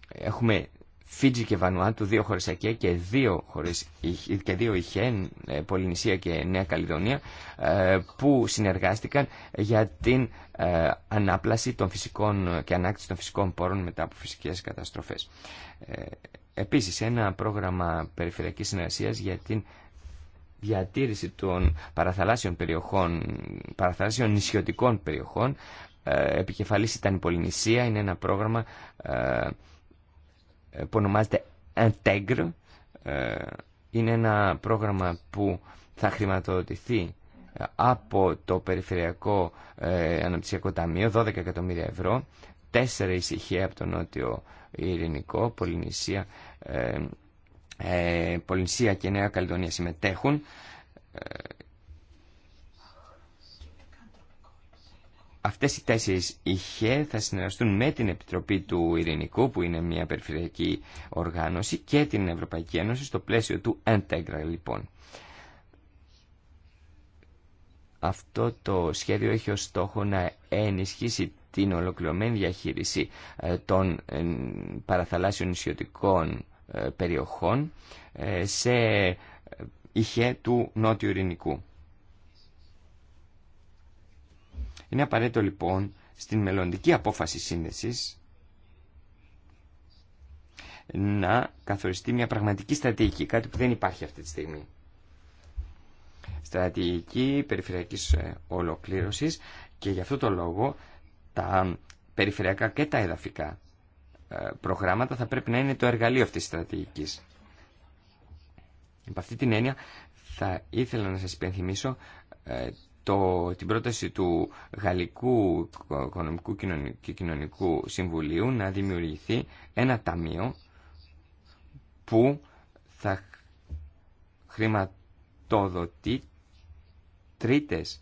έχουμε Φίτζι και Βανουάτου, δύο χωρίς και δύο, χωρίς, και δύο ΙΧΕ, Πολυνησία και Νέα Καλλιδονία, ε, που συνεργάστηκαν για την ανάπλαση των φυσικών και ανάκτηση των φυσικών πόρων μετά από φυσικές καταστροφές. Επίσης, ένα πρόγραμμα περιφερειακής συνεργασίας για την διατήρηση των παραθαλάσσιων περιοχών, παραθαλάσσιων νησιωτικών περιοχών. Ε, επικεφαλής ήταν η Πολυνησία, είναι ένα πρόγραμμα ε, ε, που ονομάζεται Integr. Είναι ένα πρόγραμμα που θα χρηματοδοτηθεί από το Περιφερειακό Αναπτυσιακό Ταμείο, 12 εκατομμύρια ευρώ, τέσσερα ησυχία από το Νότιο Ειρηνικό, Πολυνησία, ε, Πολυνσία και Νέα Καλυδονία συμμετέχουν. Ε, αυτές οι τέσσερις ΙΧΕ θα συνεργαστούν με την Επιτροπή του Ειρηνικού, που είναι μια περιφερειακή οργάνωση, και την Ευρωπαϊκή Ένωση στο πλαίσιο του Integra, λοιπόν. Αυτό το σχέδιο έχει ως στόχο να ενισχύσει την ολοκληρωμένη διαχείριση ε, των ε, παραθαλάσσιων νησιωτικών περιοχών ε, σε ηχέ του Νότιου Ειρηνικού. Είναι απαραίτητο λοιπόν στην μελλοντική απόφαση σύνδεσης να καθοριστεί μια πραγματική στρατηγική, κάτι που δεν υπάρχει αυτή τη στιγμή. Στρατηγική περιφερειακής ε, ολοκλήρωσης και γι' αυτό το λόγο τα περιφερειακά και τα εδαφικά ε, προγράμματα θα πρέπει να είναι το εργαλείο αυτής της στρατηγικής. Υπ' αυτή την έννοια θα ήθελα να σας υπενθυμίσω ε, το, την πρόταση του Γαλλικού Οικονομικού και Κοινωνικού Συμβουλίου να δημιουργηθεί ένα ταμείο που θα χρηματοδοτεί τρίτες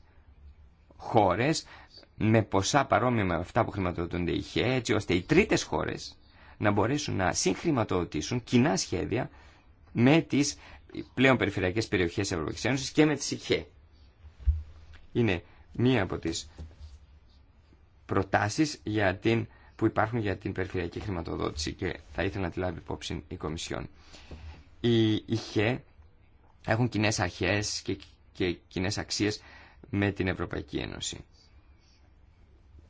χώρες με ποσά παρόμοια με αυτά που χρηματοδοτούνται ΧΕ έτσι ώστε οι τρίτες χώρες να μπορέσουν να συγχρηματοδοτήσουν κοινά σχέδια με τις πλέον περιφερειακές περιοχές Ευρωπαϊκής ΕΕ και με τις ΧΕ. Είναι μία από τις προτάσεις για την, που υπάρχουν για την περιφερειακή χρηματοδότηση και θα ήθελα να τη λάβει υπόψη η Κομισιόν. Οι ΙΧΕ έχουν κοινέ αρχές και, και κοινέ αξίες με την Ευρωπαϊκή Ένωση.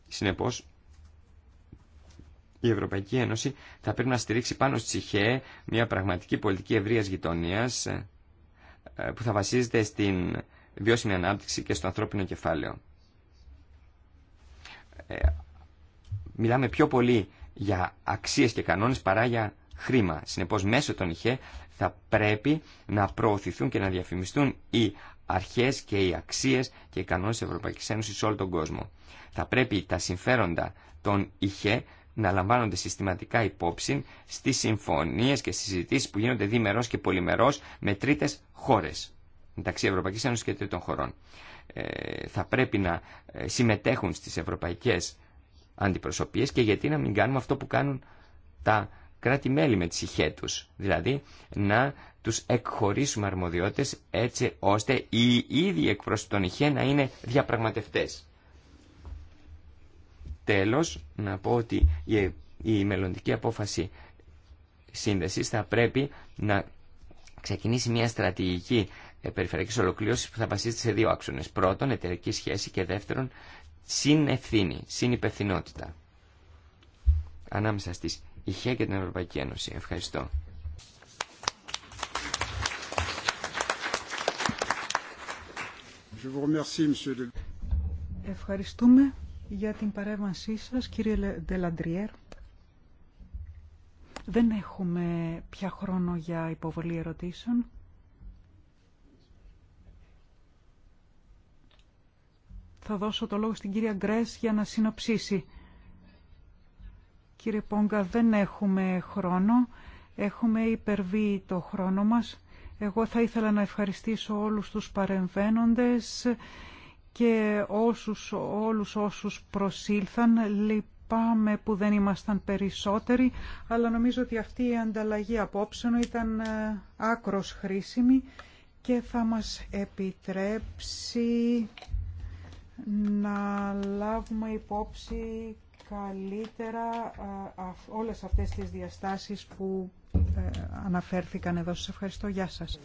Συνεπώς, η Ευρωπαϊκή Ένωση θα πρέπει να στηρίξει πάνω στη ΙΧΕ μια πραγματική πολιτική ευρεία γειτονία, ε, που θα βασίζεται στην βιώσιμη ανάπτυξη και στο ανθρώπινο κεφάλαιο. Ε, μιλάμε πιο πολύ για αξίες και κανόνες παρά για χρήμα. Συνεπώς μέσω των ΙΧΕ θα πρέπει να προωθηθούν και να διαφημιστούν οι αρχές και οι αξίες και οι κανόνες της Ευρωπαϊκής Ένωσης σε όλο τον κόσμο. Θα πρέπει τα συμφέροντα των ΙΧΕ να λαμβάνονται συστηματικά υπόψη στις συμφωνίες και συζητήσεις που γίνονται διμερός και πολυμερός με τρίτες χώρες μεταξύ Ευρωπαϊκής Ένωσης και τρίτων χωρών. Ε, θα πρέπει να ε, συμμετέχουν στις ευρωπαϊκές αντιπροσωπείες και γιατί να μην κάνουμε αυτό που κάνουν τα κράτη-μέλη με τις ΙΧΕ τους. Δηλαδή να τους εκχωρήσουμε αρμοδιότητες έτσι ώστε οι ίδιοι εκπρόσωποι των ΙΧΕ να είναι διαπραγματευτές. Τέλος, να πω ότι η μελλοντική απόφαση σύνδεσης θα πρέπει να ξεκινήσει μια στρατηγική ε, περιφερειακή ολοκλήρωση που θα βασίζεται σε δύο άξονες. Πρώτον, εταιρική σχέση και δεύτερον, συνευθύνη, συνυπευθυνότητα. Ανάμεσα στι ΙΧΕ και την Ευρωπαϊκή Ένωση. Ευχαριστώ. Ευχαριστούμε για την παρέμβασή σας, κύριε Ντελαντριέρ. Δεν έχουμε πια χρόνο για υποβολή ερωτήσεων. Θα δώσω το λόγο στην κυρία Γκρές για να συνοψίσει. Κύριε Πόγκα, δεν έχουμε χρόνο. Έχουμε υπερβεί το χρόνο μας. Εγώ θα ήθελα να ευχαριστήσω όλους τους παρεμβαίνοντες και όσους, όλους όσους προσήλθαν. Λυπάμαι που δεν ήμασταν περισσότεροι, αλλά νομίζω ότι αυτή η ανταλλαγή απόψεων ήταν ε, άκρος χρήσιμη και θα μας επιτρέψει να λάβουμε υπόψη καλύτερα ε, όλες αυτές τις διαστάσεις που ε, αναφέρθηκαν εδώ. Σας ευχαριστώ. Γεια σας.